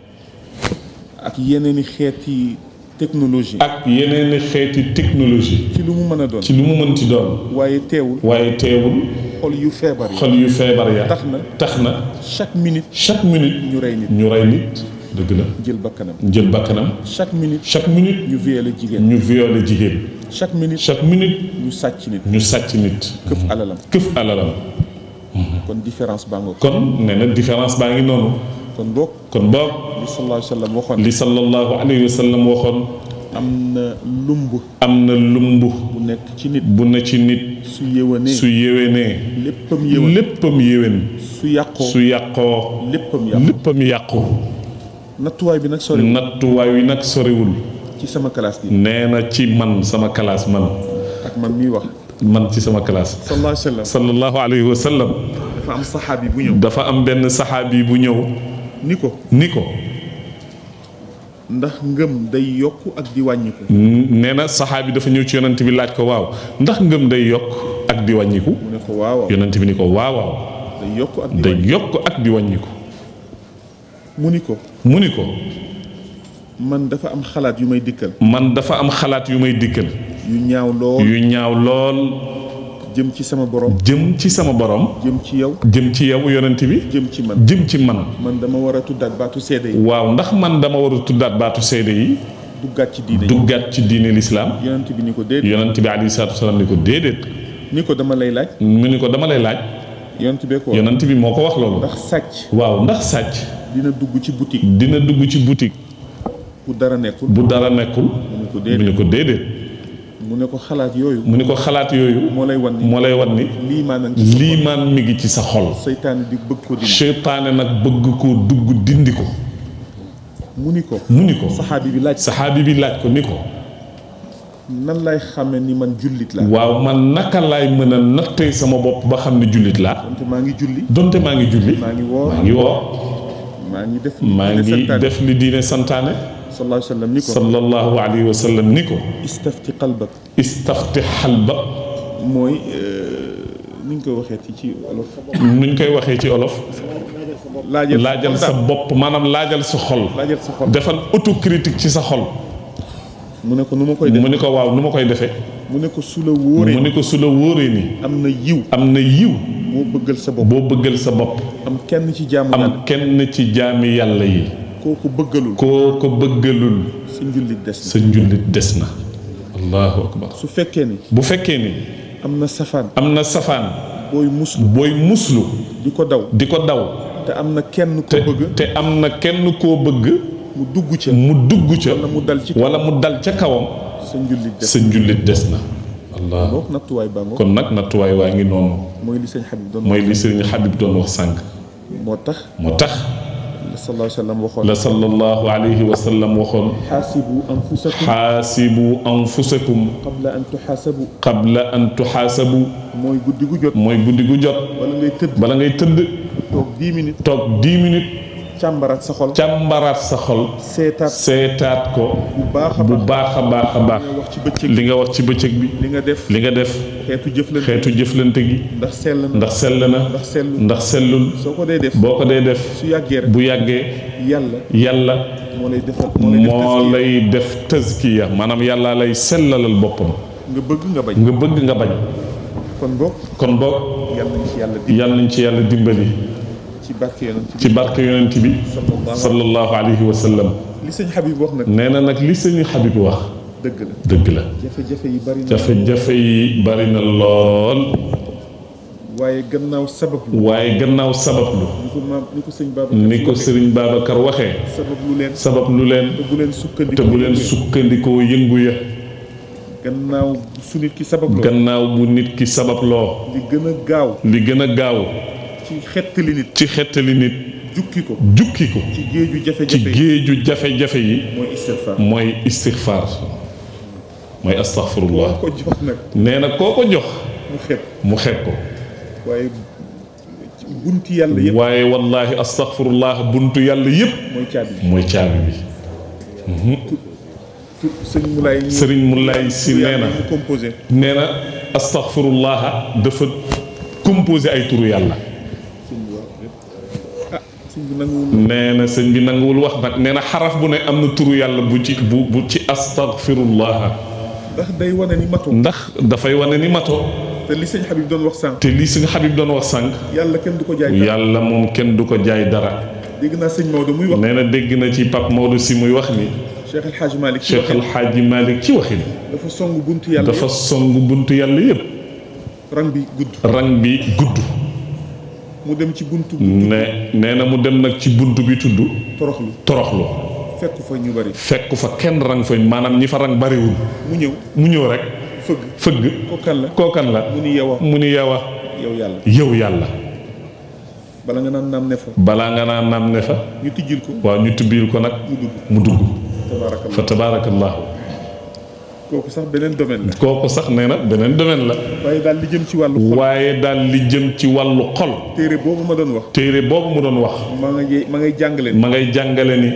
[SPEAKER 2] ak yeneen i xeeti technologie. ak yeneen xeeti technologie. ci li mu mën a doon ci lu mu mënti doon. waaye teewul waaye teewul. xol yu feebar yi xol yu feebar ya tax na tax na. chaque minute chaque minute. ñu rey nit ñu rey nit. dëgg la jël bakkanam jël bakkanam. chaque minute chaque minute. ñu violé jigéen ñu violé jigéen. chaque minute chaque minute. ñu sàcc nit ñu sàcc nit. këf alalam këf alalam. kon différence baa nga kon nee na différence baa ngi noonu. kon boog kon boog li sallallahu alayhi wa sallam waxoon li sallallahu alayhi wa sallam na lumb am nekk ci nit bu ci nit su yéwénee su yéwénee léppam yéwén léppam yéwén su yàqoo su yàqoo léppam yàqu léppam nattuwaay bi nag soriwul nattuwaay bi nag soriwul ci sama classe bi nee na ci man sama kalaas man ak man wax man ci sama classe sallallahu alayhi wa sallam dafa am saxaabi bu dafa am benn saxaabi bu ñëw ni ko ni ko ndax ngëm day yokk ak di wàññiku nee na bi dafa ñëw ci yonent bi laaj ko waaw ndax ngëm day yokk ak di wàññiku mu ne ko waaw yonent bi ni ko waaw waaw yokk ak day yokk ak di wàññiku mu ni ko mu ni ko man dafa am xalaat yu may dikkal man dafa am xalaat yu may dikkal yu ñaaw lool yu ñaaw lool jëm ci sama borom. jëm ci sama borom. jëm ci yow. jëm ci yow yonent bi. jëm ci man jëm ci man. man dama war a tuddaat baatu seede waaw ndax man dama war a tuddaat baatu seede yi. duggaat ci diine duggaat ci diine lislaam. yonent bi ni ko déedéet yonent bi alayhi salaatu wasalaam ni ko déedéet. ni ko dama lay laaj. mu ni ko dama lay laaj. yonent bi ko bi moo ko wax loolu. ndax sàcc. waaw ndax sàcc. dina dugg ci boutique. dina dugg ci boutique. bu dara nekkul bu dara nekkul. mu ni ko déedéet mu ne ko xalaat yooyu. mu ne ko xalaat yooyu. moo lay wan ni moo lay wan ni. liimaan mi ngi ci sa xol. seytaane di bëgg ko dindi. seytaane nag bëgg koo dugg dindi ko. mu ni ko mu ni ko. saxaabi bi laaj saxaabi bi laaj ko ni ko. nan lay xamee ni man jullit laa. waaw man naka laay mën a nattee sama bopp ba xam ne jullit laa. donte maa ngi julli. donte maa ngi julli. maa ngi woor maa ngi maa ngi def li diine santaane maa ngi diine santaane. sallallahu alayhi wa sallam ni ko sallallahu alayhi wa sallam ni ko. istafti qalbak. istafti xalba. mooy euh, nuñ koy waxee ci olof. nuñ koy waxee ci olof. laajal sa bopp maanaam laajal sa xol. laajal sa xol defal autocritique ci sa xol. mu ne ko nu ma koy mu ne ko waaw nu ma koy defee. mu ne ko su la wóoree ne ko su la wóoree nii. am na yiw am na yiw. boo bëggal sa bopp boo bëggal sa bopp. am kenn ci jaamu yàlla am kenn ci jaami yàlla yi. koo ko bëggalul. ko bëggalul. sa njullit des na sa des na. allahu akbar. su fekkee ni. bu fekkee ni. am na safaan. am na safaan. booy muslu booy muslu. di ko daw di ko daw. te am na kenn koo bëgg. te am na kenn koo bëgg. mu dugg ca mu dugg ca. wala mu dal ci wala mu dal ca kawam. sa njullit des na sa njullit kon nag nattuwaay waa ngi noonu. mooy li sëñ Habib doon wax mooy moo tax moo tax. la sallallahu alayhi wa sallam waxoon xaasibu anfusakum qabla an tuxaasabu mooy guddi gu jot bala ngay tëdd toog dix minutes càmbaraat sa xol càmbaraat sa xol. seetaat ko. bu baax a baax bu baax a baax a baax. li nga wax ci bëccëg bi. li nga def li nga def. xeetu jëflante gi xeetu jëflante gi. ndax sell na ndax sell na. ndax sellul. soo ko dee def boo ko dee def. su yàggee bu yàggee. yàlla yàlla. moo lay def moo lay def tazkiya maanaam yàlla lay sellalal boppam. nga bëgg nga bañ nga bëgg nga bañ. kon boog yàlla nañ ci yàlla dimbali. ci barke yonent bi sallallahu alayhi wa sallam li sëñ Habib wax nag nee na nag li sëñ Habib wax dëgg la dëgg la jafe-jafe yi bari na lool waaye gannaaw sabablu waaye gannaaw ni ko sëriñ Babacar waxee lu leen te bu leen sukkandikoo yëngu ya gannaaw su nit ki gannaaw bu nit ki sabab loo gën a gaaw li gën a gaaw ci xettali nit. ci xettali nit. jukki ko jukki ko. ci géeju jafe-jafe yi ci jafe-jafe yi. mooy istixfaar mooy istixfaar mooy nee na koo ko jox. mu xeeb ko. waaye buntu yàlla yëpp. waaye wallaahi astaxfirullah buntu yàlla yëpp. mooy caabi bi mooy caabi bi. Mhm. sëriñ Moulay sëriñ Moulay si nee na nee na astaxfirullah dafa composé ay turu yàlla. nee na sëñ bi nanguwul wax nag nee na xaraf bu ne am na turu yàlla bu ci bu bu ci astaghfirullah ndax day wane ni matoo. ndax dafay wane ni mato te li sëñ Habib doon wax sànq. te li sëñ doon wax sànq. yàlla kenn du ko jaay dara yàlla moom kenn du ko jaay dara. dégg naa sëñ Maodo na dégg na ci Pape Maodo si muy wax ni. Cheikh El Hadj Malick ci waxin Cheikh ci waxin. dafa song buntu yàlla yëpp dafa song buntu bi rang bi gudd. mu dem ci buntu. ne nee na mu dem nag ci buntu bi tudd. toroxlu toroxlu. fekk fa ñu bari. fekk fa kenn rang fa maanaam ñi fa rang bariwul. mu ñëw mu ñëw rek. fëgg fëgg. kookan la kookan mu ni yow mu ni yow yow yàlla yow yàlla. balaa nga naan ne fa. naan naam ne fa. ko waaw ñu tibbil ko nag. mu mu dugg. fa tabaarakallahu kooku sax beneen domaine kooku sax nee na beneen domaine la. waaye daal li jëm ci wàllu xol. waaye daal li jëm ci wàllu xol. téere boobu ma doon wax. téere boobu ma doon wax. ma ngay ma ngay jàngale ni. ma ngay jàngale ni.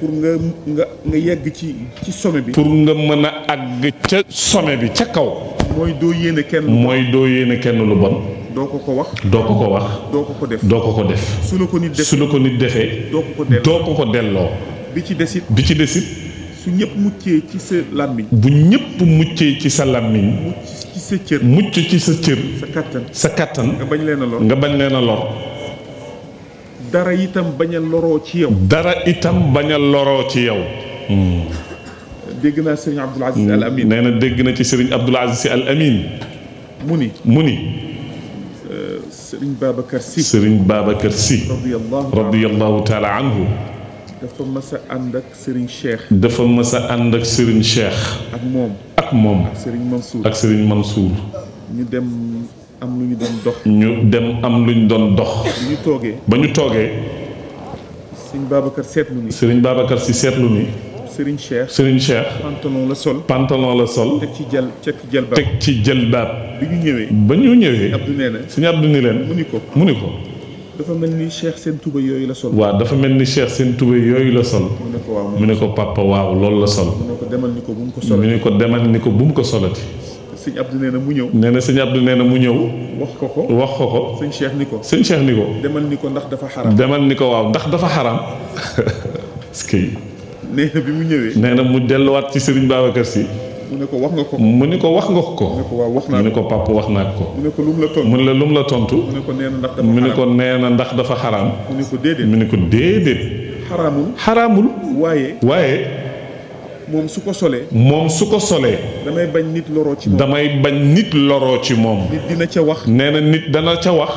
[SPEAKER 2] pour nga nga yegg ci ci sommet bi. pour nga mën a àgg ca some bi ca kaw. mooy doo yéene kenn. mooy doo yéene kenn lu bon. doo ko ko wax. doo ko ko wax. doo ko ko def doo ko ko def. su la ko nit defee ko nit defee. doo ko delloo doo ko ko delloo. bi ci desit bi ci desit. su ñëpp muccee ci sa làmmiñ bu ñëpp muccee ci sa làmmiñ mucc ci sa sa kàttan bañ leen a nga bañ leen a lor ci yow dara itam bañ a ci yow dégg naa sëriñ Abdoul Aziz na dégg na ci sëriñ Abdoul Aziz Al Amin mu ni mu ni Si sëriñ Babacar Si radiyallahu taala anhu dafa mës a ànd ak Serigne Cheikh. dafa mës a ànd ak Serigne Cheikh. ak moom ak moom. ak Serigne Mansour ak Serigne Mansour. ñu dem am lu ñu doon dox. dem am lu ñu doon dox. ñu toogee ba ñu toogee. Serigne Babacar seetlu ni. Serigne Babacar si seetlu ni. Serigne Cheikh Serigne Cheikh. pantalon la sol. la sol. teg ci jël teg ci jëlbaab. teg ci jël bi ñu ñëwee. ba ñu ñëwee. Abdou nee leen. mu ko mu ni ko. dafa mel ni Cheikh seen tubéy yooyu la sol. waa dafa mel ni Cheikh seen tubéy yooyu la sol. mu ne ko waaw mu ne ko papa waaw loolu la sol. mu ne ko demal ni ko bu demal ni ko bu mu ko solati. sëñ Abdou nee na mu ñëw. nee na sëñ Abdou nee na mu ñëw. wax ko ko wax ko ko. sëñ Cheikh ni ko. seen Cheikh ni ko. demal ni ko ndax dafa xaram. demal ni ko waaw ndax dafa xaram. est-ce bi mu ñëwee. nee na mu delluwaat ci Serigne Babacar Sy. mu ne ko wax nga ko. mu ne ko wax nga ko. mu ne ko wax naa ko. mu ne ko lum la tontu. mu ne la lum la tontu. mu ko nee na ndax dafa. mu ne ko nee na ndax dafa xaraam. mu ne ko déedéet mu ne ko déedéet. xaraamul waaye waaye. moom su ko solee. moom su ko solee. damay bañ nit loroo ci moom damay bañ nit loroo ci moom. dina ca wax. nee na nit dana ca wax.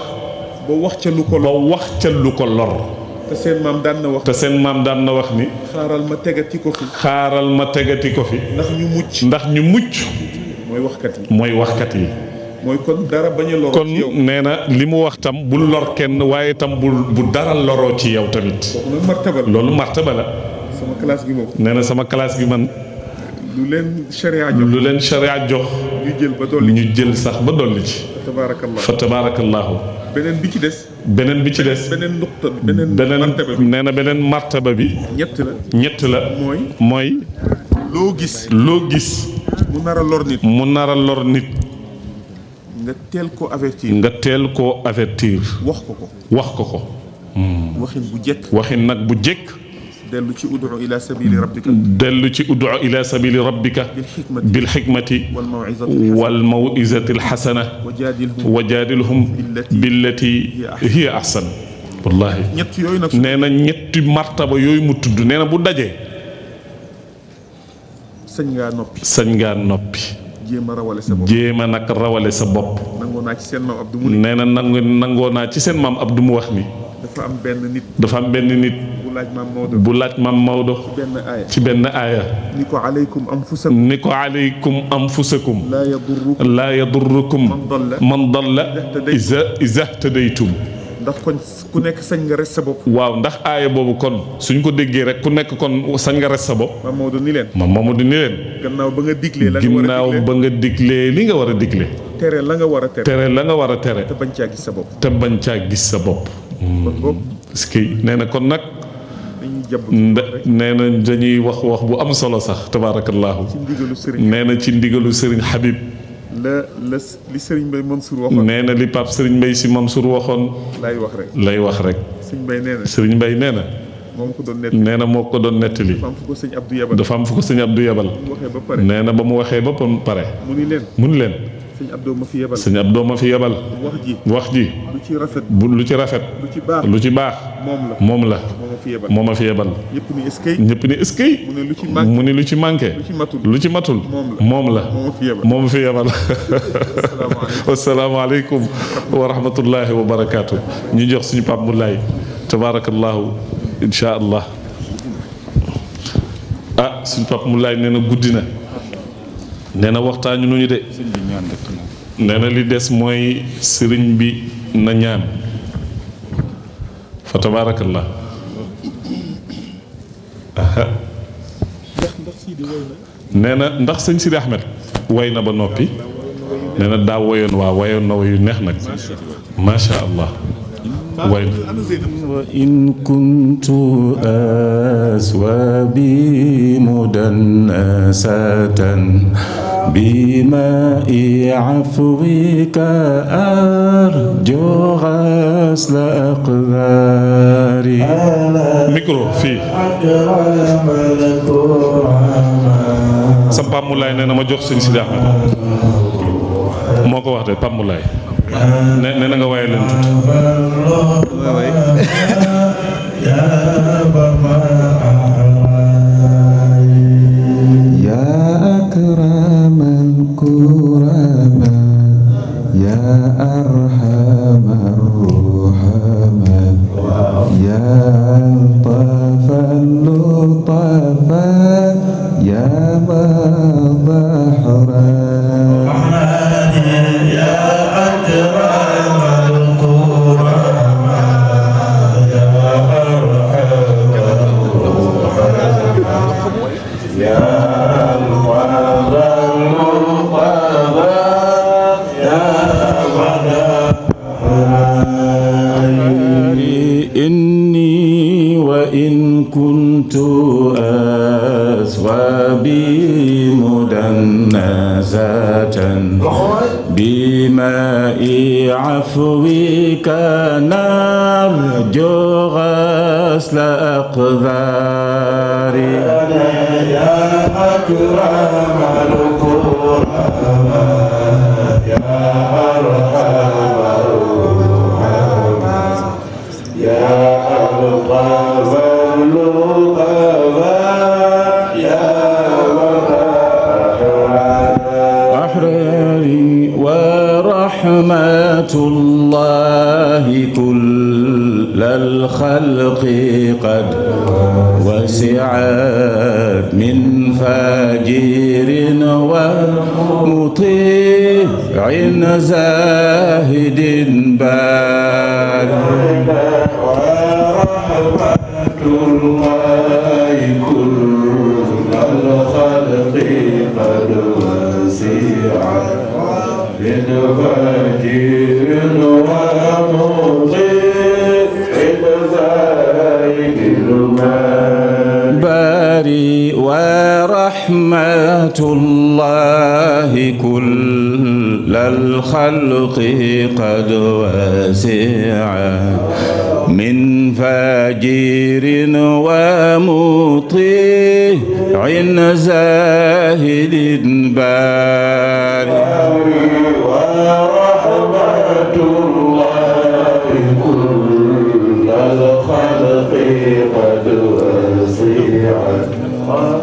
[SPEAKER 2] ba wax ca lu ko lor ba wax ca lu ko lor. te seen maam daan na wax. seen maam daan na wax ni. xaaral ma tegati ko fi. xaaral ma tegati ko fi. ndax ñu mucc ndax ñu mucc. mooy waxkat yi mooy waxkat yi. mooy kon dara bañ a loroo kon nee na li mu wax tam bul lor kenn waaye tam bu bu dara loro ci yow tamit. loolu martaba la loolu sama classe gi moom nee na sama classe gi man. lu leen sharia lu leen sharia jox. ñu jël ñu jël sax ba dolli ci. fa tabaarakallaahu beneen bi ci des. beneen bi ci des beneen nuqta beneen. martaba bi nee na beneen bi. ñett la ñett la. mooy loo gis loo gis. mu nar a lor nit mu nar a lor nit. nga teel ko avertir. nga teel koo avertir. wax ko ko wax ko ko. Hmm. waxin bu jekk waxin nag bu jëkk dellu ci udu ila sabili rabbika dellu ci udu ila sabili rabbika bil xikmati wal mawizati alxasana wa jaadilhum billati hiya ahsan wallahi nee na ñetti martaba yooyu mu tudd nee na bu dajee sañ ngaa noppi sañ ngaa noppi jéema rawale sa bopp jéema nag rawale sa bopp. nangoo naa ci seen maam Abdou mu nee na nangu nangoo naa ci seen maam Abdou mu wax ni. dafa am benn nit. laaj maam Maodo bu laaj maam Maodo. ci benn aaya ci benn aaya. ni ko aleykum anfusakum ni ko aleykum anfusakum. laa yadurrukum laa yadurrukum man dalla man dalla iza htadaytum ndax kon ku nekk sañ nga res sa bopp. waaw ndax aaya boobu kon suñ ko déggee rek ku nekk kon sañ nga res sa bopp. maam moom ni leen. maam Maodo ni leen. gannaaw ba nga diglee la ba nga diglee li nga war a digle
[SPEAKER 5] tere la nga war a tere.
[SPEAKER 2] la nga war a tere. te bañ caa gis sa bopp. te bañ caa gis sa bopp. kon hmm. nag. nee na dañuy wax wax bu am solo sax tabaarakallaahu nee na ci ndigalu sëriñ Habib. la la li Serigne Mbaye Mansour si nee na li Pape Serigne Mbaye si Mansour waxoon. lay wax rek lay wax rek. Serigne Mbaye nee na Serigne Mbaye nee na. moom ko doon nee na moo ko doon nettali. dafa am fu ko sëñ Abdou Yabal dafa am fu ko sëñ Abdou ba mu waxee ba pare. mu leen. sëñ Abdou ma fi yebal sëñ Abdou ma fi yebal. wax ji lu ci rafet bu lu ci rafet. lu ci baax lu moom la moom la. fi yebal ñëpp ni eskay ñëpp ni mu ne lu ci manqué lu ci manqué. lu ci matul moom la moom ma fi yebal. asalaamaaleykum wa rahmatullahi wa ñu jox suñu Pape Moulaye tabaarakallaahu incha allah. ah suñu Pape Moulaye nee na guddi na. nee na waxtaan de. nee na li des mooy sëriñ bi na ñaan fa tabaarakallah nee na ndax sëñ Sidi Ahmed way na ba noppi nee na daa woyoon waa woyoon na wayu neex nag macha allah
[SPEAKER 6] وإن كنت أسوى بي مدنسة بماء عفوك أرجو غسل أقداري micro fii
[SPEAKER 2] sama Pape Moulay nee na ma jox sëñ Sidi Ahmed moo ko wax de Pape Moulay ne ne na nga waaye leen tuuti.
[SPEAKER 6] أكرم
[SPEAKER 4] الكرماء
[SPEAKER 6] يا أرحم بماء عفوك نرجو غسل أقداري يا أكرم الكرم الخلق قد وسعت من فاجر ومطيع زاهد باد ورحمة
[SPEAKER 4] الله كل الخلق قد وسعت
[SPEAKER 6] من فاجر ورحمة الله كل الخلق قد وسع من فاجر ومطيع زاهد بارئ ورحمة الله كل الخلق قد وسع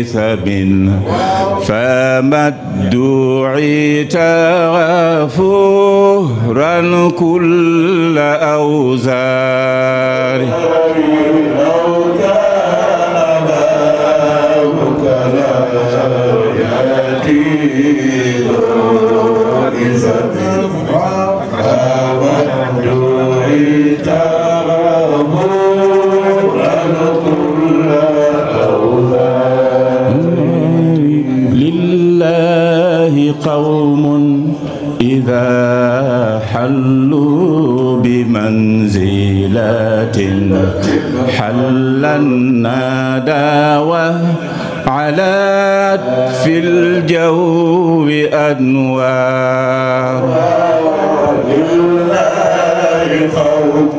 [SPEAKER 6] نسب فما الدعي تغفورا كل أوزار إذا قوم إذا حلوا بمنزلة حلا نادى وعلات في الجو أنوار لله خوف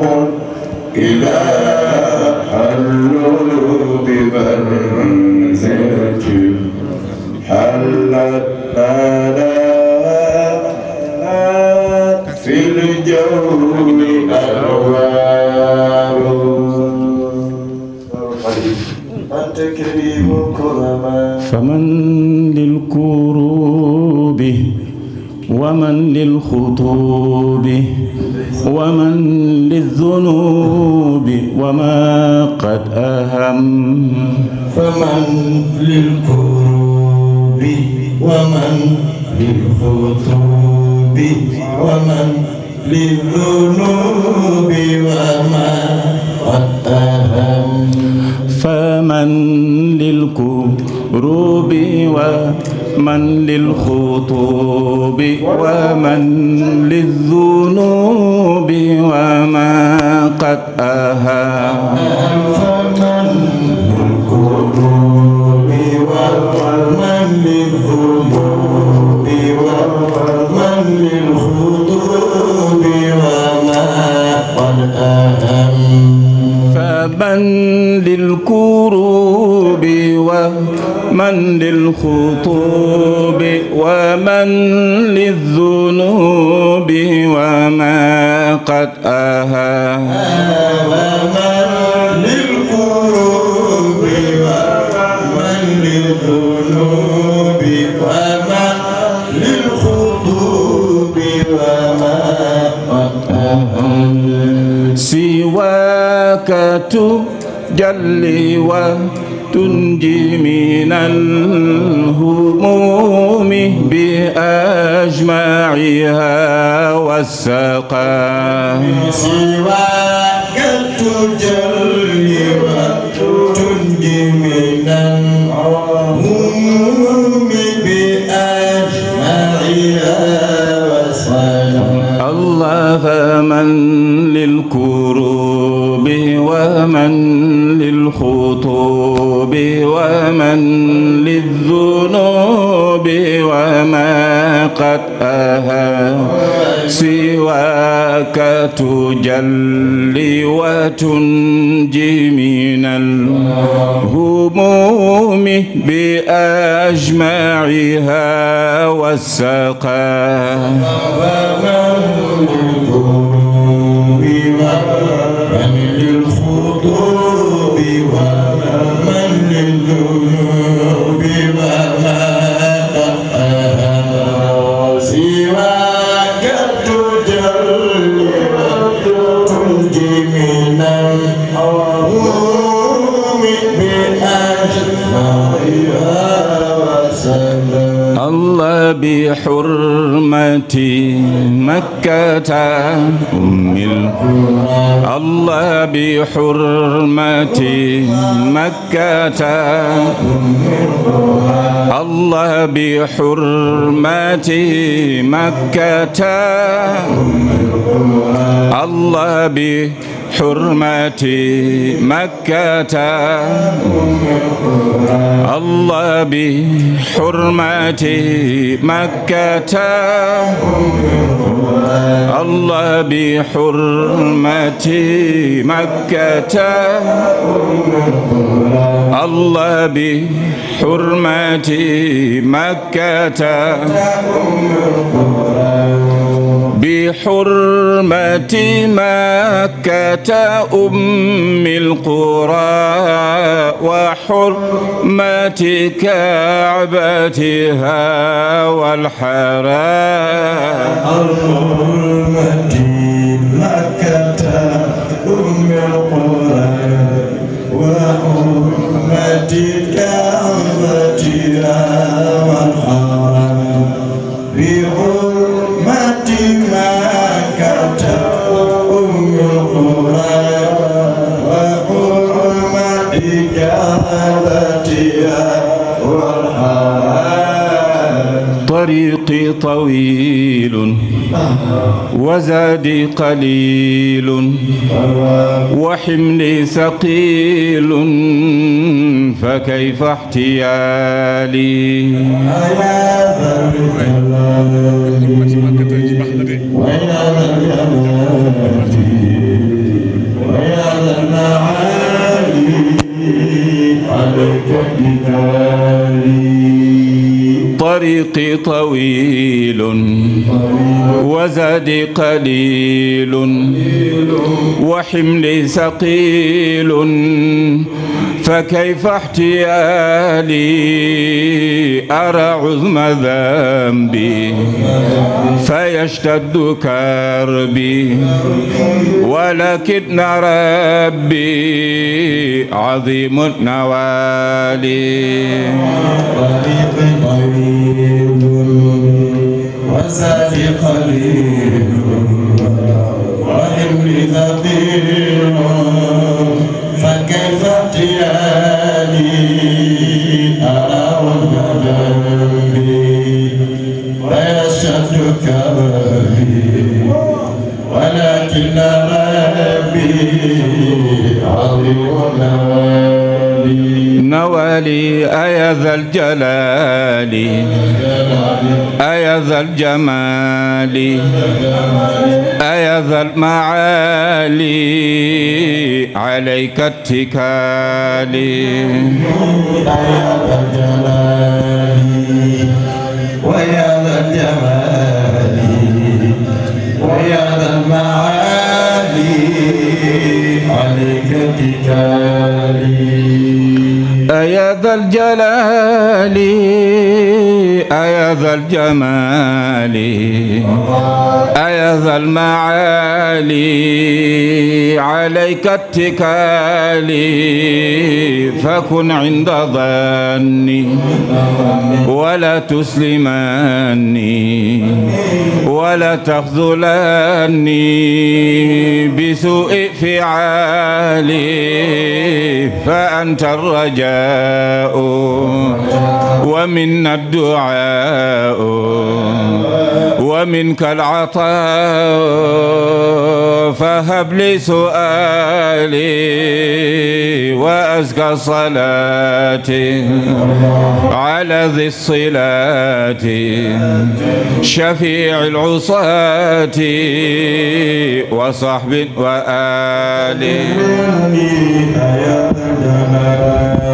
[SPEAKER 6] إذا حلوا بمنزلة حلت فمن للكروب ومن للخطوب ومن للذنوب وما قد أهم فمن للكروب ومن للخطوب ومن للذنوب وما قد أهم فمن للكروب روبي ومن للخطوب ومن للذنوب وما قد أهاب وهبا للكروب ومن للخطوب ومن للذنوب وما قد أهى ومن إنك تجلي وتنجي من الهموم بأجمعها والسقام سواك تجلي وتنجي من الهموم بأجمعها والسقام الله فمن فمن للخطوب ومن للذنوب وما قد أها سواك تجلي وتنجي من الهموم بأجمعها والسقام ومن للذنوب أمتي مكة أم القرى الله بحرمة مكة الله بحرمة مكة الله بحرمة xurmati makkata allah bi xurmati makkata allah bi xurmati makkata allah bi بحرمة مكة بحرمة مكة أم القرى وحرمة كعبتها والحرام مكة
[SPEAKER 4] أم القرى
[SPEAKER 6] وحرمة طريق عمري طويل وزادي قليل وحملي ثقيل فكيف احتيالي عليك بدالي طريقي طويل وزادي قليل وحملي ثقيل فكيف احتيالي أرى عظم ذنبي فيشتد كربي ولكن ربي عظيم النوالي وزاد قليل وإن ثقيل نوالي أيا ذا الجلال أيا ذا الجمال أيا ذا المعالي عليك اتكالي أيا ذا الجلال ويا عليك قتالي أيا ذا الجلال أيا ذا الجمال أيا ذا المعالي عليك اتكالي فكن عند ظني ولا تسلمني ولا تخذلني بسوء فعالي فأنت الرجال ومن الدعاء ومنك العطاء فهب لي سؤالي وأزكى صلاتي على ذي الصلاة شفيع العصاة وصحب وآل يا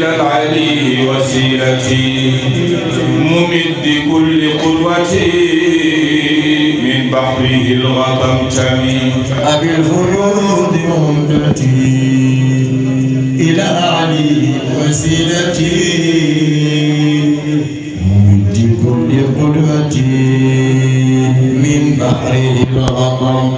[SPEAKER 6] إلى العلي وسيلتي ممد كل قوتي من بحره الغطمتم أبي الفيوض عمدتي إلى علي وسيلتي ممد كل قدوتي من بحره الغطمتم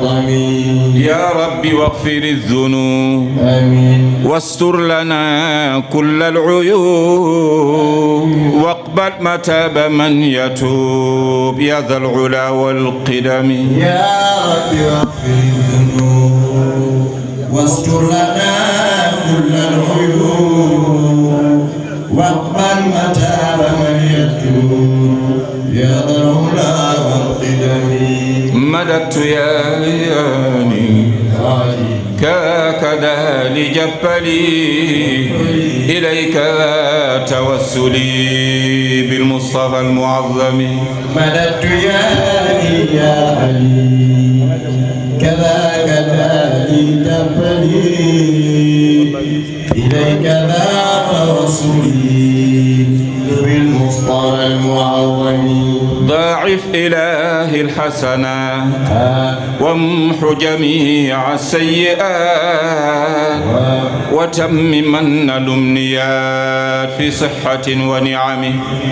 [SPEAKER 6] واغفر الذنوب آمين واستر لنا كل العيوب واقبل متاب من يتوب يا ذا العلا والقدم يا
[SPEAKER 1] رب واغفر الذنوب واستر لنا
[SPEAKER 6] كل العيوب واقبل متاب من يتوب يا ذا العلا والقدم مددت يا لياني كاكدا لجبلي إليك توسلي بالمصطفى المعظم مددت يا علي يا علي كذاكدا لجبلي إليك ذا توسلي بالمصطفى المعظم ضاعف إله الحسنات وامح جميع السيئات وتممن الأمنيات في صحة ونعم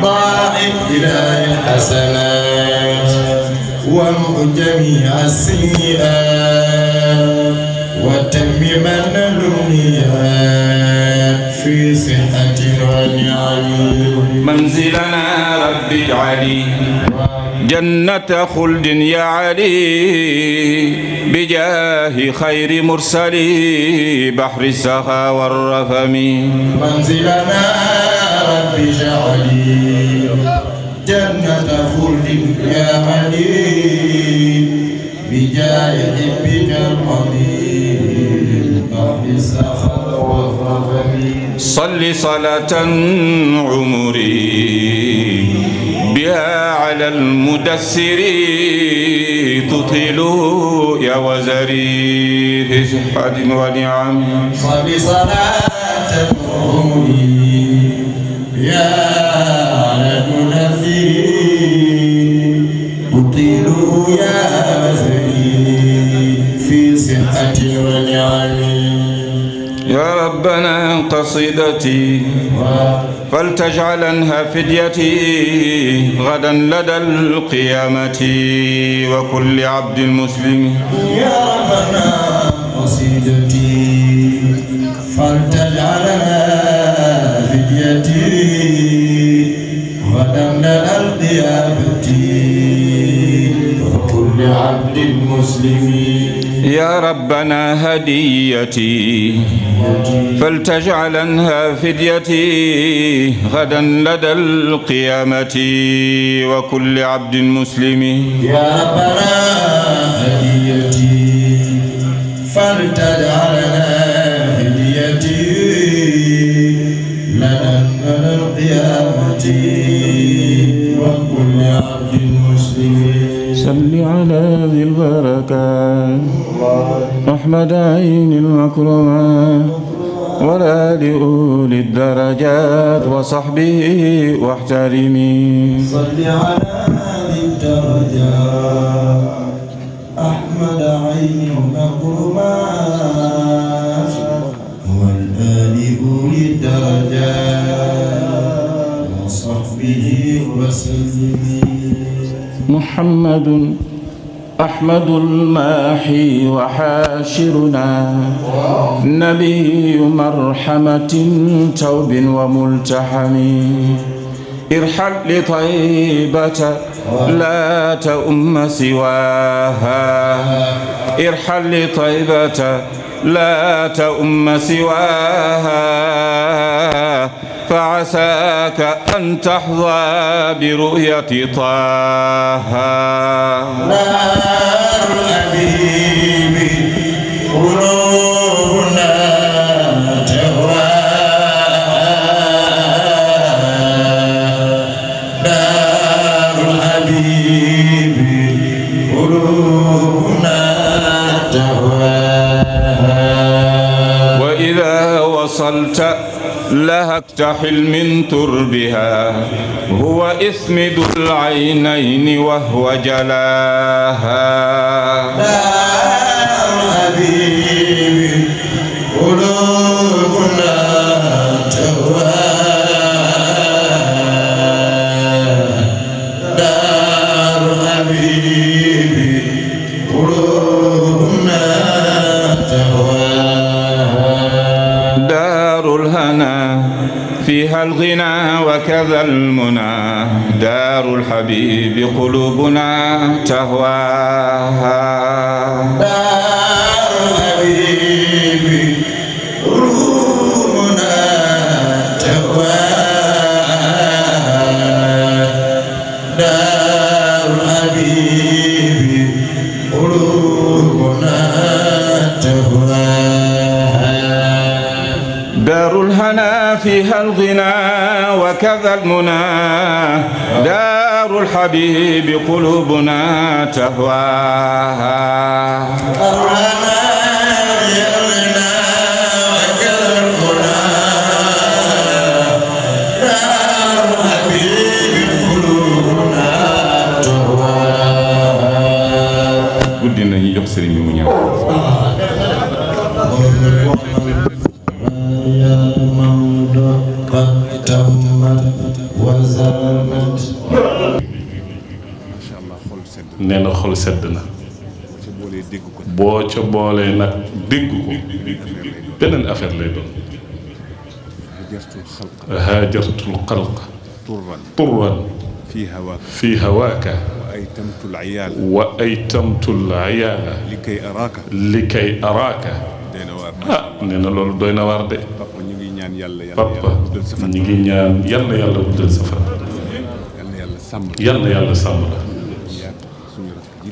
[SPEAKER 6] ضاعف إله الحسنات وامح جميع السيئات وتممن الأمنيات في صحة منزلنا رب اجعلي جنة خلد يا علي بجاه خير مرسلي بحر السخا والرفم منزلنا رب اجعلي جنة خلد يا علي بجاه حبك القدير صل صلاة عمري بها على المدسر تطيل يا وزري في صحة ونعم صل صلاة عمري
[SPEAKER 1] يا على المدسر تطيل يا وزري
[SPEAKER 6] في صحة ونعم يا ربنا قصيدتي فلتجعلنها فديتي غدا لدى القيامة وكل عبد مسلم يا ربنا قصيدتي فلتجعلنها فديتي غدا لدى القيامة وكل عبد مسلم يا ربنا هديتي فلتجعلنها فديتي غدا لدى القيامة وكل عبد مسلم يا ربنا هديتي فلتجعلنها هديتي لدى القيامة وكل عبد مسلم صل على ذي البركات أحمد عين المكرمات ولا لأولي الدرجات وصحبه واحترمي صل
[SPEAKER 4] على ذي الدرجات
[SPEAKER 6] أحمد عين المكرمات والآل أولي الدرجات وصحبه
[SPEAKER 4] وسلم
[SPEAKER 6] محمد أحمد الماحي وحاشرنا نبي مرحمة توب وملتحم ارحل لطيبة لا تؤم سواها ارحل لطيبة لا تؤم سواها فعساك أن تحظى برؤية طه نار الحبيب قلوبنا تهوى نار الحبيب قلوبنا تهوى وإذا وصلت لهكت حلم تربها هو اسمد العينين وهو جلاها دار أبي فيها الغنى وكذا المنى دار الحبيب قلوبنا تهواها دار الحبيب قلوبنا تهواها دار الحبيب قلوبنا تهواها دار الهنا فيها الغنى وكذا المنى دار الحبيب قلوبنا تهواها
[SPEAKER 2] nee na xol sedd na
[SPEAKER 3] boo ca boolee nag dégg ko
[SPEAKER 2] beneen affaire lay doon
[SPEAKER 4] haajartul xalq turran
[SPEAKER 2] fii hawaaka wa aytamtul ayaala li kay araaka ah nee na loolu doy na waar de papa ñu ngi ñaan yàlla yàlla guddal sa fan
[SPEAKER 5] yàlla yàlla sàmm la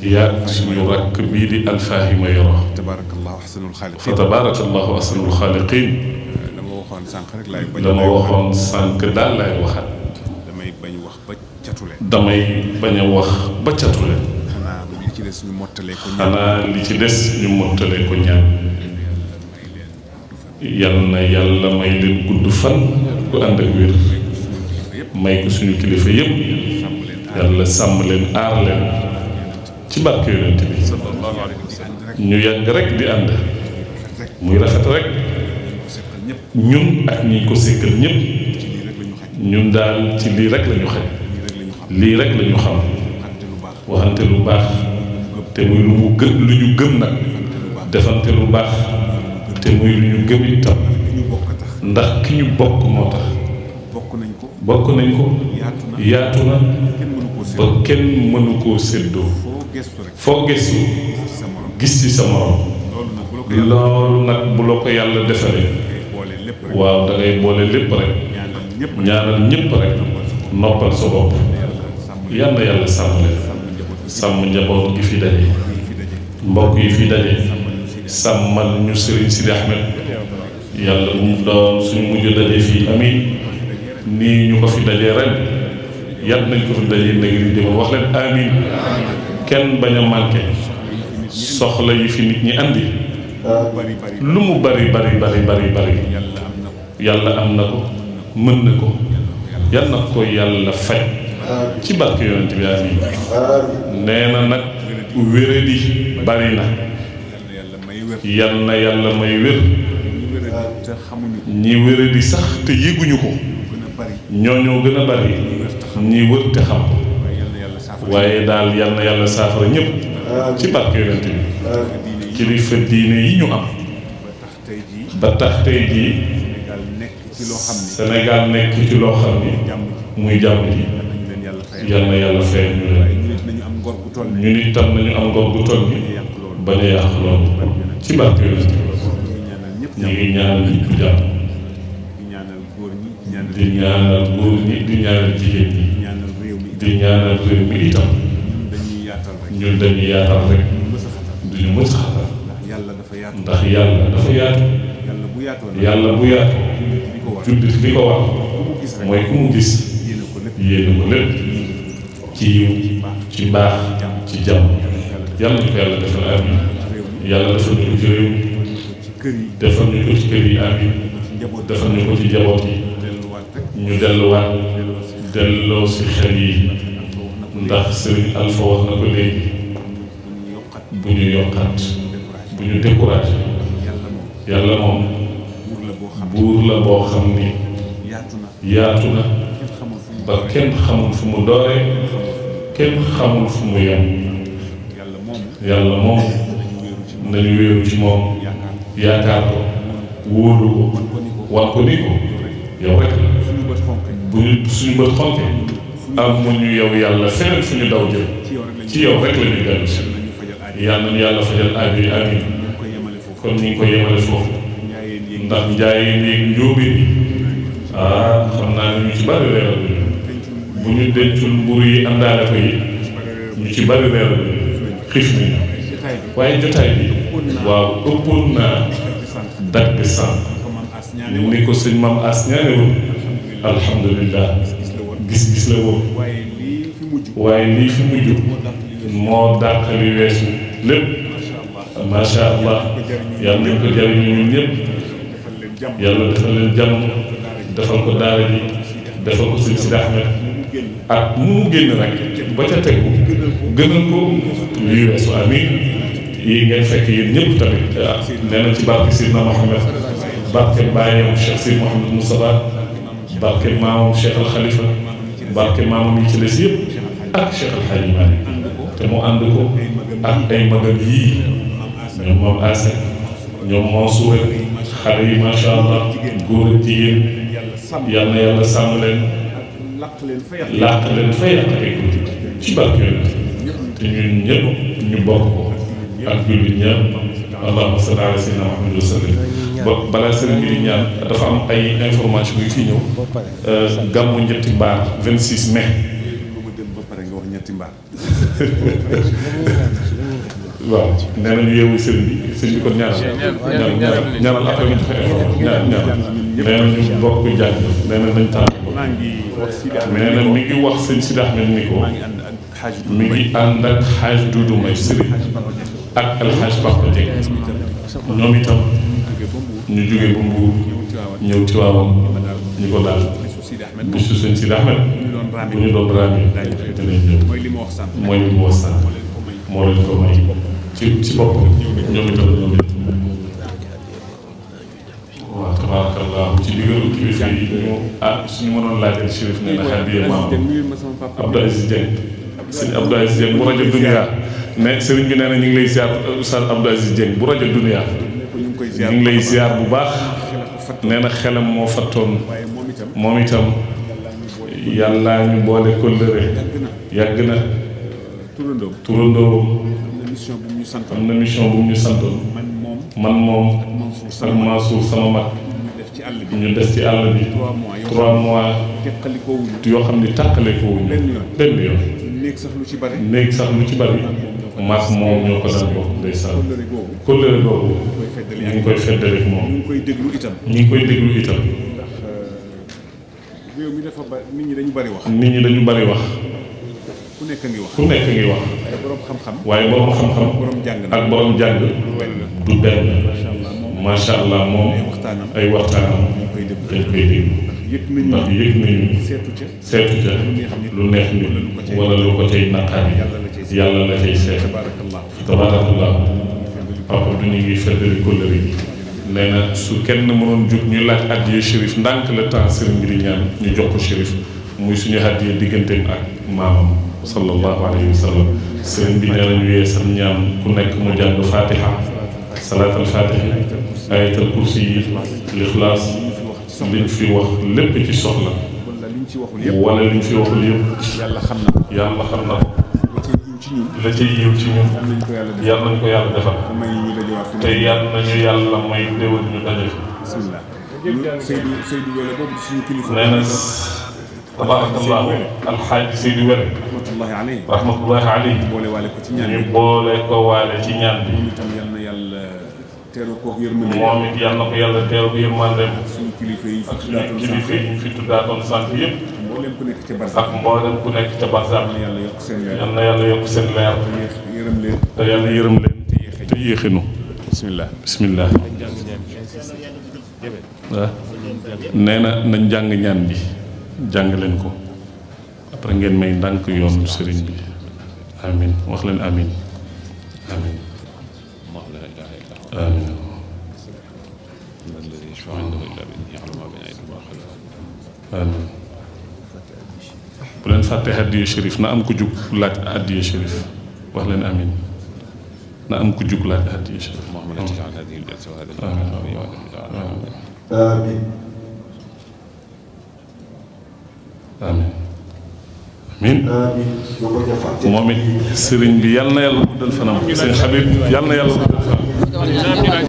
[SPEAKER 5] yaa suñu rakk bii di alfaahima yoro tabaarakallahu ahsanul xaaliqiin fa tabaarakallahu ahsanul xaaliqiin la waxoon sànq rek la ma waxoon sànq daal laay waxaat damay bañ wax ba catule damay bañ a wax ba catule xanaa li ci des ñu mottalee ko ñaan li ci des ñu mottalee
[SPEAKER 2] ko ñaan yal na yàlla may leen gudd fan ku ànd ak wér may ko suñu kilifa yépp yàlla sàmm leen aar leen ci barke yonent bi ñu yàgg rek di ànd muy rafet rekk ñun ak ñi ko sékkal ñëpp ñun daal ci lii rek la ñu xaj lii rek lañu xam waxante lu baax te muy lu mu gëm lu ñu gëm nag defante lu baax te muy lu ñu gëm itam ndax ki ñu bokk moo tax bokk nañ ko yaatu na ba kenn mënu koo séddoo foo gëstu gis ci sa morom loolu nag bu la ko yàlla defaree waaw da ngay boole lépp rek ñaanal ñépp rek noppal sa bopp yal yàlla sàmm njaboot gi fi daje mbokk yi fi daje sàmmal ñu Serigne Sidi Ahmed yàlla mu doon suñu mujj daje fii amiin nii ñu ko fi daje ren yàlla nañ ko fi daje ndeg di ma wax leen amiin kenn bañ a manqué soxla yi fi nit ñi andi lu mu bari bari bari bari bari yàlla am na ko mën na ko yal na ko yàlla faj ci barke yonent bi amiin nee na nag wéradi bari na yal na yàlla may wér ñi wéradi sax te yëguñu ko ñoo ñoo gën a bari ñi wër te xam waaye daal yal na yàlla saafara ñëpp ci barke yonent bi kilifa diine yi ñu am ba tax tey jii Sénégal nekk ci loo xam ni muy jàmm ji yal na yàlla fay ñu leen ñu nit tam nañu am ngor gu toll bi bañ a yàq loolu ci barke ñu ngi ñaanal ñëpp jàmm di ñaanal góor ñi di ñaanal jigéen ñi di ñaanal réew mi itam ñun dañuy yaatal rek duñu mës xatal ndax yàlla dafa yaatu yàlla bu
[SPEAKER 4] yaatu juddit li ko wax mooy ku mu gis yéene ko lépp
[SPEAKER 2] ci yiw ci mbaax ci jàmm yàlla ñu amin yàlla defal ñu ko defal ñu ko ci kër amin defal ñu ko ci njaboot yi ñu delluwaat delloo si xel yi ndax sëriñ Alfa wax na ko léegi bu ñu yokkaat bu ñu découragé yàlla moom buur la boo xam ni yaatu na ba kenn xamul fu mu dooree kenn xamul fu mu yem yàlla moom nañu wéeru ci moom yaakaar ko wóolu ko wan ko ni yow rek bu ñu suñu bët xonte am mu ñu yow yàlla feneen fu ñu daw jël ci yow rek la ñu dellu si yal nañu yàlla fajal aaj yi kon ñu ngi koy yemale foofu ndax njaayeen yeeg njóobeen yi ah xam naa ne ñu ci bari weeral bi bu ñu dencul mburu yi àndaale ko yi ñu ci bari weeral bi xiif nañu waaye jotaay bi waaw ëppoon naa dagg sànq ni ko sëñ maam as ñaanewoon alhamdulilah gis-gis la woon waaye fi mujj moo dàq li weesu lépp macha allah yàlla nañ ko jariñu ñun ñëpp yàlla defal leen jàmm defal ko daara si daxmet ak mu mu rek ba ca tegu gënal weesu amin yi ngeen fekk yéen ñëpp tamit ah, nee ci barke Sidna Mohamed barke bàyyeem Cheikh Sid Mohamed Moustapha barke maamam Cheikh Al Khalifa barke maamam yi ci ak Cheikh Al te mu ànd ko ak ay magam yii ñoom moom Assa ñoom Mansour xale yi macha allah góor ak jigéen yal na yàlla sàmm leen làq leen fa yàq ay guddi ci barke te ñun ñëpp ñu bokk ko ak jullit ñëpp allahumma salli ala sayyidina Muhammad wa sallam ba balaa sëriñ bi ñaan dafa am ay information yu fi ñëw euh, gàmmu ñetti mbaar 26 mai waaw nee nañu yeewu sëriñ bi sëriñ bi kon ñaanal ñaanal ñaanal après ñu joxe information ñaanal ñaanal nee nañu jàng nee nañ nañ tànn ko ngi wax sëñ Sidi Ahmed ni ko mi ngi ànd ak xaaj Duudu May sëriñ ak alxaaj Papa Dieng ñoom itam ñu jógee ba Mbuur ñëw Tiwaawan ñu ko laal bisu sëñ Sidi Ahmed bu ñu doon raami mooy li mu wax sànq moo leen ko may ci ci bopp ñoom itam ñoom it waaw tabaarakallaahu ci diggalu kilifa yi ñu ah suñu mënoon laajal Chérif nee na xaddiya maam Abdou Aziz Dieng sëñ Abdou Aziz Dieng bu rajo Dunia ne sëriñ bi nee na Aziz Dieng bu rajo Dunia ñu ngi bu baax nee na xelam moo fattoon moom itam yàlla ñu boole kóllëre yàgg na turandoo am
[SPEAKER 4] na mission bu ñu santoon man moom ak Mansour sama mag
[SPEAKER 2] ñu des ci àll bi trois mois yoo xam ni tàqale ko wuñu benn yoon néeg sax lu ci bari maak moom ñoo ko daan bokk ndeysaan kóllëre boobu ñu ngi koy feddalik moom ñu ngi koy déglu itam ñu ngi koy déglu
[SPEAKER 5] itam euh, réew mi dafa bari nit ñi dañu bari wax nit ñi dañu bari wax
[SPEAKER 4] ku nekk ngi wax wax waaye borom xam-xam waaye borom xam ak borom jàng du benn macha allah moom ay waxtaanam
[SPEAKER 2] dañ koy déglu ndax yëg nañu seetu ca lu neex ñu wala lu ko cay naqaar yàlla la cay seet tabaarakallaahu papa du ñu ngi feddali kóllëre yi nee na su kenn mënoon jóg ñu laaj addiya shérif ndànk la temps sëriñ bi di ñaan ñu jox ko shérif muy suñu addiya digganteem ak maamam sallallahu alayhi wa sallam sëriñ bi nee nañu yee sam ñaan ku nekk mu jàng fatiha salaatal fatiha ayatal kursi yi lixlaas liñ fi wax lépp ci soxla wala liñ fi waxul yëpp yàlla xam na ko ci ñun. la ci yiw ci ñun. yàlla nañ ko yàlla
[SPEAKER 4] defal. te yàlla nañu yàlla may déwén ñu daje. bisimilah.
[SPEAKER 5] Seydou Seydou Wele boobu suñu kilifa. nee na tabaarakallaahu
[SPEAKER 2] alxaaji Seydou Wele. rahmatullahi alayhi. rahmatullahi alayhi. ñu boole waale ko ci ñaan bi ñu boole ko waale ci ñaan bi. moom itam yal na yàlla teeru ko yërmande. moom it yal na ko yàlla teeru ko yërmande. suñu kilifa yi fi tuddaatoon sànq yëpp. mboolem ku nekk ca barsax ak mboolem ku leen te yàlla yërëm leen te yéexe te na nañ jàng ñaan bi jàng leen ko après ngeen may ndànk yoon sëriñ bi amin wax leen amin amin bu leen fàtte addiye shérif na am ku jug laaj addiye shérif wax leen amin na am ku jug laaj addiye shérif bi yal na yàlla
[SPEAKER 4] guddal